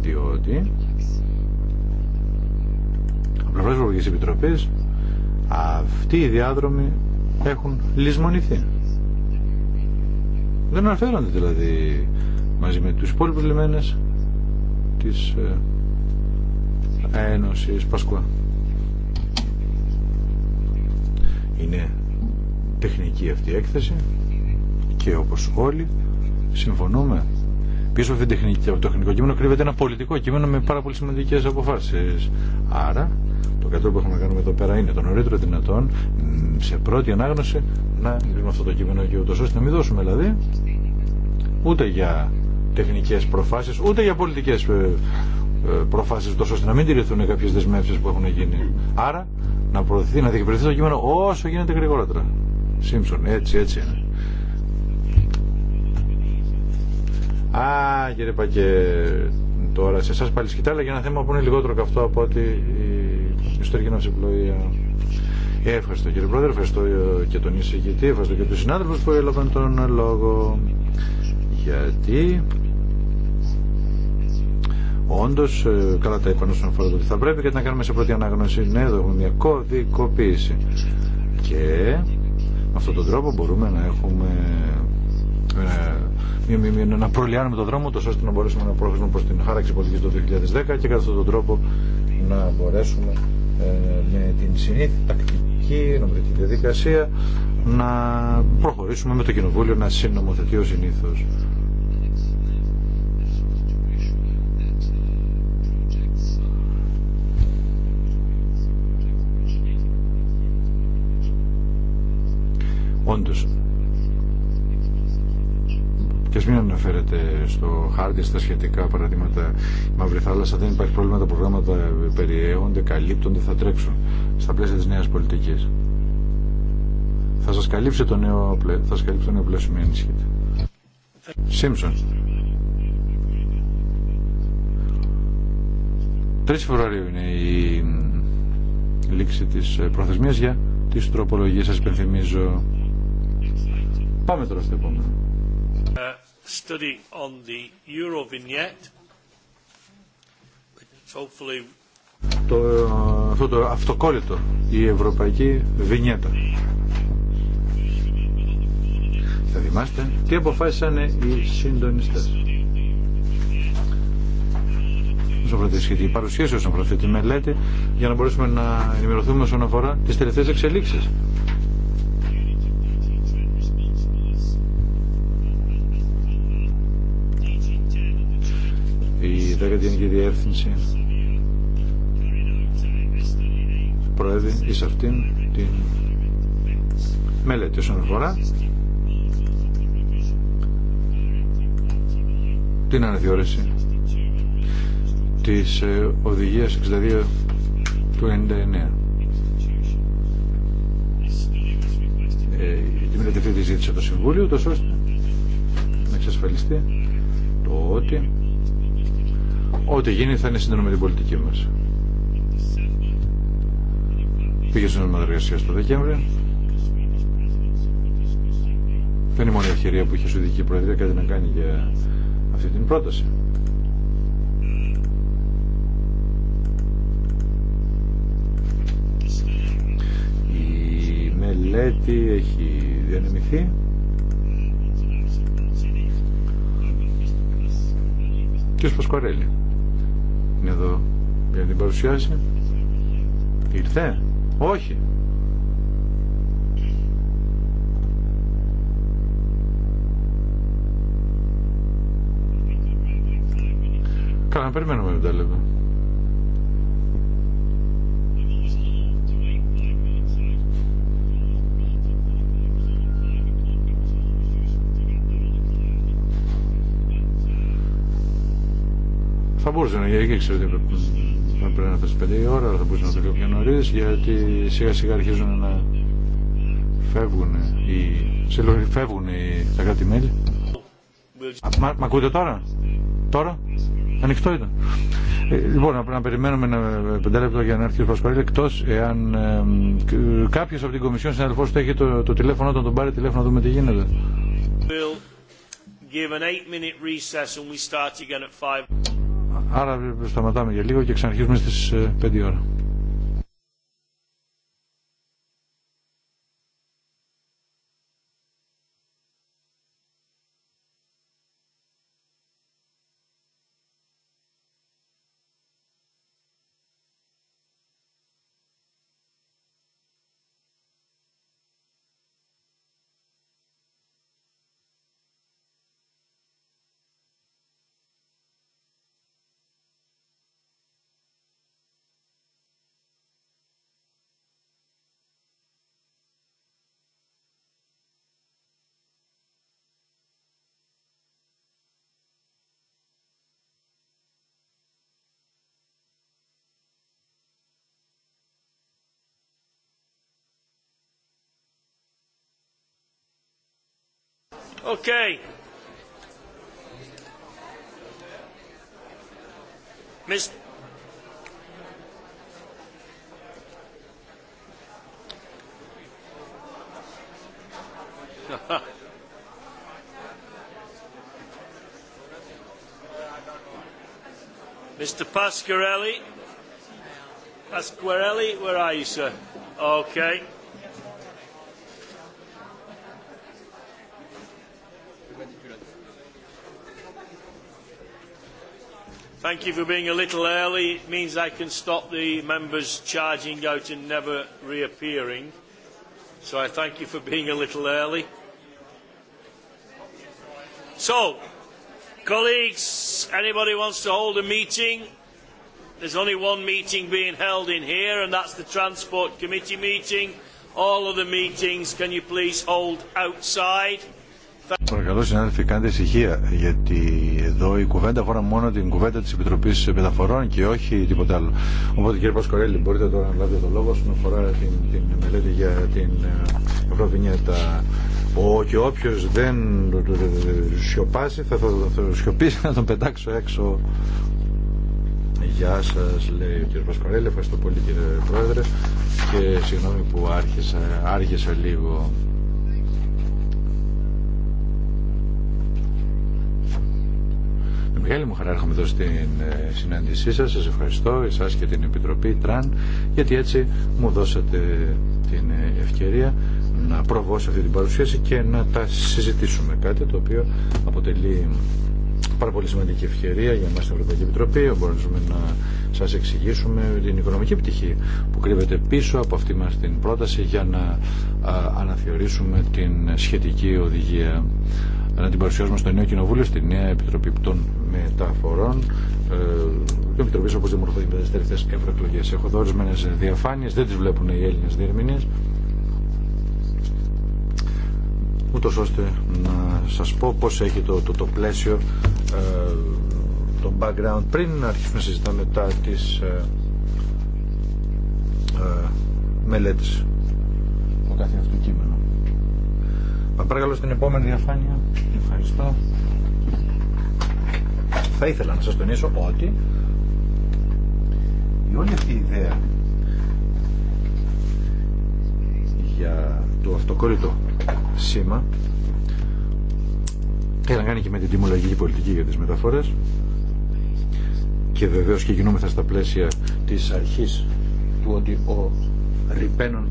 Διότι από πλευρά Ευρωπαϊκή Επιτροπή αυτοί οι διάδρομοι έχουν λησμονηθεί. Δεν αναφέρονται δηλαδή μαζί με τους υπόλοιπους λιμένες της ε, Ένωσης Πασκουά. Είναι τεχνική αυτή η έκθεση και όπως όλοι συμφωνούμε πίσω από, την τεχνική, από το τεχνικό κείμενο κρύβεται ένα πολιτικό κείμενο με πάρα πολύ σημαντικές αποφάσεις. Άρα το κατώ που έχουμε να κάνουμε εδώ πέρα είναι το νωρίτερο δυνατόν σε πρώτη ανάγνωση να δούμε αυτό το κείμενο και ούτως ώστε να μην δώσουμε δηλαδή ούτε για Τεχνικέ προφάσεις, ούτε για πολιτικές ε, ε, προφάσεις, τόσο ώστε να μην τηρηθούν κάποιες δεσμεύσεις που έχουν γίνει. Άρα, να προωθηθεί, να διεκπληρωθεί το κείμενο όσο γίνεται γρηγορότερα. Σίμψον, έτσι, έτσι είναι. Α, κύριε Πακέ, τώρα σε εσά πάλι σκητάλα για ένα θέμα που είναι λιγότερο καυτό από ότι η ιστορική ναυσιπλοεία. Ευχαριστώ κύριε Πρόεδρε, ευχαριστώ ε, και τον εισηγητή, ευχαριστώ και του συνάδελφου που έλαβαν τον λόγο. Γιατί Όντω, ε, καλά τα είπαν όσον αφορά το ότι θα πρέπει και να κάνουμε σε πρώτη ανάγνωση. Ναι, εδώ έχουμε μια κωδικοποίηση. Και με αυτόν τον τρόπο μπορούμε να έχουμε ε, να προλιάνουμε τον δρόμο τόσο ώστε να μπορέσουμε να προχωρήσουμε προς την χάραξη πολιτική το 2010 και κατά αυτόν τον τρόπο να μπορέσουμε ε, με την συνήθεια τακτική νομοθετική διαδικασία να προχωρήσουμε με το Κοινοβούλιο να συνομοθετεί ο συνήθως. Και μην αναφέρεται στο χάρτη στα σχετικά παραδείγματα. Η Μαύρη Θάλασσα δεν υπάρχει πρόβλημα, τα προγράμματα περιέχονται, καλύπτονται, θα τρέξουν στα πλαίσια τη νέα πολιτική. Θα σα καλύψει το νέο, θα σας καλύψει το νέο πλαίσιο, μην ενισχύετε. Σίμψον. 3 Φεβρουαρίου είναι η λήξη της προθεσμίας για τις τροπολογίες σας υπενθυμίζω Πάμε τώρα στο επόμενο. Uh, το, αυτό το αυτοκόλλητο, η ευρωπαϊκή βινιέτα. Θα θυμάστε τι αποφάσισαν οι συντονιστές. Όσον σχετική παρουσίαση, όσον αφορά τη μελέτη, για να μπορέσουμε να ενημερωθούμε όσον αφορά τις τελευταίες εξελίξεις. η 10η Γενική Διεύθυνση προέβη εις αυτήν την μελέτη όσον αφορά την αναθεώρηση της ε, οδηγίας 62 του 99. Ε, τη μελέτη αυτή τη ζήτησε το Συμβούλιο, τόσο ώστε να εξασφαλιστεί το ότι Ό,τι γίνει θα είναι σύντομα με την πολιτική μας. Πήγε στον ομάδα εργασία το Δεκέμβριο. Δεν είναι μόνο η ευκαιρία που είχε η Σουηδική Προεδρία κάτι να κάνει για αυτή την πρόταση. Η μελέτη έχει διανεμηθεί. Κύριος Πασκορέλη είναι εδώ για να την παρουσιάσει. Ήρθε. Όχι. Καλά, να περιμένουμε μετά λεπτά. Θα μπορούσε να γίνει, ξέρω ότι θα πρέπει να φτάσει 5 η ώρα, αλλά θα μπορούσε να το πιο νωρί, γιατί σιγά σιγά αρχίζουν να φεύγουν οι, φεύγουν οι, τα κάτι μελη Μα, ακούτε τώρα? Τώρα? Ανοιχτό ήταν. Ε, λοιπόν, να, να περιμένουμε ένα πέντε λεπτό για να έρθει ο Πασπαρίλη, εκτό εάν ε, κάποιο από την Κομισιόν συναδελφό του έχει το, το τηλέφωνο, όταν τον πάρει τηλέφωνο, να δούμε τι γίνεται. give an eight minute recess and we start again at five. Άρα σταματάμε για λίγο και ξαναρχίζουμε στις 5 ε, ώρα. Okay. Ms. Mr. Pasquarelli. Pasquarelli, where are you, sir? Okay. Thank you for being a little early. It means I can stop the members charging out and never reappearing. So I thank you for being a little early. So, colleagues, anybody wants to hold a meeting? There's only one meeting being held in here, and that's the Transport Committee meeting. All other meetings, can you please hold outside? Παρακαλώ συνάδελφοι εδώ η κουβέντα αφορά μόνο την κουβέντα τη Επιτροπή Μεταφορών και όχι τίποτα άλλο. Οπότε κύριε Πασκορέλη, μπορείτε τώρα να λάβετε το λόγο όσον αφορά την, την μελέτη για την ε, Ευρωβινιέτα. και όποιο δεν σιωπάσει θα, το σιωπήσει να τον πετάξω έξω. Γεια σα, λέει ο κύριο Πασκορέλη. Ευχαριστώ πολύ, κύριε Πρόεδρε. Και συγγνώμη που άρχισα, άργησα λίγο. μεγάλη μου χαρά έρχομαι εδώ στην ε, συνάντησή σας. Σας ευχαριστώ εσάς και την Επιτροπή Τραν γιατί έτσι μου δώσατε την ε, ευκαιρία να προβώ σε αυτή την παρουσίαση και να τα συζητήσουμε κάτι το οποίο αποτελεί πάρα πολύ σημαντική ευκαιρία για μας στην Ευρωπαϊκή Επιτροπή. Μπορούμε να σας εξηγήσουμε την οικονομική πτυχή που κρύβεται πίσω από αυτή μας την πρόταση για να αναθεωρήσουμε την σχετική οδηγία να την στο νέο κοινοβούλιο, στη νέα Επιτροπή των Μεταφορών. Ε, Επιτροπή όπω δημορφώθηκε με τι τελευταίε ευρωεκλογέ. Έχω εδώ ορισμένε διαφάνειε, δεν τι βλέπουν οι Έλληνε διερμηνεί. Ούτω ώστε να σα πω πώ έχει το, το, το πλαίσιο, ε, το background, πριν να αρχίσουμε να συζητάμε μετά τι ε, ε, μελέτε. Παρακαλώ στην επόμενη διαφάνεια. Ευχαριστώ. Θα ήθελα να σας τονίσω ότι η όλη αυτή η ιδέα για το αυτοκόλλητο σήμα έχει να κάνει και με την τιμολογική πολιτική για τις μεταφορές και βεβαίως και γινόμεθα στα πλαίσια της αρχής του ότι ο ρηπαίνων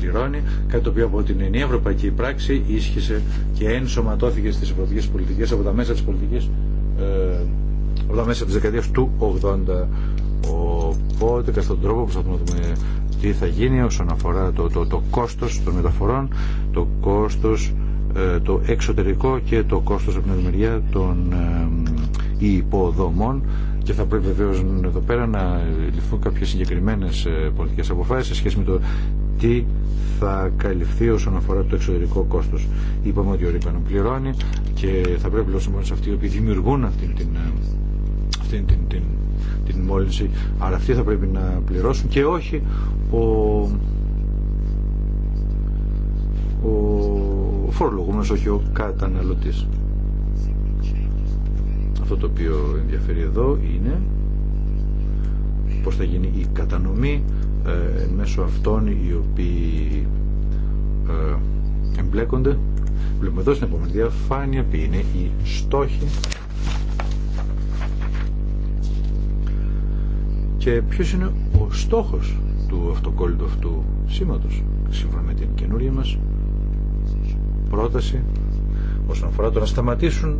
πληρώνει, κάτι το οποίο από την ενιαία ευρωπαϊκή πράξη ίσχυσε και ενσωματώθηκε στις ευρωπαϊκές πολιτικές από τα μέσα της πολιτικής ε, από τα μέσα της δεκαετίας του 80. Οπότε καθ' τον τρόπο προσπαθούμε να δούμε τι θα γίνει όσον αφορά το, το, κόστος των μεταφορών, το κόστος ε, το εξωτερικό και το κόστος από την μεριά των ε, υποδομών και θα πρέπει βεβαίω εδώ πέρα να ληφθούν κάποιε συγκεκριμένε ε, πολιτικέ αποφάσει σε σχέση με το τι θα καλυφθεί όσον αφορά το εξωτερικό κόστος. Είπαμε ότι ο Ρίπανο πληρώνει και θα πρέπει όσο μόνος αυτοί οι οποίοι δημιουργούν αυτήν την, ε, αυτήν την, την, την μόλυνση, αλλά αυτοί θα πρέπει να πληρώσουν και όχι ο, ο φορολογούμενος, όχι ο καταναλωτής. Αυτό το οποίο ενδιαφέρει εδώ είναι πώς θα γίνει η κατανομή ε, μέσω αυτών οι οποίοι ε, εμπλέκονται. Βλέπουμε εδώ στην επόμενη διαφάνεια ποιοι είναι οι στόχοι και ποιος είναι ο στόχος του αυτοκόλλητου αυτού σήματος σύμφωνα με την καινούργια μας πρόταση όσον αφορά το να σταματήσουν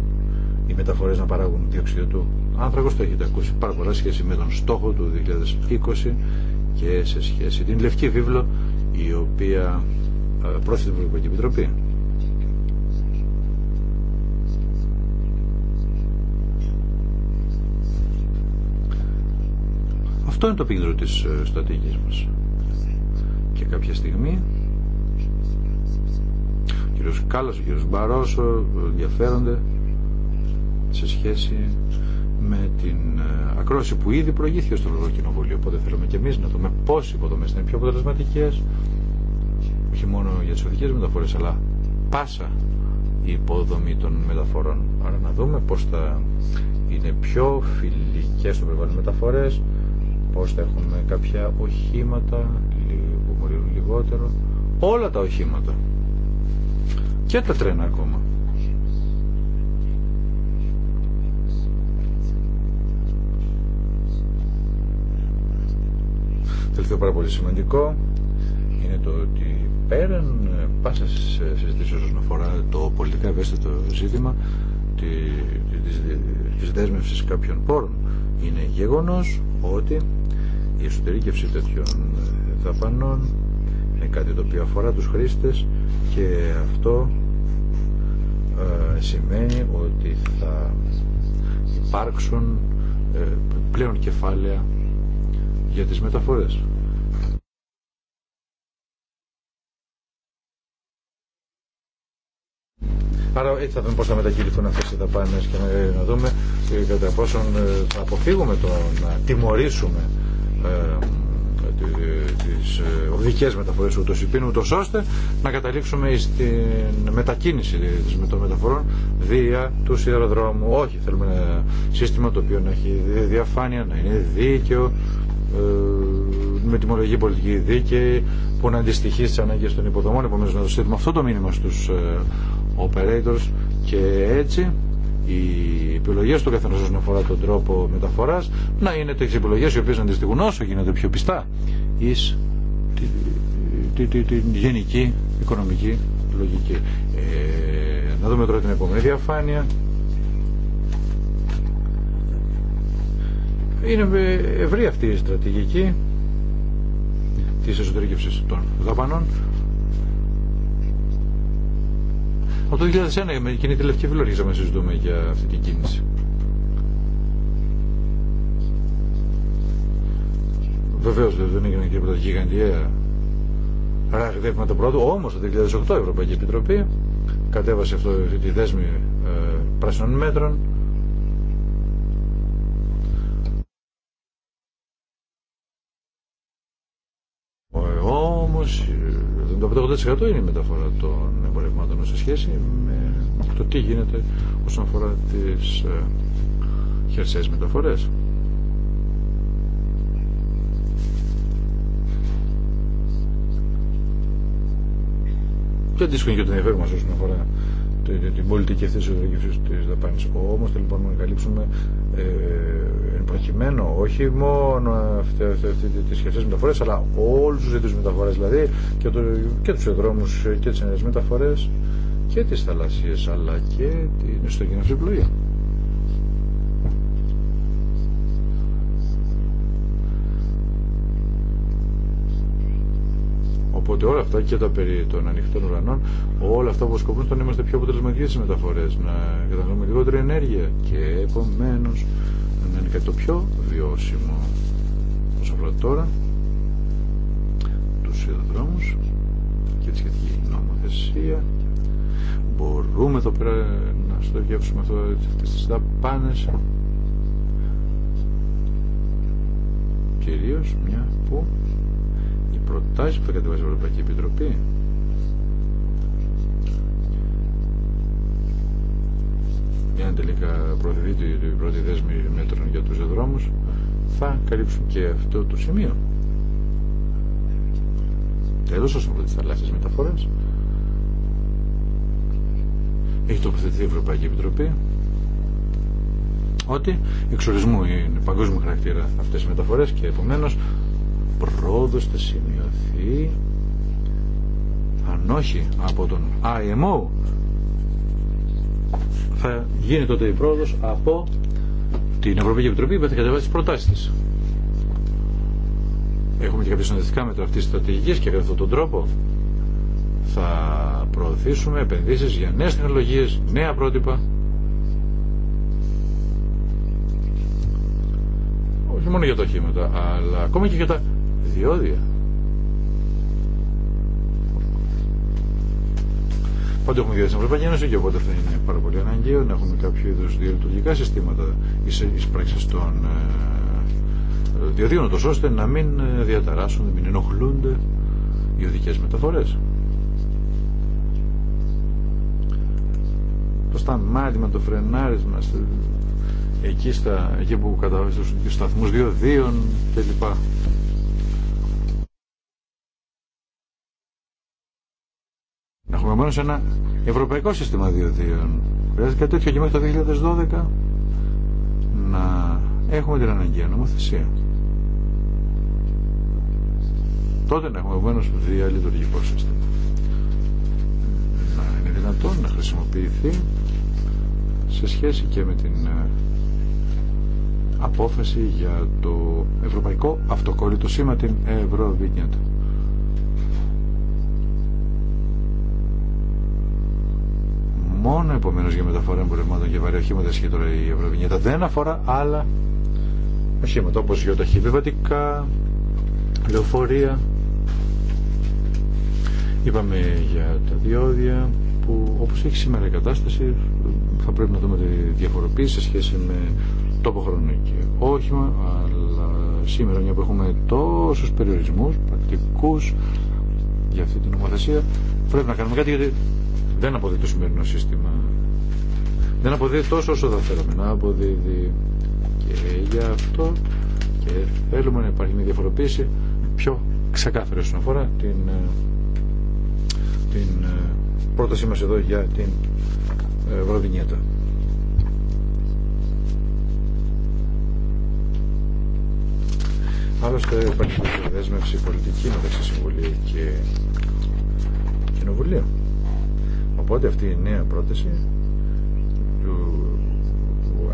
οι μεταφορές να παράγουν διοξιδιο του άνθρακος το έχετε ακούσει πάρα πολλά σχέση με τον στόχο του 2020 και σε σχέση την Λευκή Βίβλο η οποία ε, πρόθεσε την Ευρωπαϊκή Επιτροπή. Αυτό είναι το πίνδρο της ε, στρατηγικής μας. Και κάποια στιγμή ο κύριος Κάλλας, ο κύριος Μπαρόσο ε, ενδιαφέρονται σε σχέση με την ε, ακρόαση που ήδη προηγήθηκε στο Κοινοβούλιο. Οπότε θέλουμε και εμεί να δούμε πώ οι υποδομέ είναι πιο αποτελεσματικέ, όχι μόνο για τι οδικέ μεταφορέ, αλλά πάσα η υποδομή των μεταφορών. Άρα να δούμε πώ θα είναι πιο φιλικέ στο περιβάλλον μεταφορέ, πώ θα έχουμε κάποια οχήματα που μολύνουν λιγότερο. Όλα τα οχήματα. Και τα τρένα ακόμα. τελευταίο πάρα πολύ σημαντικό είναι το ότι πέραν πάσα συζητήσει όσον αφορά το πολιτικά το ζήτημα τη, της, κάποιων πόρων είναι γεγονός ότι η εσωτερήκευση τέτοιων δαπανών είναι κάτι το οποίο αφορά τους χρήστες και αυτό ε, σημαίνει ότι θα υπάρξουν ε, πλέον κεφάλαια για τις μεταφορές. Άρα έτσι ε, θα δούμε πώς θα μετακυληθούν αυτές οι δαπάνες και να, ε, δούμε, δούμε κατά πόσον ε, θα αποφύγουμε το να τιμωρήσουμε ε, τις οδικές μεταφορές ούτως υπήν ούτως ώστε να καταλήξουμε στην μετακίνηση των μεταφορών δια του σιδεροδρόμου. όχι θέλουμε ένα σύστημα το οποίο να έχει διαφάνεια να είναι δίκαιο ε, με τιμολογική πολιτική δίκαιη που να αντιστοιχεί στι ανάγκες των υποδομών. επομένως να δώσουμε αυτό το μήνυμα στου ε, operators και έτσι οι επιλογές του καθενός όσον αφορά τον τρόπο μεταφοράς να είναι τέτοιε επιλογέ οι οποίες να αντιστοιχούν όσο γίνεται πιο πιστά εις την γενική οικονομική λογική. Ε, να δούμε τώρα την επόμενη διαφάνεια. Είναι ευρύ αυτή η στρατηγική της εσωτερικής των δαπανών. Από το 2001 με κοινή τη Λευκή αρχίσαμε να συζητούμε για αυτή την κίνηση. Βεβαίω δεν και τίποτα γιγαντιαία το πρώτου, όμως το 2008 η Ευρωπαϊκή Επιτροπή κατέβασε αυτό, τη δέσμη ε, πράσινων μέτρων Ε, το 80% είναι η μεταφορά των εμπορευμάτων σε σχέση με το τι γίνεται όσον αφορά τις ε, χερσαίες μεταφορές. Και αντίστοιχο είναι και το ενδιαφέρον μας όσον αφορά την πολιτική αυτή τη οδηγήψη τη δαπάνη. Όμω λοιπόν να καλύψουμε ε, εν όχι μόνο τι σχετικέ μεταφορέ, αλλά όλου του είδου μεταφορέ, δηλαδή και, και του δρόμου και τι ενεργέ μεταφορέ και τι θαλασσίε, αλλά και την ιστορική ναυσιπλοεία. Οπότε όλα αυτά και τα περί των ανοιχτών ουρανών, όλα αυτά που σκοπούν στο να είμαστε πιο αποτελεσματικοί στι μεταφορέ, να καταναλώνουμε λιγότερη ενέργεια και επομένω να είναι κάτι το πιο βιώσιμο. Όσο αφορά τώρα του σιδηροδρόμου και τη σχετική νομοθεσία, μπορούμε εδώ πέρα να στοχεύσουμε αυτέ τι δαπάνε. Κυρίως μια που Προτάσει που θα κατεβάσει η Ευρωπαϊκή Επιτροπή. Εάν τελικά προωθηθεί η πρώτη δέσμη μέτρων για τους δρόμους, θα καλύψουν και αυτό το σημείο. Τέλος όσον αφορά τις θαλάσσιες μεταφορές. Έχει τοποθετηθεί η Ευρωπαϊκή Επιτροπή ότι εξορισμού είναι παγκόσμιο χαρακτήρα αυτές οι μεταφορές και επομένως πρόοδος θα σημειωθεί αν όχι από τον IMO θα γίνει τότε η πρόοδος από την Ευρωπαϊκή Επιτροπή που θα κατεβάσει τις προτάσεις της. Έχουμε και κάποιες συνοδευτικά μέτρα αυτής της στρατηγική και κατά αυτόν τον τρόπο θα προωθήσουμε επενδύσεις για νέες τεχνολογίες, νέα πρότυπα όχι μόνο για τα οχήματα αλλά ακόμα και για τα διόδια. Πότε έχουμε διόδια στην Ευρωπαϊκή Ένωση και οπότε θα είναι πάρα πολύ αναγκαίο να έχουμε κάποιο είδου διαλειτουργικά συστήματα πράξη των ε, διοδίων, ώστε να μην ε, διαταράσσουν, να μην ενοχλούνται οι οδικέ μεταφορέ. Το σταμάτημα, το φρενάρισμα, εκεί, στα, εκεί που καταβάζει στους σταθμούς διοδίων κλπ. Έχουμε μόνο σε ένα ευρωπαϊκό σύστημα διοδίων. Χρειάζεται κάτι τέτοιο και μέχρι το 2012 να έχουμε την αναγκαία νομοθεσία. Τότε να έχουμε δύο διαλειτουργικό σύστημα. Να είναι δυνατόν να χρησιμοποιηθεί σε σχέση και με την ε, απόφαση για το ευρωπαϊκό αυτοκόλλητο σήμα την Ευρωβίνιατα. μόνο επομένως για μεταφορά εμπορευμάτων και βαρύ οχήματα σχετικά τώρα η Ευρωβινιέτα δεν αφορά άλλα οχήματα για τα επιβατικά, λεωφορεία είπαμε για τα διόδια που όπως έχει σήμερα η κατάσταση θα πρέπει να δούμε τη διαφοροποίηση σε σχέση με τόπο χρόνο και όχημα αλλά σήμερα μια που έχουμε τόσους περιορισμούς πρακτικούς για αυτή την ομοθεσία Πρέπει να κάνουμε κάτι γιατί δεν αποδίδει το σημερινό σύστημα. Δεν αποδίδει τόσο όσο θα θέλαμε να αποδίδει. Και για αυτό και θέλουμε να υπάρχει μια διαφοροποίηση πιο ξεκάθαρη όσον αφορά την, ε, την ε, πρότασή μας εδώ για την ε, Βροδινιέτα. Άλλωστε υπάρχει δέσμευση πολιτική μεταξύ Συμβουλίου και Οπότε αυτή η νέα πρόταση του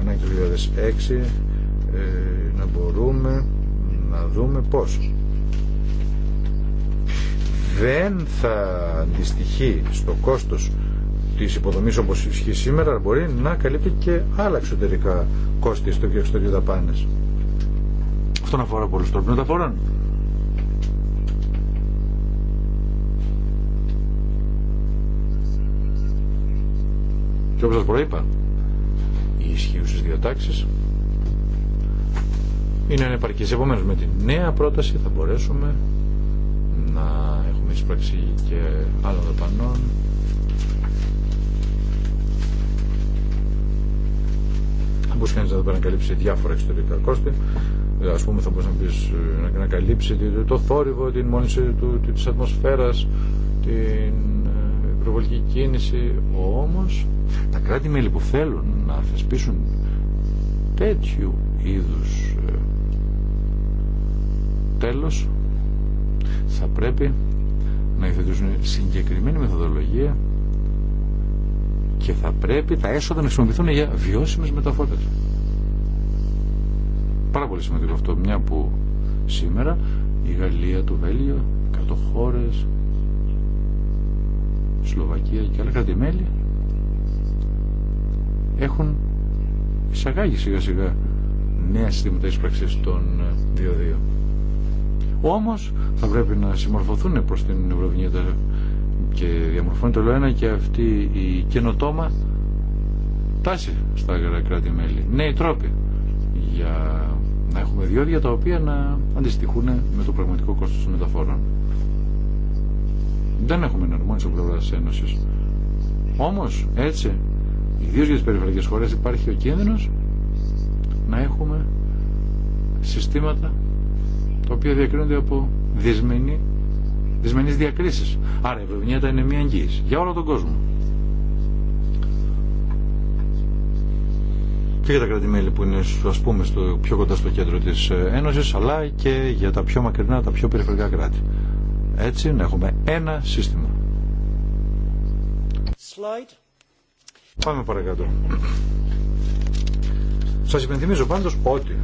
ανάγκη 2006 ε, να μπορούμε να δούμε πώς δεν θα αντιστοιχεί στο κόστος της υποδομής όπως ισχύει σήμερα μπορεί να καλύπτει και άλλα εξωτερικά κόστη στο και δαπάνες. Αυτό αφορά πολλούς τρόπους μεταφορών. Και όπως σας προείπα, οι δύο τάξεις είναι ανεπαρκείς. Επομένως με τη νέα πρόταση θα μπορέσουμε να έχουμε εισπράξει και άλλων δαπανών θα μπορούσε κανείς να καλύψει διάφορα εξωτερικά κόστη Α δηλαδή, πούμε θα μπορούσε να, πεις, ε, να καλύψει το θόρυβο, την μόνιση του, της ατμοσφαίρας την προβολική κίνηση. Όμως τα κράτη-μέλη που θέλουν να θεσπίσουν τέτοιου είδους ε, τέλος θα πρέπει να υφετήσουν συγκεκριμένη μεθοδολογία και θα πρέπει τα έσοδα να χρησιμοποιηθούν για βιώσιμες μεταφορές. Πάρα πολύ σημαντικό αυτό, μια που σήμερα η Γαλλία, το Βέλγιο, κάτω Σλοβακία και άλλα κράτη-μέλη έχουν εισαγάγει σιγά σιγά νέα συστήματα εισπραξής των 2-2. Ε, Όμως θα πρέπει να συμμορφωθούν προς την Ευρωβουλία και διαμορφώνει το ένα και αυτή η καινοτόμα τάση στα κράτη-μέλη. Νέοι τρόποι για να έχουμε διόδια τα οποία να αντιστοιχούν με το πραγματικό κόστος των μεταφόρων. Δεν έχουμε εναρμόνιση από πλευρά τη Ένωση. Όμω έτσι, ιδίω για τι περιφερειακέ χώρε, υπάρχει ο κίνδυνο να έχουμε συστήματα τα οποία διακρίνονται από δυσμενή, δυσμενείς διακρίσεις. Άρα η τα είναι μια εγγύηση για όλο τον κόσμο. και για τα κρατημέλη που είναι ας πούμε στο, πιο κοντά στο κέντρο της ε, Ένωσης αλλά και για τα πιο μακρινά, τα πιο περιφερειακά κράτη. Έτσι να έχουμε ένα σύστημα. Slide. Πάμε παρακάτω. Σας υπενθυμίζω πάντως ότι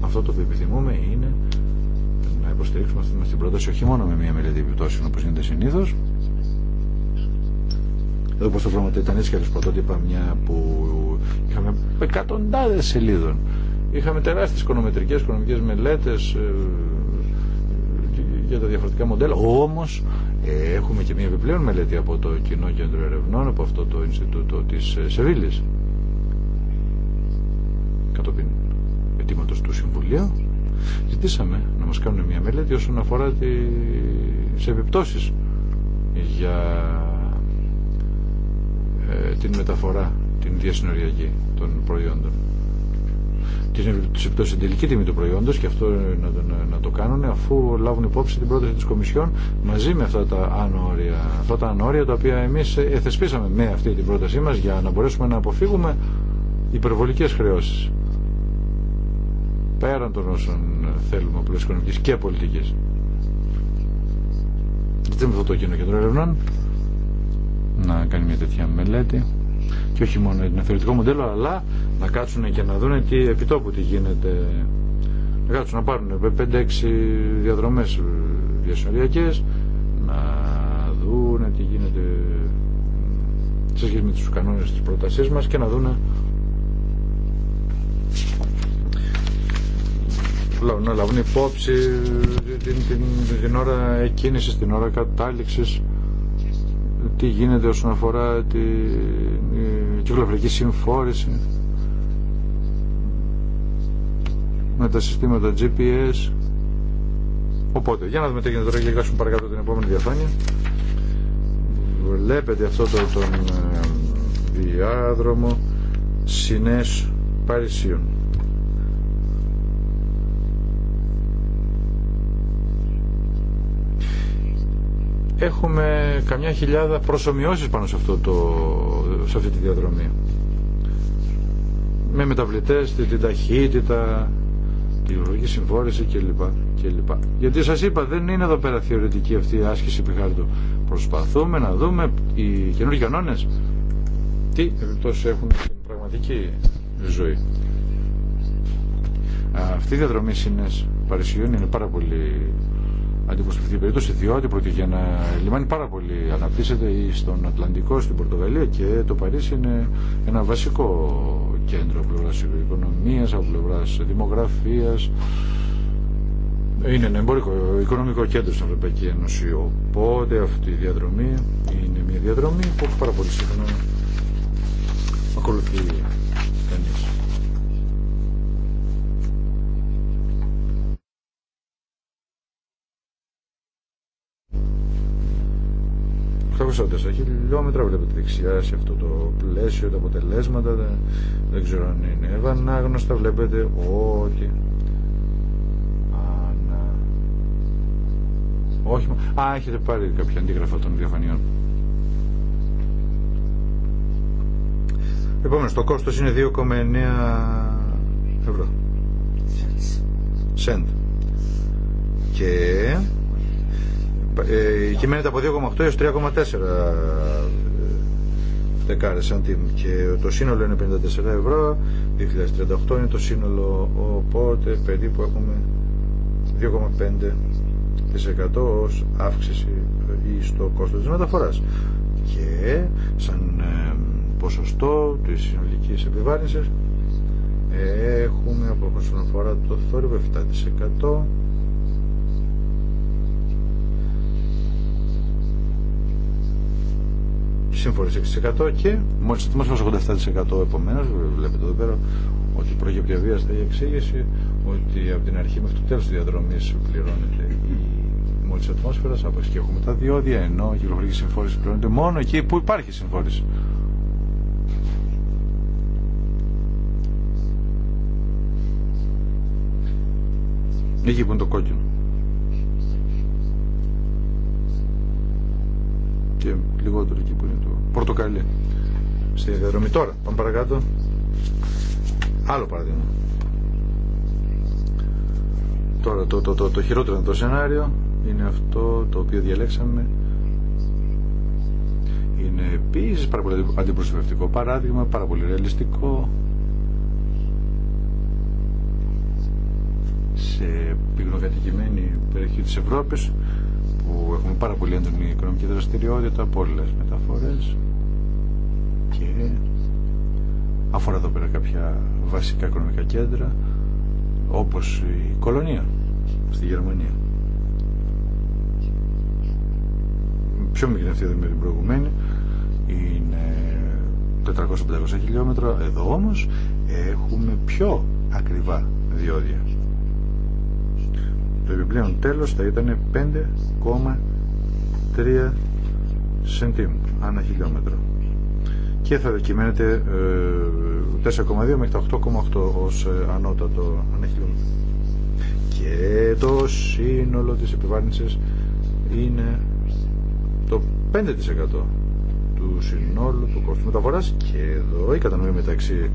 αυτό το που επιθυμούμε είναι να υποστηρίξουμε αυτή την πρόταση όχι μόνο με μια μελέτη επιπτώσεων όπως γίνεται συνήθως εδώ πως το πράγμα ήταν έτσι και πρωτότυπα μια που είχαμε εκατοντάδες σελίδων Είχαμε τεράστιες οικονομετρικές, οικονομικές μελέτες ε, για τα διαφορετικά μοντέλα. Όμως ε, έχουμε και μια επιπλέον μελέτη από το Κοινό Κέντρο Ερευνών, από αυτό το Ινστιτούτο της ε, Σεβίλης. Κατόπιν αιτήματος του Συμβουλίου ζητήσαμε να μας κάνουν μια μελέτη όσον αφορά τις επιπτώσεις για την μεταφορά την διασυνοριακή των προϊόντων τις στην τελική τιμή του προϊόντος και αυτό να, να, το κάνουν αφού λάβουν υπόψη την πρόταση της Κομισιόν μαζί με αυτά τα ανώρια, αυτά τα, ανώρια τα οποία εμείς εθεσπίσαμε με αυτή την πρότασή μας για να μπορέσουμε να αποφύγουμε υπερβολικές χρεώσεις πέραν των όσων θέλουμε απλώς οικονομικής και πολιτικής. Γιατί με αυτό το κοινό κέντρο ερευνών να κάνει μια τέτοια μελέτη και όχι μόνο για θεωρητικό μοντέλο αλλά να κάτσουν και να δούνε τι επιτόπου τι γίνεται να κάτσουν να πάρουν 5-6 διαδρομές διασυνοριακέ, να δούνε τι γίνεται σε σχέση με του κανόνες της πρότασή μα και να δουν να λάβουν υπόψη την, την, την, την ώρα εκκίνηση, την ώρα κατάληξη τι γίνεται όσον αφορά την κυκλοφορική συμφόρηση με τα συστήματα GPS οπότε για να δούμε τι γίνεται τώρα και γράψουμε παρακάτω την επόμενη διαφάνεια βλέπετε αυτό το, τον ε, διάδρομο Σινές Παρισίων έχουμε καμιά χιλιάδα προσωμιώσεις πάνω σε, αυτό το, σε αυτή τη διαδρομή. Με μεταβλητές, την ταχύτητα, τη λογική συμφόρηση κλπ. κλπ. Γιατί σας είπα δεν είναι εδώ πέρα θεωρητική αυτή η άσκηση πιχάρτου. Προσπαθούμε να δούμε οι καινούργιοι κανόνες τι επιπτώσεις έχουν στην πραγματική ζωή. Αυτή η διαδρομή Σινές Παρισιών είναι πάρα πολύ αντιπροσωπευτική περίπτωση διότι πρόκειται για ένα λιμάνι πάρα πολύ αναπτύσσεται ή στον Ατλαντικό, στην Πορτογαλία και το Παρίσι είναι ένα βασικό κέντρο από πλευρά οικονομία, από πλευρά δημογραφία. Είναι ένα εμπορικό, οικονομικό κέντρο στην Ευρωπαϊκή Ένωση. Οπότε αυτή η διαδρομή είναι μια διαδρομή που πάρα πολύ συχνά ακολουθεί 144 χιλιόμετρα βλέπετε δεξιά σε αυτό το πλαίσιο τα αποτελέσματα δεν ξέρω αν είναι ευανάγνωστα βλέπετε ότι Ανα... όχι α έχετε πάρει κάποια αντίγραφα των διαφανειών Επόμενο, το κόστος είναι 2,9 ευρώ. Σεντ. Και ε, κυμαίνεται από 2,8 έως 3,4 δεκάρες αντίμ και το σύνολο είναι 54 ευρώ 2038 είναι το σύνολο οπότε περίπου έχουμε 2,5% ως αύξηση στο κόστος της μεταφοράς και σαν ε, ποσοστό της συνολικής επιβάρυνσης ε, έχουμε από όσον αφορά το θόρυβο 7% σύμφορες 6% και μόλι το 87% επομένω, βλέπετε εδώ πέρα ότι προκύπτει αβίαστα η εξήγηση ότι από την αρχή μέχρι το τέλος τη διαδρομής πληρώνεται η μόλις ατμόσφαιρα, από εκεί έχουμε τα διόδια ενώ η κυκλοφορική συμφόρηση πληρώνεται μόνο εκεί που υπάρχει συμφόρηση εκεί που είναι το κόκκινο και λιγότερο εκεί που είναι το πορτοκαλί στη διαδρομή. Τώρα, πάμε παρακάτω. Άλλο παράδειγμα. Τώρα, το, το, το, το χειρότερο σενάριο είναι αυτό το οποίο διαλέξαμε. Είναι επίση πάρα πολύ αντιπροσωπευτικό παράδειγμα, πάρα πολύ ρεαλιστικό. Σε πυκνοκατοικημένη περιοχή της Ευρώπης που έχουμε πάρα πολύ έντονη οικονομική δραστηριότητα, πολλέ μεταφορέ και αφορά εδώ πέρα κάποια βασικά οικονομικά κέντρα όπω η κολονία στη Γερμανία. Πιο μικρή αυτή εδώ με την προηγουμένη είναι 400-500 χιλιόμετρα. Εδώ όμω έχουμε πιο ακριβά διόδια. Το επιπλέον τέλος θα ήταν 5,3 cm ανά χιλιόμετρο. Και θα δοκιμαίνεται 4,2 ε, μέχρι τα 8,8 ως ε, ανώτατο ανά χιλιόμετρο. Και το σύνολο της επιβάρυνσης είναι το 5% του συνόλου του κόστου μεταφοράς και εδώ η κατανομή μεταξύ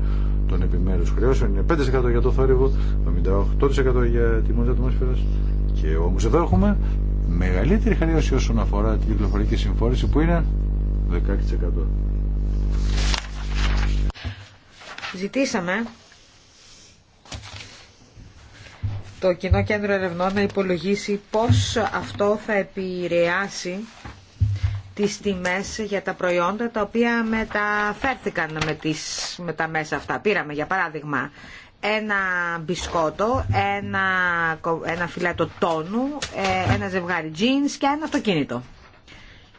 των επιμέρους χρεώσεων είναι 5% για το θόρυβο, 78% για τη μόνη ατμόσφαιρας και όμως εδώ έχουμε μεγαλύτερη χρέωση όσον αφορά την κυκλοφορική συμφόρηση που είναι 16%. Ζητήσαμε το Κοινό Κέντρο Ερευνών να υπολογίσει πώς αυτό θα επηρεάσει τις τιμές για τα προϊόντα τα οποία μεταφέρθηκαν με, τις, με τα μέσα αυτά. Πήραμε για παράδειγμα ένα μπισκότο, ένα, ένα φυλάτο τόνου, ε, ένα ζευγάρι jeans και ένα αυτοκίνητο.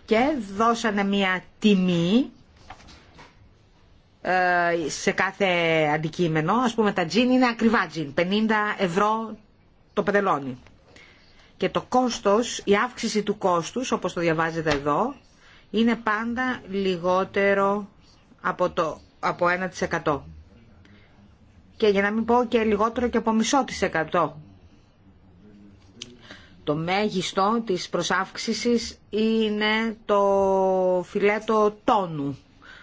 Και δώσανε μια τιμή ε, σε κάθε αντικείμενο. Ας πούμε τα τζιν είναι ακριβά τζιν, 50 ευρώ το πεντελόνι. Και το κόστος, η αύξηση του κόστους, όπως το διαβάζετε εδώ, είναι πάντα λιγότερο από το από 1%. Και για να μην πω και λιγότερο και από μισό της εκατό. Το μέγιστο της προσάυξησης είναι το φιλέτο τόνου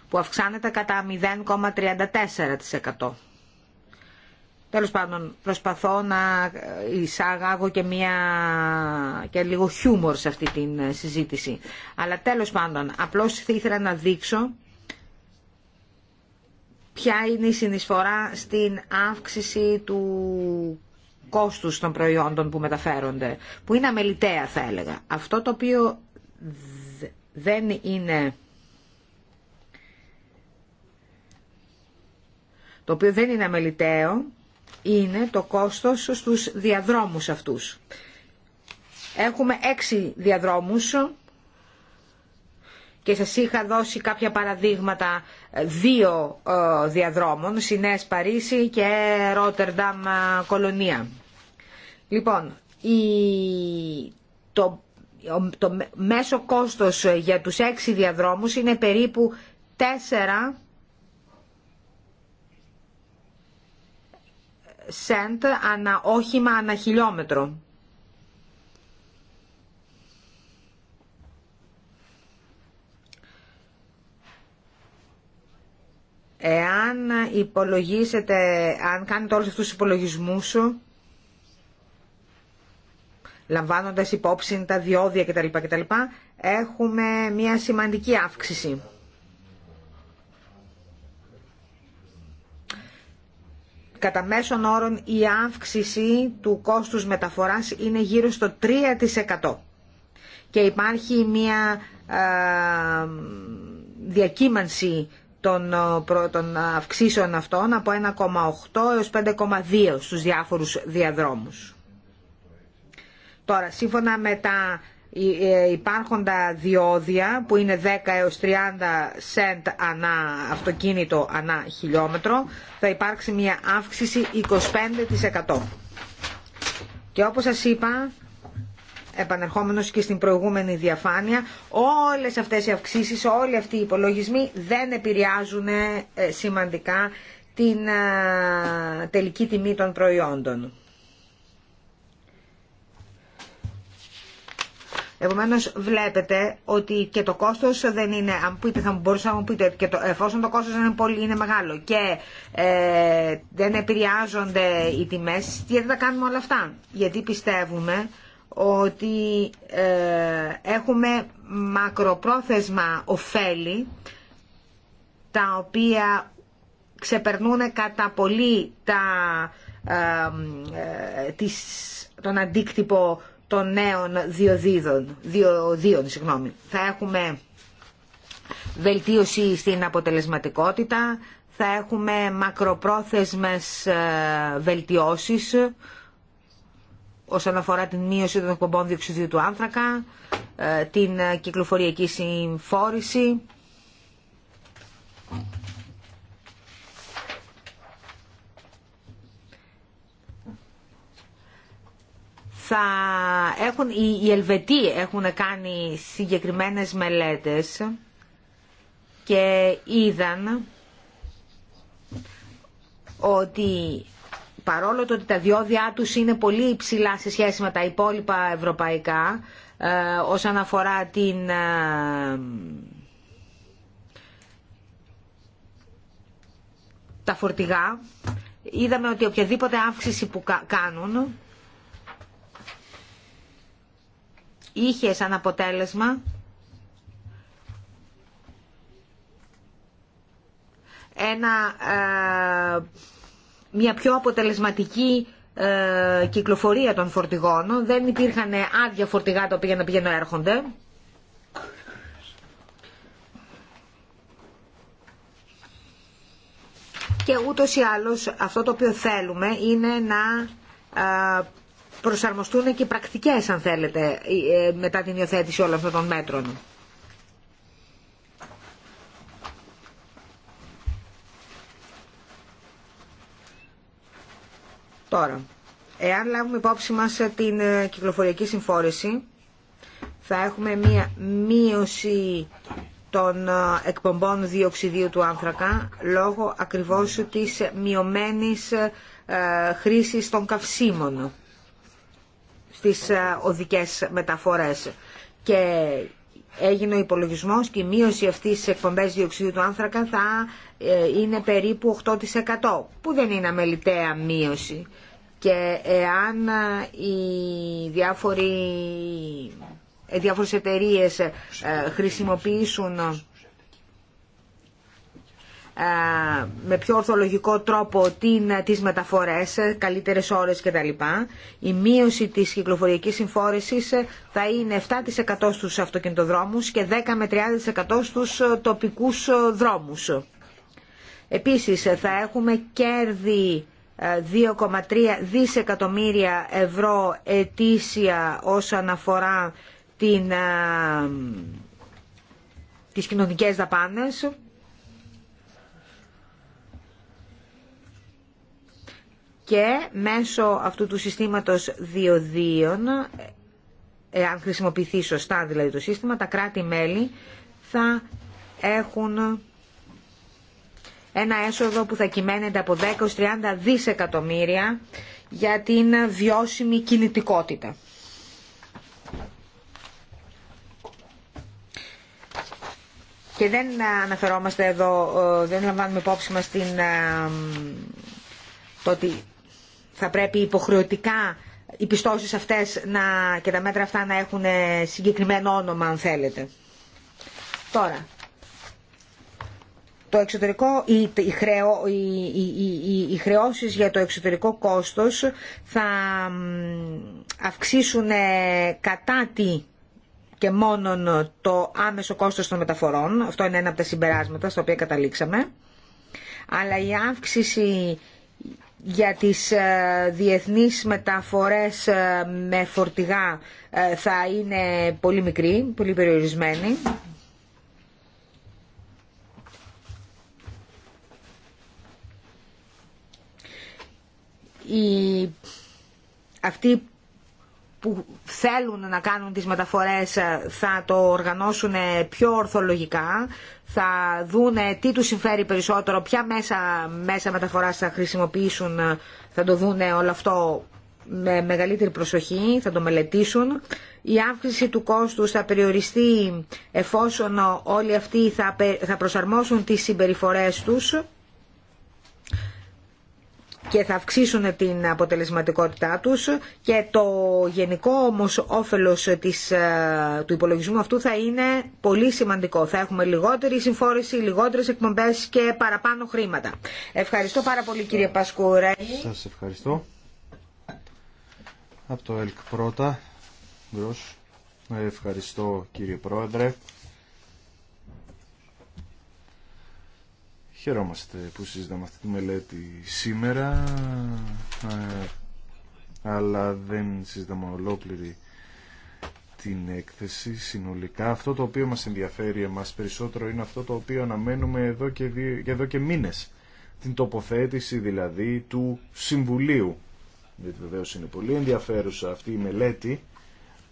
που αυξάνεται κατά 0,34%. Τέλος πάντων, προσπαθώ να εισάγω και, μια, και λίγο χιούμορ σε αυτή την ε, συζήτηση. Αλλά τέλος πάντων, απλώς θα ήθελα να δείξω ποια είναι η συνεισφορά στην αύξηση του κόστους των προϊόντων που μεταφέρονται, που είναι αμεληταία θα έλεγα. Αυτό το οποίο δεν είναι... Το οποίο δεν είναι αμεληταίο, είναι το κόστος στους διαδρόμους αυτούς. Έχουμε έξι διαδρόμους και σας είχα δώσει κάποια παραδείγματα ε, δύο ε, διαδρόμων, Σινές Παρίσι και Ρότερνταμ ε, Κολονία. Λοιπόν, η... το... μέσο κόστος για τους έξι διαδρόμους είναι περίπου 4 σέντ ανά όχημα ανά χιλιόμετρο. Εάν υπολογίσετε, αν κάνετε όλους αυτούς τους υπολογισμούς σου, λαμβάνοντας υπόψη τα διόδια κτλ. κτλ έχουμε μια σημαντική αύξηση. κατά μέσον όρον η αύξηση του κόστους μεταφοράς είναι γύρω στο 3% και υπάρχει μια ε, διακύμανση των, ε, των αυξήσεων αυτών από 1,8 έως 5,2 στους διάφορους διαδρόμους. Τώρα, σύμφωνα με τα ε, υπάρχοντα διόδια που είναι 10 έως 30 σέντ ανά αυτοκίνητο ανά χιλιόμετρο θα υπάρξει μια αύξηση 25%. Και όπως σας είπα, επανερχόμενος και στην προηγούμενη διαφάνεια, όλες αυτές οι αυξήσεις, όλοι αυτοί οι υπολογισμοί δεν επηρεάζουν ε, σημαντικά την ε, τελική τιμή των προϊόντων. Επομένω, βλέπετε ότι και το κόστος δεν είναι, αν πείτε, θα μπορούσα να μου πείτε, και το, εφόσον το κόστος είναι, πολύ, είναι μεγάλο και ε, δεν επηρεάζονται οι τιμέ, γιατί τα κάνουμε όλα αυτά. Γιατί πιστεύουμε ότι ε, έχουμε μακροπρόθεσμα ωφέλη τα οποία ξεπερνούν κατά πολύ τα, ε, ε, τον αντίκτυπο των νέων διοδίδων, διοδίων. Συγγνώμη. Θα έχουμε βελτίωση στην αποτελεσματικότητα, θα έχουμε μακροπρόθεσμες ε, βελτιώσεις όσον αφορά την μείωση των εκπομπών διοξιδίου του άνθρακα, ε, την κυκλοφοριακή συμφόρηση θα έχουν, οι Ελβετοί έχουν κάνει συγκεκριμένες μελέτες και είδαν ότι παρόλο το ότι τα διόδια τους είναι πολύ υψηλά σε σχέση με τα υπόλοιπα ευρωπαϊκά ε, όσον αφορά την, ε, τα φορτηγά είδαμε ότι οποιαδήποτε αύξηση που κάνουν είχε σαν αποτέλεσμα ένα, ε, μια πιο αποτελεσματική ε, κυκλοφορία των φορτηγών. Δεν υπήρχαν άδεια φορτηγά τα οποία να πηγαίνουν έρχονται. Και ούτως ή άλλως αυτό το οποίο θέλουμε είναι να ε, προσαρμοστούν και οι πρακτικές, αν θέλετε, ε, μετά την υιοθέτηση όλων αυτών των μέτρων. Τώρα, εάν λάβουμε υπόψη μας ε, την ε, κυκλοφοριακή συμφόρηση, θα έχουμε μία μείωση των εκπομπών διοξιδίου του άνθρακα λόγω ακριβώς της μειωμένης χρήσης των καυσίμων στις ε, οδικές μεταφορές. Και έγινε ο υπολογισμός και η μείωση αυτής της εκπομπές διοξιδίου του άνθρακα θα ε, είναι περίπου 8% που δεν είναι αμεληταία μείωση. Και εάν ε, οι διάφοροι, διάφορες εταιρείες χρησιμοποιήσουν ε, με πιο ορθολογικό τρόπο την, τις μεταφορές, καλύτερες ώρες κτλ. Η μείωση της κυκλοφοριακής συμφόρησης θα είναι 7% στους αυτοκινητοδρόμους και 10 με 30% στους τοπικούς δρόμους. Επίσης θα έχουμε κέρδη 2,3 ε, δισεκατομμύρια ευρώ ετήσια όσον αφορά την, ε, τις κοινωνικές δαπάνες και μέσω αυτού του συστήματος διοδίων, ε, αν χρησιμοποιηθεί σωστά δηλαδή το σύστημα, τα κράτη-μέλη θα έχουν ένα έσοδο που θα κυμαίνεται από 10-30 δισεκατομμύρια για την βιώσιμη κινητικότητα. Και δεν αναφερόμαστε εδώ, ε, δεν λαμβάνουμε υπόψη μας την, ε, το ότι θα πρέπει υποχρεωτικά οι πιστώσει αυτές και τα μέτρα αυτά να έχουν ε, συγκεκριμένο όνομα αν θέλετε. Τώρα, το εξωτερικό, οι, οι, χρεώ, χρεώσεις για το εξωτερικό κόστος θα αυξήσουν ε, κατά τη και μόνον το άμεσο κόστος των μεταφορών. Αυτό είναι ένα από τα συμπεράσματα στα οποία καταλήξαμε. Αλλά η αύξηση για τις ε, διεθνείς μεταφορές ε, με φορτηγά ε, θα είναι πολύ μικρή, πολύ περιορισμένη. Η... Αυτή που θέλουν να κάνουν τις μεταφορές ε, θα το οργανώσουν ε, πιο ορθολογικά, θα δούνε τι τους συμφέρει περισσότερο, ποια μέσα, μέσα μεταφοράς θα χρησιμοποιήσουν, ε, θα το δουν όλο αυτό με μεγαλύτερη προσοχή, θα το μελετήσουν. Η αύξηση του κόστους θα περιοριστεί εφόσον όλοι αυτοί θα προσαρμόσουν τις συμπεριφορές τους και θα αυξήσουν την αποτελεσματικότητά τους και το γενικό όμως όφελος της, ε, του υπολογισμού αυτού θα είναι πολύ σημαντικό. Θα έχουμε λιγότερη συμφόρηση, λιγότερες εκπομπές και παραπάνω χρήματα. Ευχαριστώ πάρα πολύ κύριε Πασκούρα. Σας ευχαριστώ. Από το ΕΛΚ πρώτα. Ε, ευχαριστώ κύριε Πρόεδρε. Χαιρόμαστε που συζητάμε αυτή τη μελέτη σήμερα, ε, αλλά δεν συζητάμε ολόκληρη την έκθεση συνολικά. Αυτό το οποίο μας ενδιαφέρει εμάς περισσότερο είναι αυτό το οποίο αναμένουμε εδώ και, δι... εδώ και μήνες. Την τοποθέτηση δηλαδή του Συμβουλίου. Γιατί βεβαίω είναι πολύ ενδιαφέρουσα αυτή η μελέτη,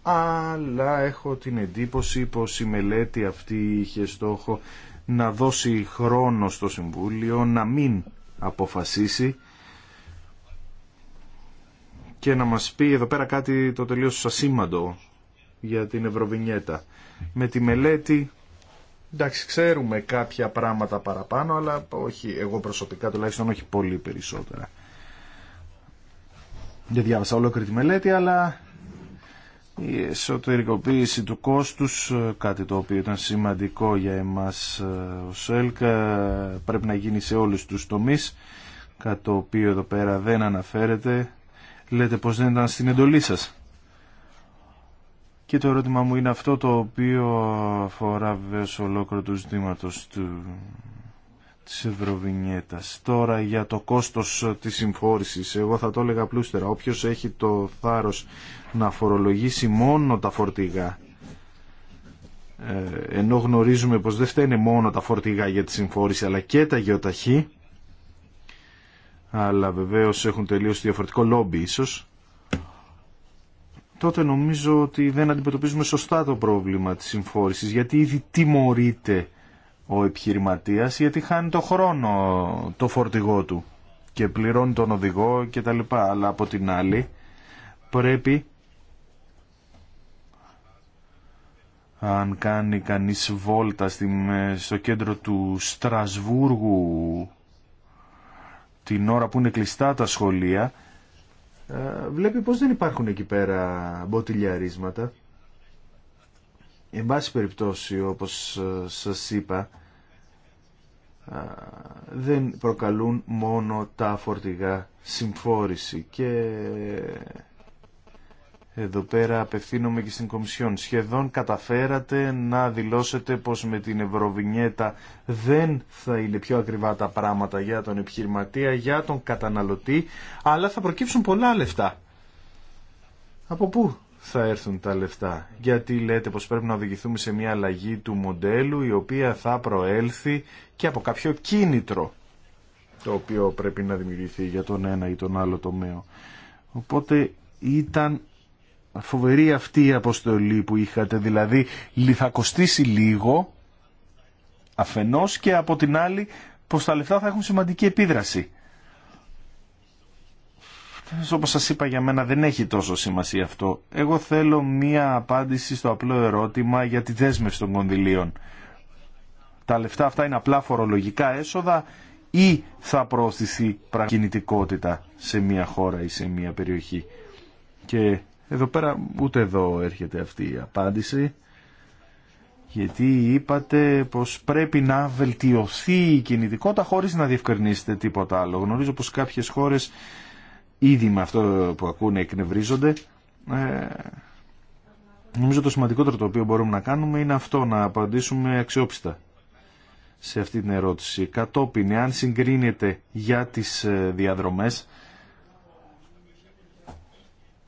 αλλά έχω την εντύπωση πως η μελέτη αυτή είχε στόχο να δώσει χρόνο στο Συμβούλιο να μην αποφασίσει και να μας πει εδώ πέρα κάτι το τελείως ασήμαντο για την Ευρωβινιέτα. Με τη μελέτη, εντάξει, ξέρουμε κάποια πράγματα παραπάνω, αλλά όχι εγώ προσωπικά, τουλάχιστον όχι πολύ περισσότερα. Δεν διάβασα ολόκληρη τη μελέτη, αλλά η εσωτερικοποίηση του κόστους, ε, κάτι το οποίο ήταν σημαντικό για εμάς ο ε, ΕΛΚΑ, ε, πρέπει να γίνει σε όλους τους τομείς, κάτι το οποίο εδώ πέρα δεν αναφέρεται, λέτε πως δεν ήταν στην εντολή σας. Και το ερώτημα μου είναι αυτό το οποίο αφορά βεβαίω ολόκληρο του ζητήματος του, της Ευρωβινιέτας. Τώρα για το κόστος της συμφόρησης, εγώ θα το έλεγα πλούστερα. Όποιος έχει το θάρρος να φορολογήσει μόνο τα φορτηγά ε, ενώ γνωρίζουμε πως δεν φταίνε μόνο τα φορτηγά για τη συμφόρηση αλλά και τα γεωταχή αλλά βεβαίως έχουν τελείως διαφορετικό λόμπι ίσως τότε νομίζω ότι δεν αντιμετωπίζουμε σωστά το πρόβλημα της συμφόρησης γιατί ήδη τιμωρείται ο επιχειρηματίας γιατί χάνει το χρόνο το φορτηγό του και πληρώνει τον οδηγό και αλλά από την άλλη πρέπει αν κάνει κανείς βόλτα ε, στο κέντρο του Στρασβούργου την ώρα που είναι κλειστά τα σχολεία ε, βλέπει πως δεν υπάρχουν εκεί πέρα μποτιλιαρίσματα εν πάση περιπτώσει όπως ε, σας είπα δεν προκαλούν μόνο τα φορτηγά συμφόρηση και εδώ πέρα απευθύνομαι και στην Κομισιόν. Σχεδόν καταφέρατε να δηλώσετε πως με την Ευρωβινιέτα δεν θα είναι πιο ακριβά τα πράγματα για τον επιχειρηματία, για τον καταναλωτή, αλλά θα προκύψουν πολλά λεφτά. Από πού θα έρθουν τα λεφτά. Γιατί λέτε πως πρέπει να οδηγηθούμε σε μια αλλαγή του μοντέλου η οποία θα προέλθει και από κάποιο κίνητρο το οποίο πρέπει να δημιουργηθεί για τον ένα ή τον άλλο τομέα. Οπότε ήταν φοβερή αυτή η αποστολή που είχατε, δηλαδή θα κοστίσει λίγο αφενός και από την άλλη πως τα λεφτά θα έχουν σημαντική επίδραση. Όπως σας είπα για μένα δεν έχει τόσο σημασία αυτό. Εγώ θέλω μία απάντηση στο απλό ερώτημα για τη δέσμευση των κονδυλίων. Τα λεφτά αυτά είναι απλά φορολογικά έσοδα ή θα προωθηθεί πραγματικότητα σε μία χώρα ή σε μία περιοχή. Και εδώ πέρα ούτε εδώ έρχεται αυτή η απάντηση γιατί είπατε πως πρέπει να βελτιωθεί η κινητικότητα χωρίς να διευκρινίσετε τίποτα άλλο. Γνωρίζω πως κάποιες χώρες ήδη με αυτό που ακούνε εκνευρίζονται. Ε, νομίζω το σημαντικότερο το οποίο μπορούμε να κάνουμε είναι αυτό, να απαντήσουμε αξιόπιστα σε αυτή την ερώτηση. Κατόπιν, εάν συγκρίνεται για τις ε, διαδρομές,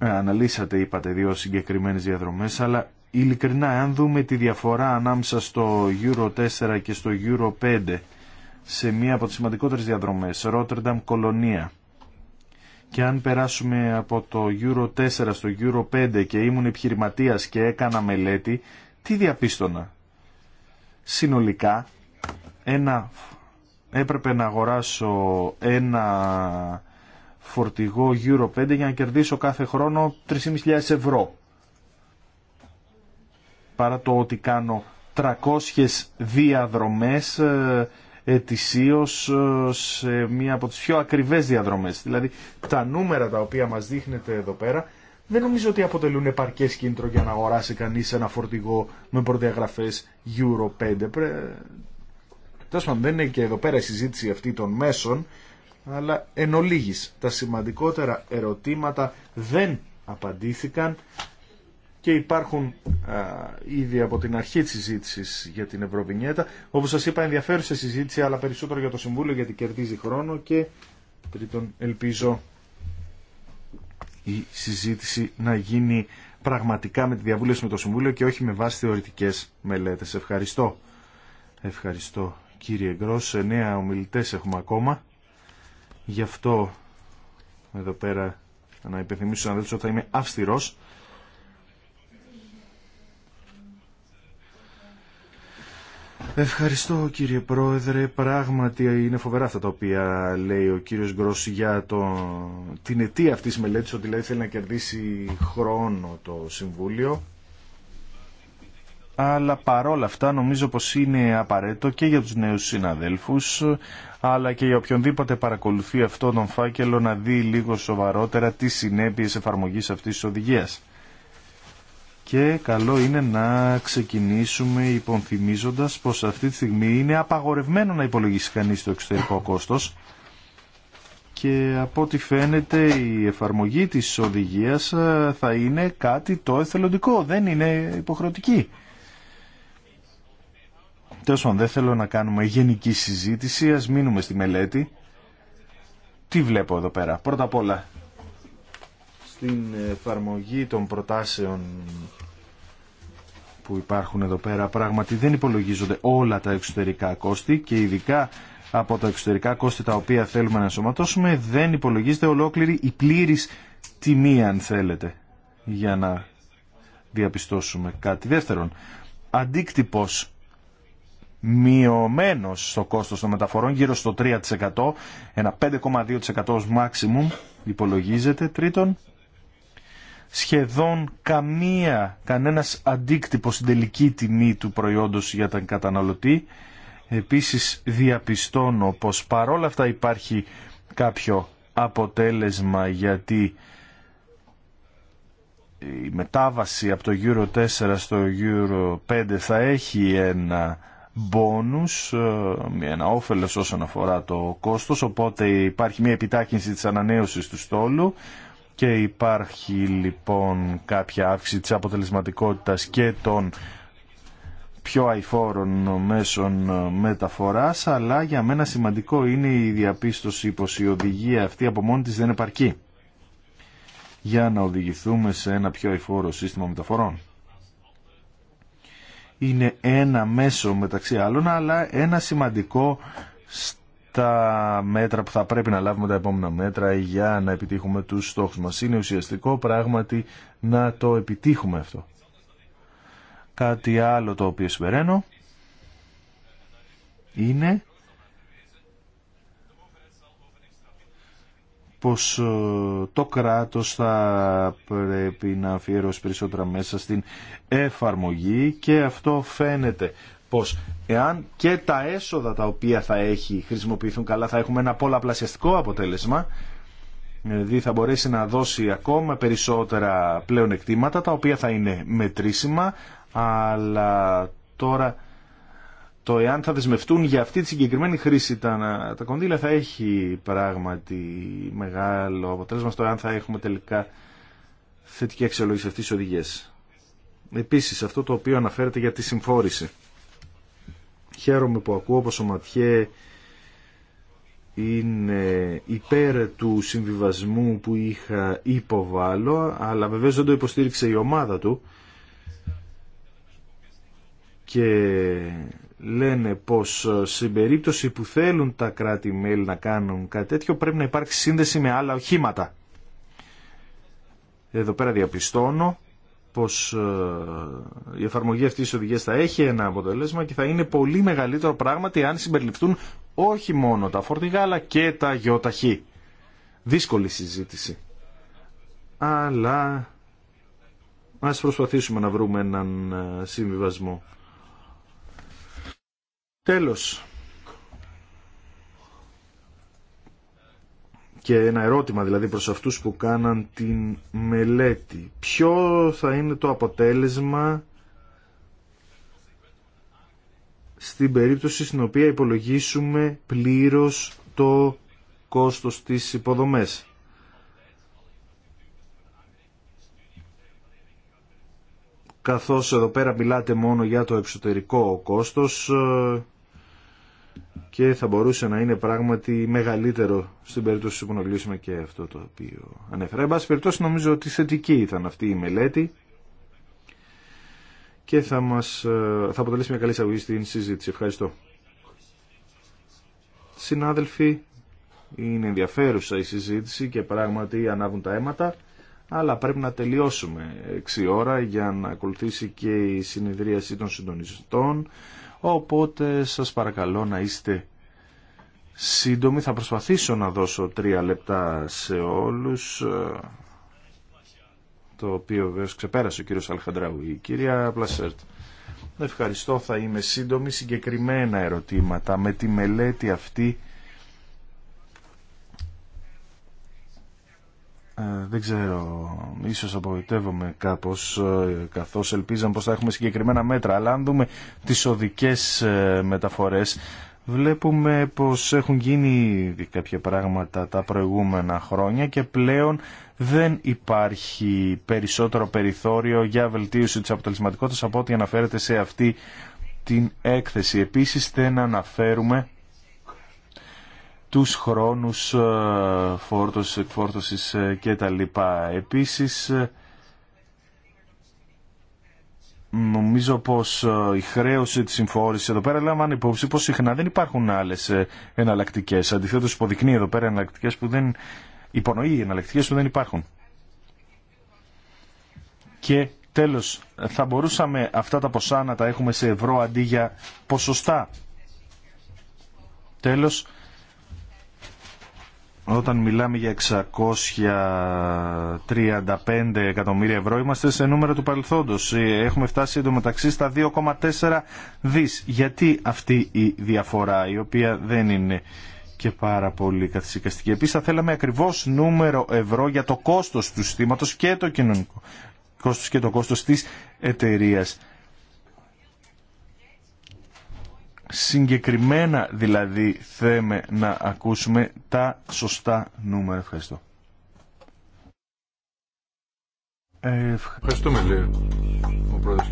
ε, αναλύσατε είπατε δύο συγκεκριμένες διαδρομές αλλά ειλικρινά αν δούμε τη διαφορά ανάμεσα στο Euro 4 και στο Euro 5 σε μία από τις σημαντικότερες διαδρομές Rotterdam Κολονία και αν περάσουμε από το Euro 4 στο Euro 5 και ήμουν επιχειρηματία και έκανα μελέτη τι διαπίστωνα συνολικά ένα έπρεπε να αγοράσω ένα φορτηγό Euro 5 για να κερδίσω κάθε χρόνο 3.500 ευρώ. Παρά το ότι κάνω 300 διαδρομές ε, ετησίως ε, σε μία από τις πιο ακριβές διαδρομές. Δηλαδή τα νούμερα τα οποία μας δείχνετε εδώ πέρα δεν νομίζω ότι αποτελούν επαρκές κίνητρο για να αγοράσει κανείς ένα φορτηγό με προδιαγραφές Euro 5. δεν είναι και εδώ πέρα η συζήτηση αυτή των μέσων αλλά εν ολίγης, τα σημαντικότερα ερωτήματα δεν απαντήθηκαν και υπάρχουν α, ήδη από την αρχή της συζήτηση για την Ευρωβινιέτα. Όπως σας είπα ενδιαφέρουσα συζήτηση αλλά περισσότερο για το Συμβούλιο γιατί κερδίζει χρόνο και τρίτον ελπίζω η συζήτηση να γίνει πραγματικά με τη διαβούλευση με το Συμβούλιο και όχι με βάση θεωρητικές μελέτες. Ευχαριστώ. Ευχαριστώ κύριε Γκρός. Εννέα ομιλητές έχουμε ακόμα. Γι' αυτό εδώ πέρα να υπενθυμίσω στους αδέλφους ότι θα είμαι αυστηρός. Ευχαριστώ κύριε Πρόεδρε. Πράγματι είναι φοβερά αυτά τα οποία λέει ο κύριος Γκρόση για την αιτία αυτής της μελέτης, ότι λέει θέλει να κερδίσει χρόνο το Συμβούλιο. Αλλά παρόλα αυτά νομίζω πως είναι απαραίτητο και για τους νέους συναδέλφους αλλά και για οποιονδήποτε παρακολουθεί αυτό τον φάκελο να δει λίγο σοβαρότερα τις συνέπειες εφαρμογής αυτής της οδηγίας. Και καλό είναι να ξεκινήσουμε υποθυμίζοντας πως αυτή τη στιγμή είναι απαγορευμένο να υπολογίσει κανείς το εξωτερικό κόστος και από ό,τι φαίνεται η εφαρμογή της οδηγίας ε, θα είναι κάτι το εθελοντικό, δεν είναι υποχρεωτική. Τέλο δεν θέλω να κάνουμε γενική συζήτηση, ας μείνουμε στη μελέτη. Τι βλέπω εδώ πέρα. Πρώτα απ' όλα, στην εφαρμογή των προτάσεων που υπάρχουν εδώ πέρα, πράγματι δεν υπολογίζονται όλα τα εξωτερικά κόστη και ειδικά από τα εξωτερικά κόστη τα οποία θέλουμε να ενσωματώσουμε, δεν υπολογίζεται ολόκληρη η πλήρη τιμή, αν θέλετε, για να διαπιστώσουμε κάτι. Δεύτερον, αντίκτυπος μειωμένο στο κόστος των μεταφορών, γύρω στο 3%, ένα 5,2% ως maximum υπολογίζεται. Τρίτον, σχεδόν καμία, κανένας αντίκτυπο στην τελική τιμή του προϊόντος για τον καταναλωτή. Επίσης διαπιστώνω πως παρόλα αυτά υπάρχει κάποιο αποτέλεσμα γιατί η μετάβαση από το Euro 4 στο Euro 5 θα έχει ένα ε, μπόνους, ένα όφελος όσον αφορά το κόστος, οπότε υπάρχει μια επιτάχυνση της ανανέωσης του στόλου και υπάρχει λοιπόν κάποια αύξηση της αποτελεσματικότητας και των πιο αηφόρων μέσων ε, μεταφοράς, αλλά για μένα σημαντικό είναι η διαπίστωση πως η οδηγία αυτή από μόνη της δεν επαρκεί για να οδηγηθούμε σε ένα πιο αηφόρο σύστημα μεταφορών είναι ένα μέσο μεταξύ άλλων, αλλά ένα σημαντικό στα μέτρα που θα πρέπει να λάβουμε τα επόμενα μέτρα για να επιτύχουμε τους στόχους μας. Είναι ουσιαστικό πράγματι να το επιτύχουμε αυτό. Κάτι άλλο το οποίο συμπεραίνω είναι πως ε, το κράτος θα πρέπει να αφιερώσει περισσότερα μέσα στην εφαρμογή και αυτό φαίνεται πως εάν και τα έσοδα τα οποία θα έχει χρησιμοποιηθούν καλά θα έχουμε ένα πολλαπλασιαστικό αποτέλεσμα δηλαδή θα μπορέσει να δώσει ακόμα περισσότερα πλέον εκτήματα τα οποία θα είναι μετρήσιμα αλλά τώρα το εάν θα δεσμευτούν για αυτή τη συγκεκριμένη χρήση τα, τα κονδύλια θα έχει πράγματι μεγάλο αποτέλεσμα στο εάν θα έχουμε τελικά θετική αξιολόγηση αυτής της οδηγίας. Επίσης αυτό το οποίο αναφέρεται για τη συμφόρηση. Χαίρομαι που ακούω πως ο Ματιέ είναι υπέρ του συμβιβασμού που είχα υποβάλλω, αλλά βεβαίως δεν το υποστήριξε η ομάδα του και λένε πως ε, στην περίπτωση που θέλουν τα κράτη-μέλη να κάνουν κάτι τέτοιο πρέπει να υπάρξει σύνδεση με άλλα οχήματα. Εδώ πέρα διαπιστώνω πως ε, η εφαρμογή αυτής της οδηγίας θα έχει ένα αποτελέσμα και θα είναι πολύ μεγαλύτερο πράγματι αν συμπεριληφθούν όχι μόνο τα φορτηγά αλλά και τα γιοταχή. Δύσκολη συζήτηση. Αλλά ας προσπαθήσουμε να βρούμε έναν ε, συμβιβασμό. Τέλος. Και ένα ερώτημα δηλαδή προς αυτούς που κάναν την μελέτη. Ποιο θα είναι το αποτέλεσμα στην περίπτωση στην οποία υπολογίσουμε πλήρως το κόστος της υποδομές. Καθώς εδώ πέρα μιλάτε μόνο για το εξωτερικό κόστος, ε, και θα μπορούσε να είναι πράγματι μεγαλύτερο στην περίπτωση που να και αυτό το οποίο ανέφερα. Εν πάση περιπτώσει νομίζω ότι θετική ήταν αυτή η μελέτη και θα, μας, ε, θα αποτελέσει μια καλή εισαγωγή στην συζήτηση. Ευχαριστώ. Συνάδελφοι, είναι ενδιαφέρουσα η συζήτηση και πράγματι ανάβουν τα αίματα αλλά πρέπει να τελειώσουμε 6 ώρα για να ακολουθήσει και η συνεδρίαση των συντονιστών, οπότε σας παρακαλώ να είστε σύντομοι. Θα προσπαθήσω να δώσω τρία λεπτά σε όλους, ε, το οποίο βέβαια ξεπέρασε ο κύριος Αλχαντράου, η κυρία Πλασέρτ. Ευχαριστώ, θα είμαι σύντομη. Συγκεκριμένα ερωτήματα με τη μελέτη αυτή Ε, δεν ξέρω, ίσως απογοητεύομαι κάπως ε, καθώς ελπίζαμε πως θα έχουμε συγκεκριμένα μέτρα αλλά αν δούμε τις οδικές ε, μεταφορές βλέπουμε πως έχουν γίνει κάποια πράγματα τα προηγούμενα χρόνια και πλέον δεν υπάρχει περισσότερο περιθώριο για βελτίωση τη αποτελεσματικότητας από ό,τι αναφέρεται σε αυτή την έκθεση. Επίσης να αναφέρουμε τους χρόνους ε, φόρτωσης, εκφόρτωσης ε, και τα λοιπά. Επίσης, ε, νομίζω πως η χρέωση της συμφόρησης εδώ πέρα λάμβανε υπόψη πως συχνά δεν υπάρχουν άλλες εναλλακτικέ Αντιθέτως υποδεικνύει εδώ πέρα εναλλακτικές που δεν υπονοεί εναλλακτικές που δεν υπάρχουν. Και τέλος, θα μπορούσαμε αυτά τα ποσά να τα έχουμε σε ευρώ αντί για ποσοστά. Τέλος, όταν μιλάμε για 635 εκατομμύρια ευρώ είμαστε σε νούμερο του παρελθόντος. Ε, έχουμε φτάσει εντωμεταξύ στα 2,4 δις. Γιατί αυτή η διαφορά η οποία δεν είναι και πάρα πολύ καθησικαστική. Επίσης θα θέλαμε ακριβώς νούμερο ευρώ για το κόστος του συστήματος και το κοινωνικό κόστος και το κόστος της εταιρείας. συγκεκριμένα δηλαδή θέμε να ακούσουμε τα σωστά νούμερα. Ευχαριστώ. Ευχαριστούμε λίγο. ο πρόεδρος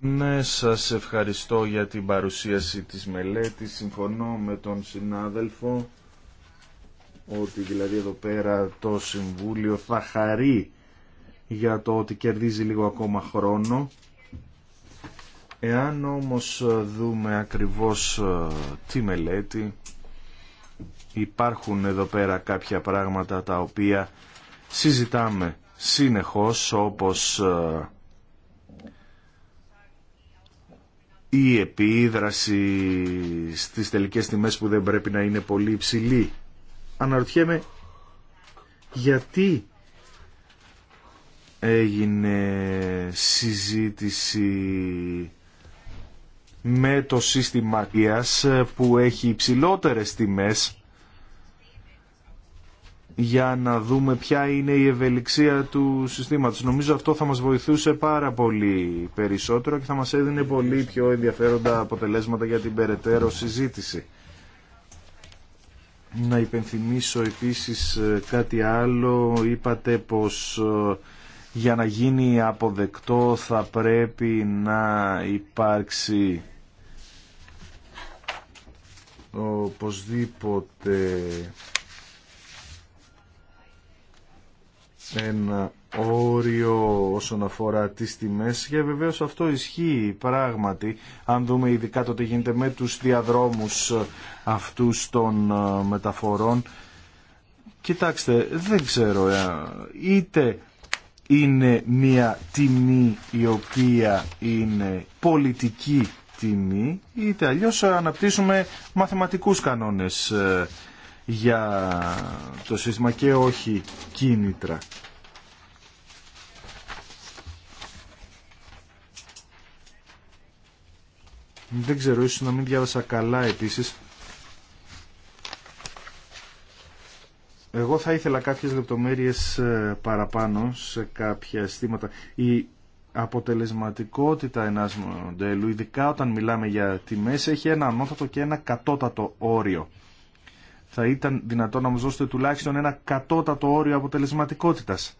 Ναι, σας ευχαριστώ για την παρουσίαση της μελέτης. Συμφωνώ με τον συνάδελφο ότι δηλαδή εδώ πέρα το Συμβούλιο θα χαρεί για το ότι κερδίζει λίγο ακόμα χρόνο. Εάν όμως δούμε ακριβώς ε, τι μελέτη, υπάρχουν εδώ πέρα κάποια πράγματα τα οποία συζητάμε συνεχώς όπως ε, η επίδραση στις τελικές τιμές που δεν πρέπει να είναι πολύ υψηλή. Αναρωτιέμαι γιατί έγινε συζήτηση με το σύστημα ΙΑΣ που έχει υψηλότερες τιμές για να δούμε ποια είναι η ευελιξία του συστήματος. Νομίζω αυτό θα μας βοηθούσε πάρα πολύ περισσότερο και θα μας έδινε πολύ πιο ενδιαφέροντα αποτελέσματα για την περαιτέρω συζήτηση. Να υπενθυμίσω επίσης ε, κάτι άλλο. Είπατε πως ε, για να γίνει αποδεκτό θα πρέπει να υπάρξει οπωσδήποτε ένα όριο όσον αφορά τις τιμές και βεβαίως αυτό ισχύει πράγματι αν δούμε ειδικά το τι γίνεται με τους διαδρόμους αυτούς των ε, μεταφορών κοιτάξτε δεν ξέρω ε, είτε είναι μια τιμή η οποία είναι πολιτική τιμή είτε αλλιώς αναπτύσσουμε μαθηματικούς κανόνες ε, για το σύστημα και όχι κίνητρα. Δεν ξέρω, ίσως να μην διάβασα καλά επίσης Εγώ θα ήθελα κάποιες λεπτομέρειες ε, παραπάνω σε κάποια αισθήματα. Η αποτελεσματικότητα ενός μοντέλου, ειδικά όταν μιλάμε για τιμές, έχει ένα ανώτατο και ένα κατώτατο όριο. Θα ήταν δυνατόν να μου δώσετε τουλάχιστον ένα κατώτατο όριο αποτελεσματικότητας.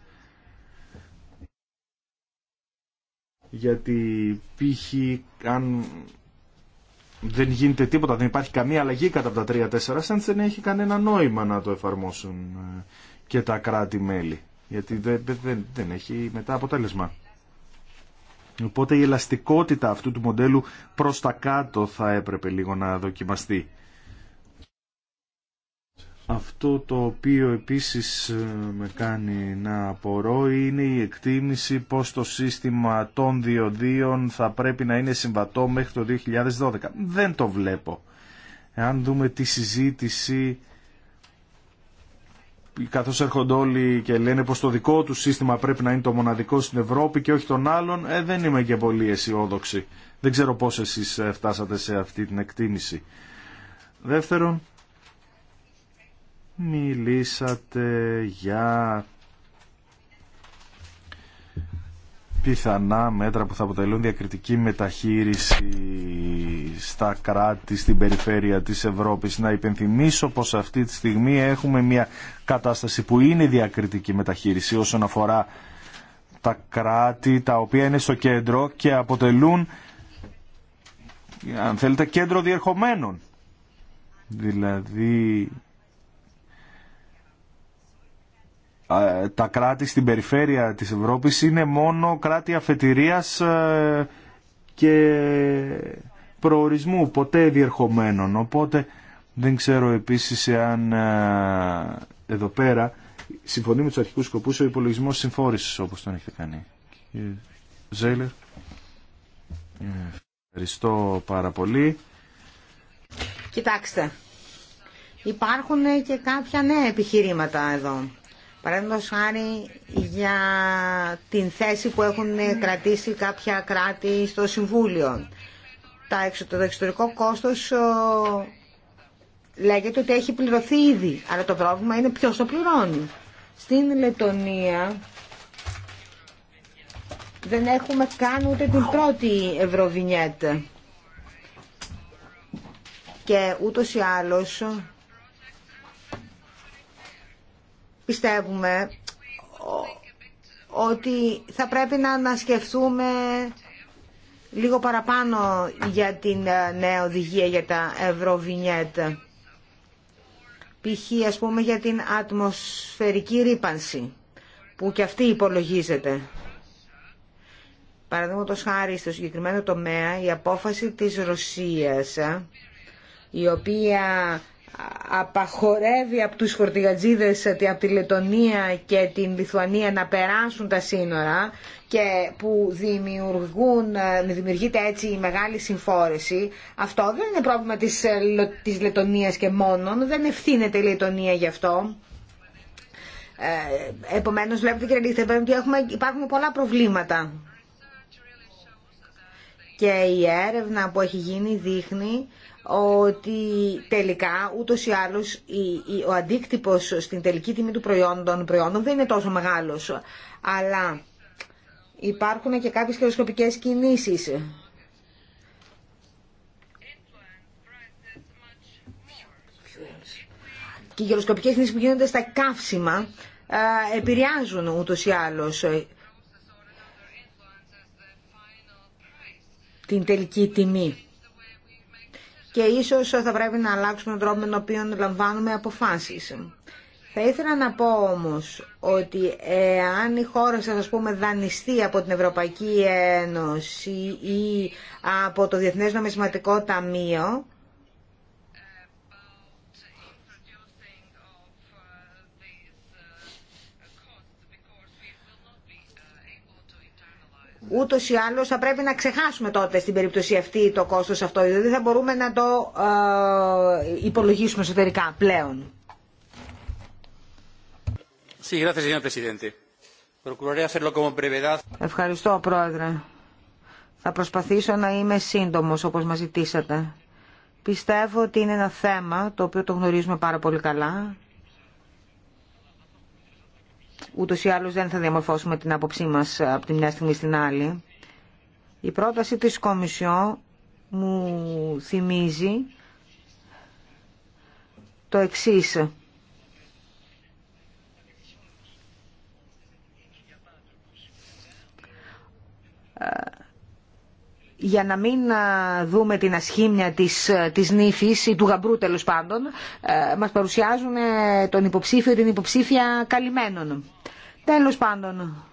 Γιατί π.χ. αν δεν γίνεται τίποτα, δεν υπάρχει καμία αλλαγή κατά από τα 3-4 cents, δεν έχει κανένα νόημα να το εφαρμόσουν ε, και τα κράτη-μέλη. Γιατί δεν, δεν, δεν έχει μετά αποτέλεσμα. Οπότε η ελαστικότητα αυτού του μοντέλου προς τα κάτω θα έπρεπε λίγο να δοκιμαστεί. Αυτό το οποίο επίσης ε, με κάνει να απορώ είναι η εκτίμηση πως το σύστημα των διοδίων θα πρέπει να είναι συμβατό μέχρι το 2012. Δεν το βλέπω. Εάν δούμε τη συζήτηση καθώς έρχονται όλοι και λένε πως το δικό του σύστημα πρέπει να είναι το μοναδικό στην Ευρώπη και όχι τον άλλον, ε, δεν είμαι και πολύ αισιόδοξη. Δεν ξέρω πώς εσείς ε, φτάσατε σε αυτή την εκτίμηση. Δεύτερον, μιλήσατε για πιθανά μέτρα που θα αποτελούν διακριτική μεταχείριση στα κράτη, στην περιφέρεια της Ευρώπης. Να υπενθυμίσω πως αυτή τη στιγμή έχουμε μια κατάσταση που είναι διακριτική μεταχείριση όσον αφορά τα κράτη τα οποία είναι στο κέντρο και αποτελούν αν θέλετε κέντρο διερχομένων. Δηλαδή Ε, τα κράτη στην περιφέρεια της Ευρώπης είναι μόνο κράτη αφετηρίας ε, και προορισμού, ποτέ διερχομένων. Οπότε δεν ξέρω επίσης εάν ε, εδώ πέρα συμφωνεί με τους αρχικούς σκοπούς ο υπολογισμός συμφόρησης όπως τον έχετε κάνει. Ζέιλερ, ευχαριστώ πάρα πολύ. Κοιτάξτε, υπάρχουν και κάποια νέα επιχειρήματα εδώ Παραδείγματο χάρη για την θέση που έχουν κρατήσει κάποια κράτη στο Συμβούλιο. Τα, το εξωτερικό κόστος λέγεται ότι έχει πληρωθεί ήδη, αλλά το πρόβλημα είναι ποιος το πληρώνει. Στην Λετωνία δεν έχουμε καν ούτε την πρώτη ευρωβινιέτ. Και ούτως ή άλλως πιστεύουμε ότι θα πρέπει να σκεφτούμε λίγο παραπάνω για την ε, νέα οδηγία για τα Ευρωβινιέτ. Π.χ. ας πούμε για την ατμοσφαιρική ρήπανση που και αυτή υπολογίζεται. Παραδείγματο χάρη στο συγκεκριμένο τομέα η απόφαση της Ρωσίας η οποία απαχορεύει από τους φορτηγατζίδες ε, από τη Λετωνία και την Λιθουανία να περάσουν τα σύνορα και που δημιουργούν, ε, δημιουργείται έτσι η μεγάλη συμφόρεση. Αυτό δεν είναι πρόβλημα της, ε, της Λετωνίας και μόνον, δεν ευθύνεται η Λετωνία γι' αυτό. Ε, επομένως βλέπετε κύριε Λίχτερμπερν ότι έχουμε, υπάρχουν πολλά προβλήματα. Και η έρευνα που έχει γίνει δείχνει ότι τελικά ούτω ή ο αντίκτυπος στην τελική τιμή του προϊόντων, των προϊόντων δεν είναι τόσο μεγάλος. Αλλά υπάρχουν και κάποιες χειροσκοπικέ κινήσεις. Και οι γεροσκοπικές κινήσεις που γίνονται στα καύσιμα ε, επηρεάζουν ούτως ή άλλως ε, την τελική τιμή και ίσως θα πρέπει να αλλάξουμε τον τρόπο με τον οποίο λαμβάνουμε αποφάσεις. Θα ήθελα να πω όμως ότι εάν η χώρα σας πούμε δανειστεί από την Ευρωπαϊκή Ένωση ή από το Διεθνές Νομισματικό Ταμείο ούτως ή άλλως θα πρέπει να ξεχάσουμε τότε στην περίπτωση αυτή το κόστος αυτό, δηλαδή θα μπορούμε να το ε, υπολογίσουμε εσωτερικά πλέον. Ευχαριστώ, Πρόεδρε. Θα προσπαθήσω να είμαι σύντομος, όπως μας ζητήσατε. Πιστεύω ότι είναι ένα θέμα το οποίο το γνωρίζουμε πάρα πολύ καλά ούτως ή άλλως δεν θα διαμορφώσουμε την άποψή μα ε, από τη μια στιγμή στην άλλη. Η πρόταση της Κομισιό μου θυμίζει το εξής. Ε, για να μην ε, δούμε την ασχήμια της, της νύφης ή του γαμπρού τέλος πάντων, μας παρουσιάζουν τον υποψήφιο ή την υποψήφια καλυμμένων. Τέλος πάντων.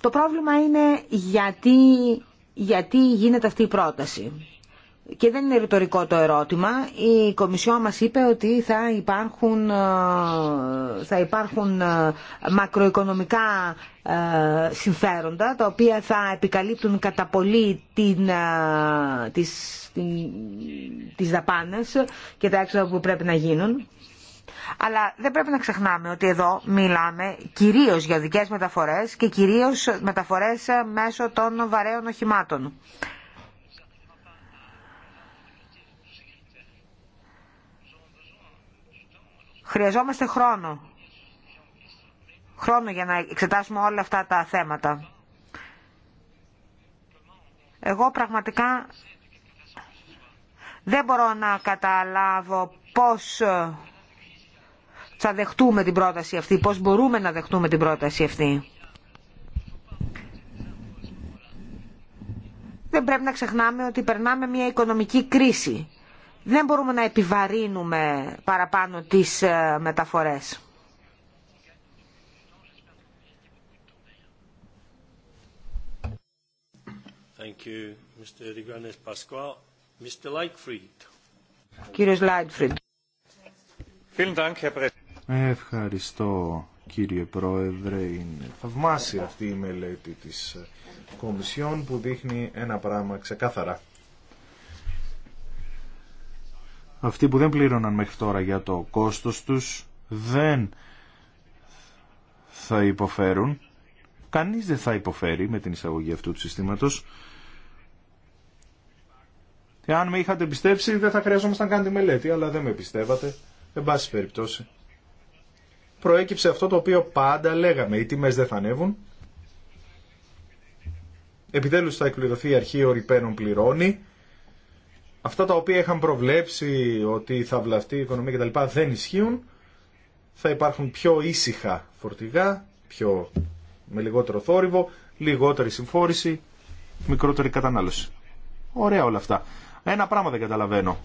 Το πρόβλημα είναι γιατί, γιατί γίνεται αυτή η πρόταση και δεν είναι ρητορικό το ερώτημα, η Κομισιό μας είπε ότι θα υπάρχουν, ε, θα υπάρχουν ε, μακροοικονομικά ε, συμφέροντα, τα οποία θα επικαλύπτουν κατά πολύ την, τις, τις δαπάνες και τα έξοδα που πρέπει να γίνουν. Αλλά δεν πρέπει να ξεχνάμε ότι εδώ μιλάμε κυρίως για δικές μεταφορές και κυρίως μεταφορές μέσω των βαρέων οχημάτων. Χρειαζόμαστε χρόνο. Χρόνο για να εξετάσουμε όλα αυτά τα θέματα. Εγώ πραγματικά δεν μπορώ να καταλάβω πώς θα δεχτούμε την πρόταση αυτή, πώς μπορούμε να δεχτούμε την πρόταση αυτή. Δεν πρέπει να ξεχνάμε ότι περνάμε μια οικονομική κρίση δεν μπορούμε να επιβαρύνουμε παραπάνω τις ε, μεταφορές. Ευχαριστώ κύριε Πρόεδρε. Είναι θαυμάσια αυτή η μελέτη της ε, Κομισιόν που δείχνει ένα πράγμα ξεκάθαρα. αυτοί που δεν πλήρωναν μέχρι τώρα για το κόστος τους δεν θα υποφέρουν. Κανείς δεν θα υποφέρει με την εισαγωγή αυτού του συστήματος. Εάν με είχατε πιστέψει δεν θα χρειαζόμασταν να κάνετε μελέτη, αλλά δεν με πιστεύατε. Εν πάση περιπτώσει. Προέκυψε αυτό το οποίο πάντα λέγαμε. Οι τιμές δεν θα ανέβουν. Επιτέλους θα εκπληρωθεί η αρχή ο πληρώνει αυτά τα οποία είχαν προβλέψει ότι θα βλαφτεί η οικονομία κτλ. δεν ισχύουν. Θα υπάρχουν πιο ήσυχα φορτηγά, πιο, με λιγότερο θόρυβο, λιγότερη συμφόρηση, μικρότερη κατανάλωση. Ωραία όλα αυτά. Ένα πράγμα δεν καταλαβαίνω.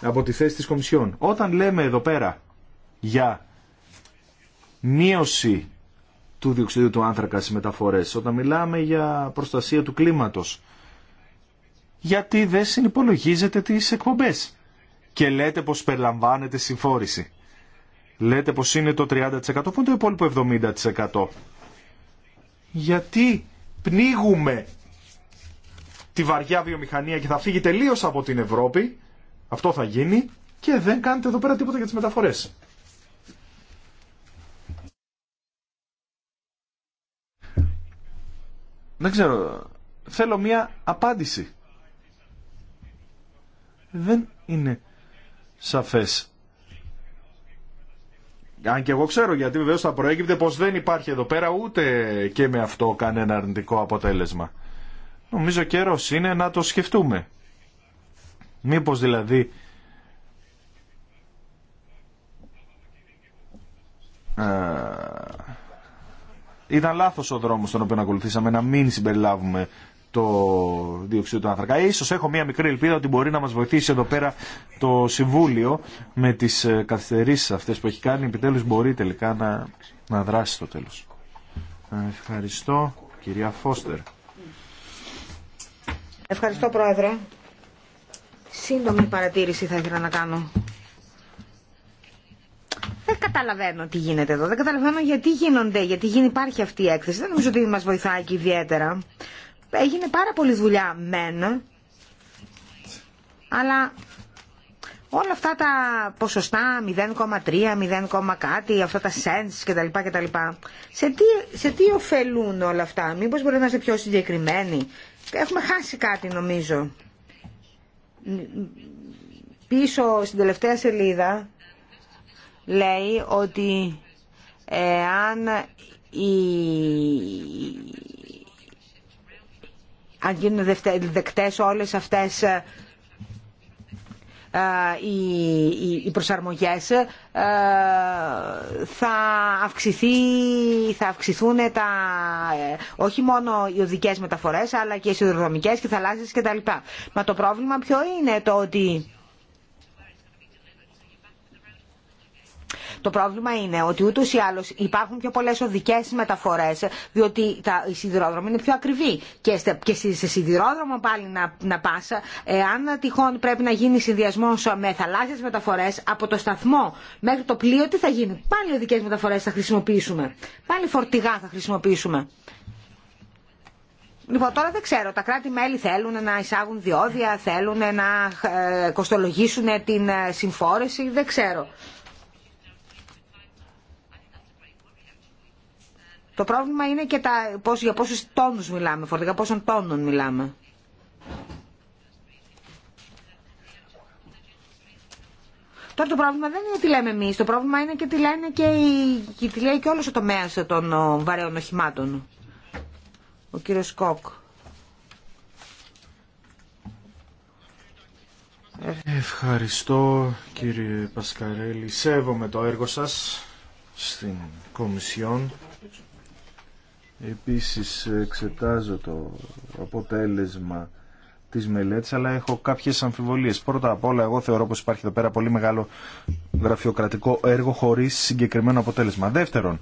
Από τη θέση της Κομισιόν. Όταν λέμε εδώ πέρα για μείωση του διοξιδίου του άνθρακα στις μεταφορές, όταν μιλάμε για προστασία του κλίματος, γιατί δεν συνυπολογίζετε τις εκπομπές και λέτε πως περιλαμβάνεται συμφόρηση. Λέτε πως είναι το 30% που είναι το υπόλοιπο 70%. Γιατί πνίγουμε τη βαριά βιομηχανία και θα φύγει τελείω από την Ευρώπη, αυτό θα γίνει, και δεν κάνετε εδώ πέρα τίποτα για τις μεταφορές. Δεν ξέρω. Θέλω μία απάντηση δεν είναι σαφές. Αν και εγώ ξέρω γιατί βεβαίως θα προέκυπτε πως δεν υπάρχει εδώ πέρα ούτε και με αυτό κανένα αρνητικό αποτέλεσμα. Νομίζω καιρό είναι να το σκεφτούμε. Μήπως δηλαδή ήταν λάθος ο δρόμος στον οποίο ακολουθήσαμε να μην συμπεριλάβουμε το διοξείδιο του άνθρακα. Ίσως έχω μια μικρή ελπίδα ότι μπορεί να μας βοηθήσει εδώ πέρα το Συμβούλιο με τις ε, καθυστερήσεις αυτές που έχει κάνει. Επιτέλους μπορεί τελικά να, να δράσει στο τέλος. Ευχαριστώ κυρία Φώστερ. Ευχαριστώ Πρόεδρε. Σύντομη παρατήρηση θα ήθελα να κάνω. Δεν καταλαβαίνω τι γίνεται εδώ. Δεν καταλαβαίνω γιατί γίνονται, γιατί υπάρχει αυτή η έκθεση. Δεν νομίζω ότι μα βοηθάει και ιδιαίτερα έγινε πάρα πολύ δουλειά μεν, αλλά όλα αυτά τα ποσοστά 0,3, 0, κάτι, αυτά τα cents κτλ. κτλ σε, τι, σε τι ωφελούν όλα αυτά, μήπως μπορεί να είστε πιο συγκεκριμένοι. Έχουμε χάσει κάτι νομίζω. Πίσω στην τελευταία σελίδα λέει ότι εάν η, αν γίνουν δεκτές όλες αυτές ε, ε, οι προσαρμογές ε, θα, αυξηθεί, θα αυξηθούν τα, όχι μόνο οι οδικές μεταφορές αλλά και οι σιδηροδρομικές και θαλάσσιες κτλ. Μα το πρόβλημα ποιο είναι το ότι Το πρόβλημα είναι ότι ούτω ή άλλω υπάρχουν πιο πολλέ οδικέ μεταφορέ, διότι τα, οι είναι πιο ακριβη Και, σε, και σε σιδηρόδρομο πάλι να, να πα, εάν τυχόν πρέπει να γίνει συνδυασμό με θαλάσσιε μεταφορέ από το σταθμό μέχρι το πλοίο, τι θα γίνει. Πάλι οδικέ μεταφορέ θα χρησιμοποιήσουμε. Πάλι φορτηγά θα χρησιμοποιήσουμε. Λοιπόν, τώρα δεν ξέρω. Τα κράτη-μέλη θέλουν να εισάγουν διόδια, θέλουν να ε, κοστολογήσουν την ε, συμφόρεση, δεν ξέρω. Το πρόβλημα είναι και τα, πόσο, για πόσους τόνους μιλάμε, φορτικά πόσων τόνων μιλάμε. Τώρα το πρόβλημα δεν είναι τι λέμε εμείς, το πρόβλημα είναι και τι λένε και, η και τι λέει και όλος ο τομέας των βαρέων οχημάτων. Ο κύριος Κόκ. Ευχαριστώ κύριε Πασκαρέλη. Σέβομαι το έργο σας στην Κομισιόν Επίσης εξετάζω το αποτέλεσμα της μελέτης, αλλά έχω κάποιες αμφιβολίες. Πρώτα απ' όλα, εγώ θεωρώ πως υπάρχει εδώ πέρα πολύ μεγάλο γραφειοκρατικό έργο χωρίς συγκεκριμένο αποτέλεσμα. Δεύτερον,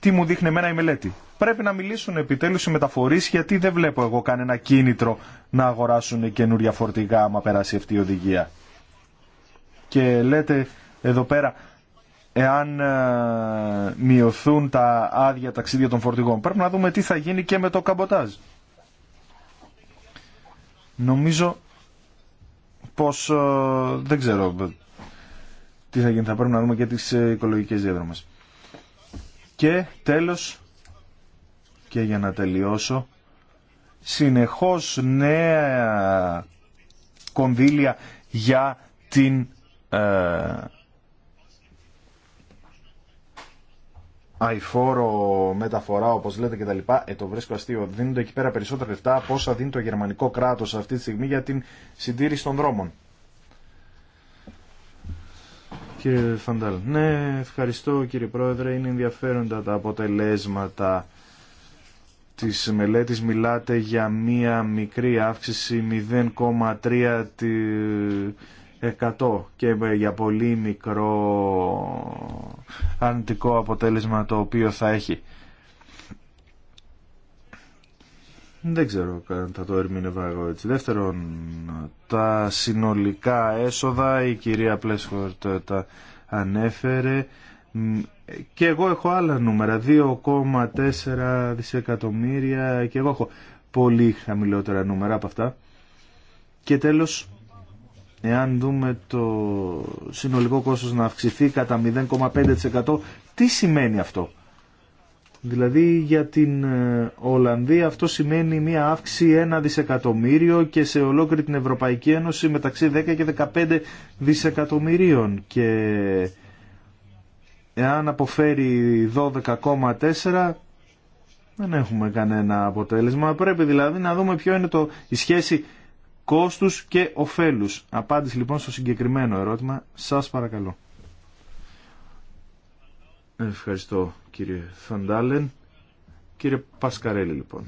τι μου δείχνει εμένα η μελέτη. Πρέπει να μιλήσουν επιτέλους οι μεταφορείς, γιατί δεν βλέπω εγώ κανένα κίνητρο να αγοράσουν καινούρια φορτηγά άμα περάσει αυτή η οδηγία. Και λέτε εδώ πέρα εάν ε, μειωθούν τα άδεια ταξίδια των φορτηγών. Πρέπει να δούμε τι θα γίνει και με το καμποτάζ. Νομίζω πως ε, δεν ξέρω ε, τι θα γίνει. Θα πρέπει να δούμε και τις οικολογικές διαδρομές. Και τέλος, και για να τελειώσω, συνεχώς νέα κονδύλια για την αϊφόρο μεταφορά όπω λέτε κτλ. Ε, το βρίσκω αστείο. Δίνονται εκεί πέρα περισσότερα λεφτά από όσα δίνει το γερμανικό κράτο αυτή τη στιγμή για την συντήρηση των δρόμων. Κύριε Φαντάλ, ναι, ευχαριστώ κύριε Πρόεδρε. Είναι ενδιαφέροντα τα αποτελέσματα της μελέτης. Μιλάτε για μία μικρή αύξηση 0,3 100 και για πολύ μικρό αρνητικό αποτέλεσμα το οποίο θα έχει. Δεν ξέρω αν θα το ερμηνεύα εγώ έτσι. Δεύτερον, τα συνολικά έσοδα, η κυρία Πλέσχορτ τα ανέφερε. Και εγώ έχω άλλα νούμερα, 2,4 δισεκατομμύρια και εγώ έχω πολύ χαμηλότερα νούμερα από αυτά. Και τέλος, εάν δούμε το συνολικό κόστος να αυξηθεί κατά 0,5% τι σημαίνει αυτό δηλαδή για την ε, Ολλανδία αυτό σημαίνει μια αύξηση 1 δισεκατομμύριο και σε ολόκληρη την Ευρωπαϊκή Ένωση μεταξύ 10 και 15 δισεκατομμυρίων και εάν αποφέρει 12,4 δεν έχουμε κανένα αποτέλεσμα. Πρέπει δηλαδή να δούμε ποιο είναι το, η σχέση κόστους και ωφέλους. Απάντηση λοιπόν στο συγκεκριμένο ερώτημα. Σας παρακαλώ. Ευχαριστώ κύριε Φαντάλεν. Κύριε Πασκαρέλη λοιπόν.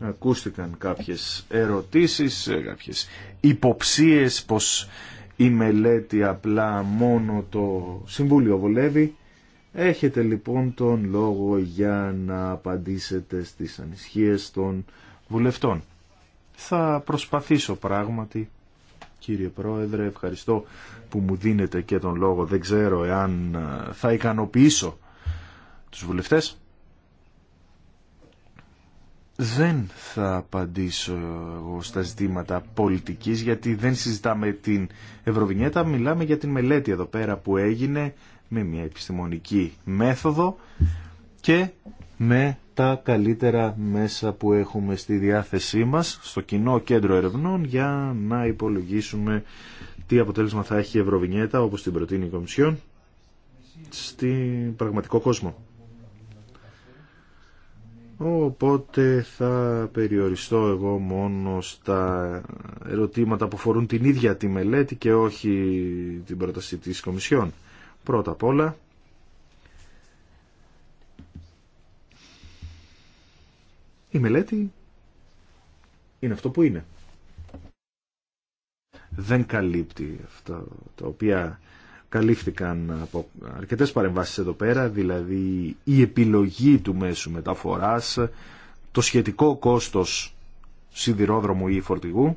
Ακούστηκαν κάποιες ερωτήσεις, κάποιες υποψίες πως η μελέτη απλά μόνο το Συμβούλιο βολεύει. Έχετε λοιπόν τον λόγο για να απαντήσετε στις ανησυχίες των βουλευτών. Θα προσπαθήσω πράγματι, κύριε Πρόεδρε, ευχαριστώ που μου δίνετε και τον λόγο. Δεν ξέρω εάν ε, θα ικανοποιήσω τους βουλευτές. Δεν θα απαντήσω εγώ στα ζητήματα πολιτικής γιατί δεν συζητάμε την Ευρωβινιέτα, μιλάμε για την μελέτη εδώ πέρα που έγινε με μια επιστημονική μέθοδο και με τα καλύτερα μέσα που έχουμε στη διάθεσή μας στο κοινό κέντρο ερευνών για να υπολογίσουμε τι αποτέλεσμα θα έχει η Ευρωβινιέτα όπως την προτείνει η Κομισιόν στην πραγματικό κόσμο. Οπότε θα περιοριστώ εγώ μόνο στα ερωτήματα που φορούν την ίδια τη μελέτη και όχι την πρόταση της Κομισιόν. Πρώτα απ' όλα, Η μελέτη είναι αυτό που είναι. Δεν καλύπτει αυτά τα οποία καλύφθηκαν από αρκετές παρεμβάσεις εδώ πέρα, δηλαδή η επιλογή του μέσου μεταφοράς, το σχετικό κόστος σιδηρόδρομου ή φορτηγού,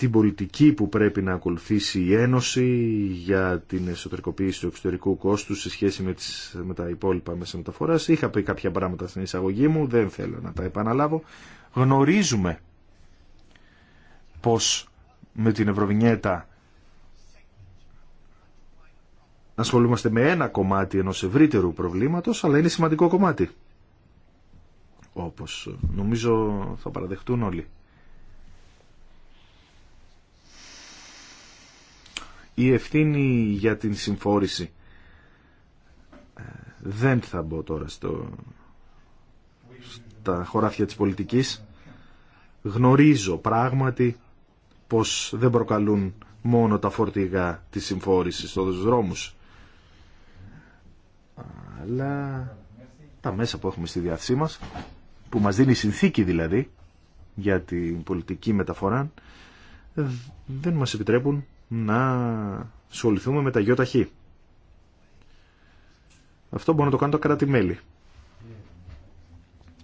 την πολιτική που πρέπει να ακολουθήσει η Ένωση για την εσωτερικοποίηση του εξωτερικού κόστου σε σχέση με, τις, με τα υπόλοιπα μέσα μεταφορά, Είχα πει κάποια πράγματα στην εισαγωγή μου, δεν θέλω να τα επαναλάβω. Γνωρίζουμε πως με την Ευρωβινιέτα ασχολούμαστε με ένα κομμάτι ενός ευρύτερου προβλήματος, αλλά είναι σημαντικό κομμάτι. Όπως νομίζω θα παραδεχτούν όλοι. Η ευθύνη για την συμφόρηση ε, δεν θα μπω τώρα στο, στα χωράφια της πολιτικής. Γνωρίζω πράγματι πως δεν προκαλούν μόνο τα φορτηγά της συμφόρησης στους δρόμους. Αλλά τα μέσα που έχουμε στη διάθεσή μας, που μας δίνει συνθήκη δηλαδή για την πολιτική μεταφορά, δεν μας επιτρέπουν να σχοληθούμε με τα ΙΟΤΑΧΗ. Αυτό μπορεί να το κάνω τα τη μελη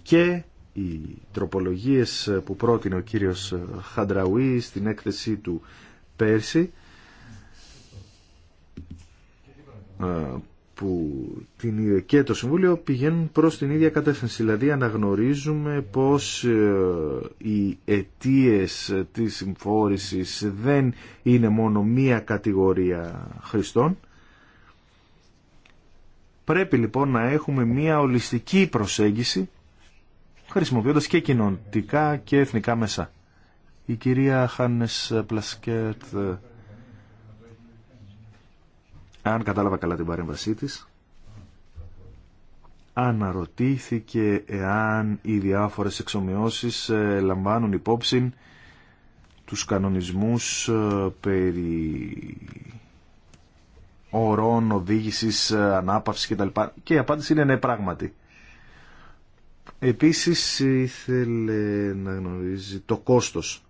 Και οι τροπολογίες που πρότεινε ο κύριος Χαντραουή στην έκθεσή του πέρσι που την και το Συμβούλιο πηγαίνουν προς την ίδια κατεύθυνση. Δηλαδή αναγνωρίζουμε πως ε, οι αιτίες της συμφόρησης δεν είναι μόνο μία κατηγορία χρηστών. Πρέπει λοιπόν να έχουμε μία ολιστική προσέγγιση χρησιμοποιώντας και κοινωνικά και εθνικά μέσα. Η κυρία Χάνες Πλασκέτ ε, αν κατάλαβα καλά την παρέμβασή της, αναρωτήθηκε εάν οι διάφορες εξομοιώσεις ε, λαμβάνουν υπόψη τους κανονισμούς ε, περί ορών, οδήγησης, ε, ανάπαυσης κτλ. Και η απάντηση είναι ναι πράγματι. Επίσης ήθελε να γνωρίζει το κόστος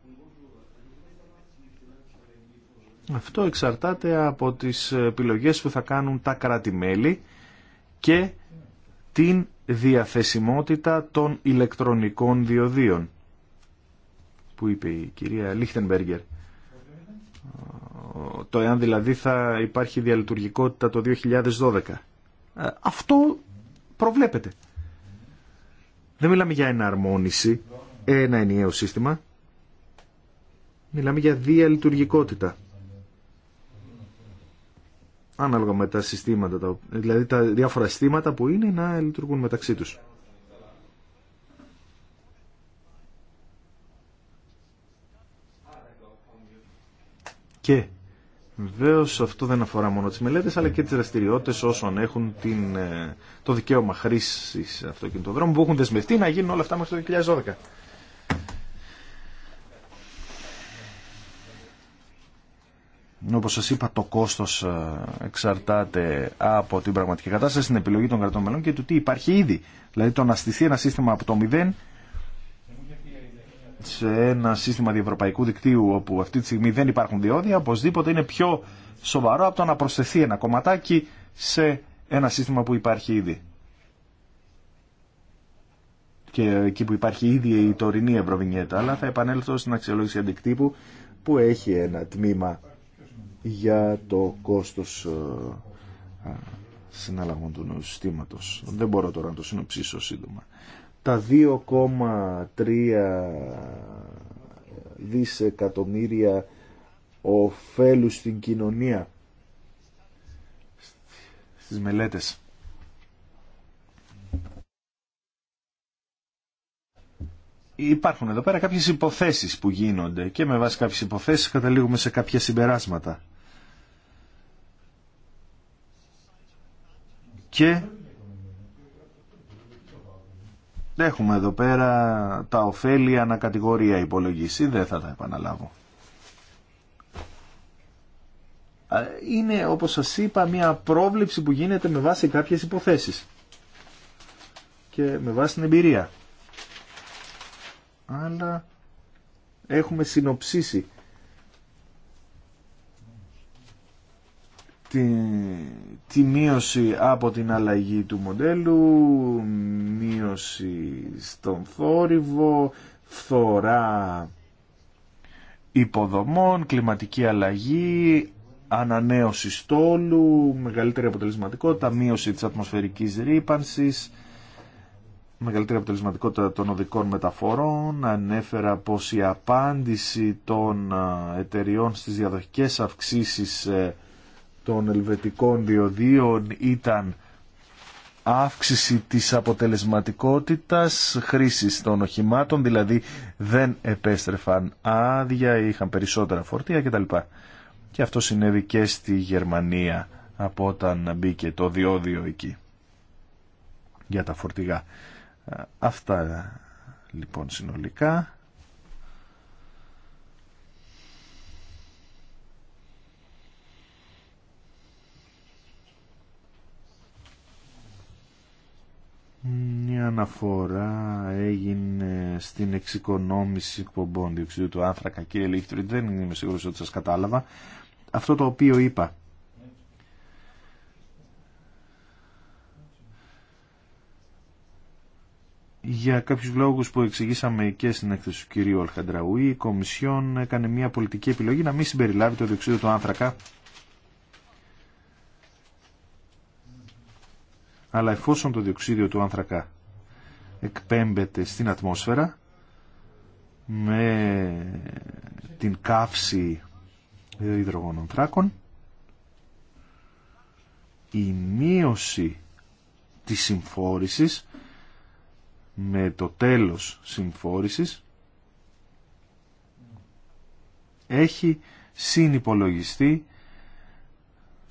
Αυτό εξαρτάται από τις επιλογές που θα κάνουν τα κράτη-μέλη και την διαθεσιμότητα των ηλεκτρονικών διοδίων που είπε η κυρία Λίχτενμπέργκερ. Το εάν δηλαδή θα υπάρχει διαλειτουργικότητα το 2012. Ε, αυτό προβλέπεται. Δεν μιλάμε για εναρμόνιση, ένα ενιαίο σύστημα. Μιλάμε για διαλειτουργικότητα ανάλογα με τα συστήματα, δηλαδή τα διάφορα συστήματα που είναι να λειτουργούν μεταξύ τους. Και βεβαίω αυτό δεν αφορά μόνο τις μελέτες αλλά και τις δραστηριότητε όσων έχουν την, ε, το δικαίωμα χρήσης αυτοκινητοδρόμου που έχουν δεσμευτεί να γίνουν όλα αυτά μέχρι το 2012. Όπως σας είπα, το κόστος ε, εξαρτάται από την πραγματική κατάσταση, στην επιλογή των κρατών μελών και του τι υπάρχει ήδη. Δηλαδή το να στηθεί ένα σύστημα από το μηδέν σε ένα σύστημα διευρωπαϊκού δικτύου όπου αυτή τη στιγμή δεν υπάρχουν διόδια, οπωσδήποτε είναι πιο σοβαρό από το να προσθεθεί ένα κομματάκι σε ένα σύστημα που υπάρχει ήδη. Και εκεί που υπάρχει ήδη η τωρινή Ευρωβινιέτα, αλλά θα επανέλθω στην αξιολόγηση αντικτύπου που έχει ένα τμήμα για το κόστος ε, συναλλαγών του συστήματος. Δεν μπορώ τώρα να το συνοψίσω σύντομα. Τα 2,3 ε, δισεκατομμύρια ωφέλου στην κοινωνία στις μελέτες. Υπάρχουν εδώ πέρα κάποιες υποθέσεις που γίνονται και με βάση κάποιες υποθέσεις καταλήγουμε σε κάποια συμπεράσματα. και έχουμε εδώ πέρα τα ωφέλη ανακατηγορία υπολογίση, δεν θα τα επαναλάβω. Είναι όπως σας είπα μια πρόβλεψη που γίνεται με βάση κάποιες υποθέσεις και με βάση την εμπειρία. Αλλά έχουμε συνοψίσει τη, τη μείωση από την αλλαγή του μοντέλου, μείωση στον θόρυβο, φθορά υποδομών, κλιματική αλλαγή, ανανέωση στόλου, μεγαλύτερη αποτελεσματικότητα, μείωση της ατμοσφαιρικής ρήπανσης, μεγαλύτερη αποτελεσματικότητα των οδικών μεταφορών. Ανέφερα πως η απάντηση των ε, εταιριών στις διαδοχικές αυξήσεις ε, των ελβετικών διοδίων ήταν αύξηση της αποτελεσματικότητας χρήσης των οχημάτων, δηλαδή δεν επέστρεφαν άδεια, είχαν περισσότερα φορτία κτλ. Και αυτό συνέβη και στη Γερμανία από όταν μπήκε το διόδιο εκεί για τα φορτηγά. Αυτά λοιπόν συνολικά. Μια αναφορά έγινε στην εξοικονόμηση εκπομπών διοξιδίου του άνθρακα. Κύριε Λίχτρη, δεν είμαι σίγουρος ότι σας κατάλαβα. Αυτό το οποίο είπα. Για κάποιους λόγους που εξηγήσαμε και στην έκθεση του κυρίου Αλχαντραουή, η Κομισιόν έκανε μια πολιτική επιλογή να μην συμπεριλάβει το διοξείδιο του άνθρακα Αλλά εφόσον το διοξίδιο του άνθρακα εκπέμπεται στην ατμόσφαιρα με την καύση υδρογόνων ανθράκων, η μείωση της συμφόρησης με το τέλος συμφόρησης έχει συνυπολογιστεί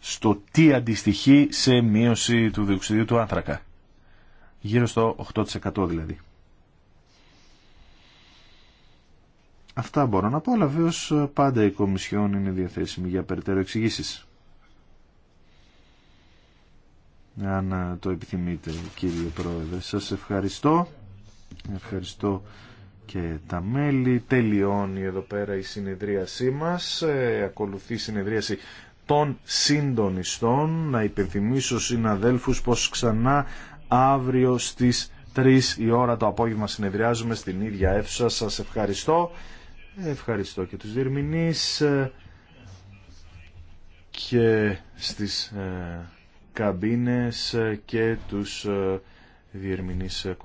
στο τι αντιστοιχεί σε μείωση του διοξιδίου του άνθρακα. Γύρω στο 8% δηλαδή. Αυτά μπορώ να πω, αλλά βέβαιω πάντα η Κομισιόν είναι διαθέσιμη για περαιτέρω εξηγήσεις. Αν το επιθυμείτε κύριε Πρόεδρε. Σας ευχαριστώ. Ευχαριστώ και τα μέλη. Τελειώνει εδώ πέρα η συνεδρίασή μας. Ε, ακολουθεί η συνεδρίαση των συντονιστών. Να υπενθυμίσω συναδέλφους πως ξανά αύριο στις 3 η ώρα το απόγευμα συνεδριάζουμε στην ίδια αίθουσα. Σας ευχαριστώ. Ευχαριστώ και τους διερμηνείς και στις ε, καμπίνες και τους ε, διερμηνείς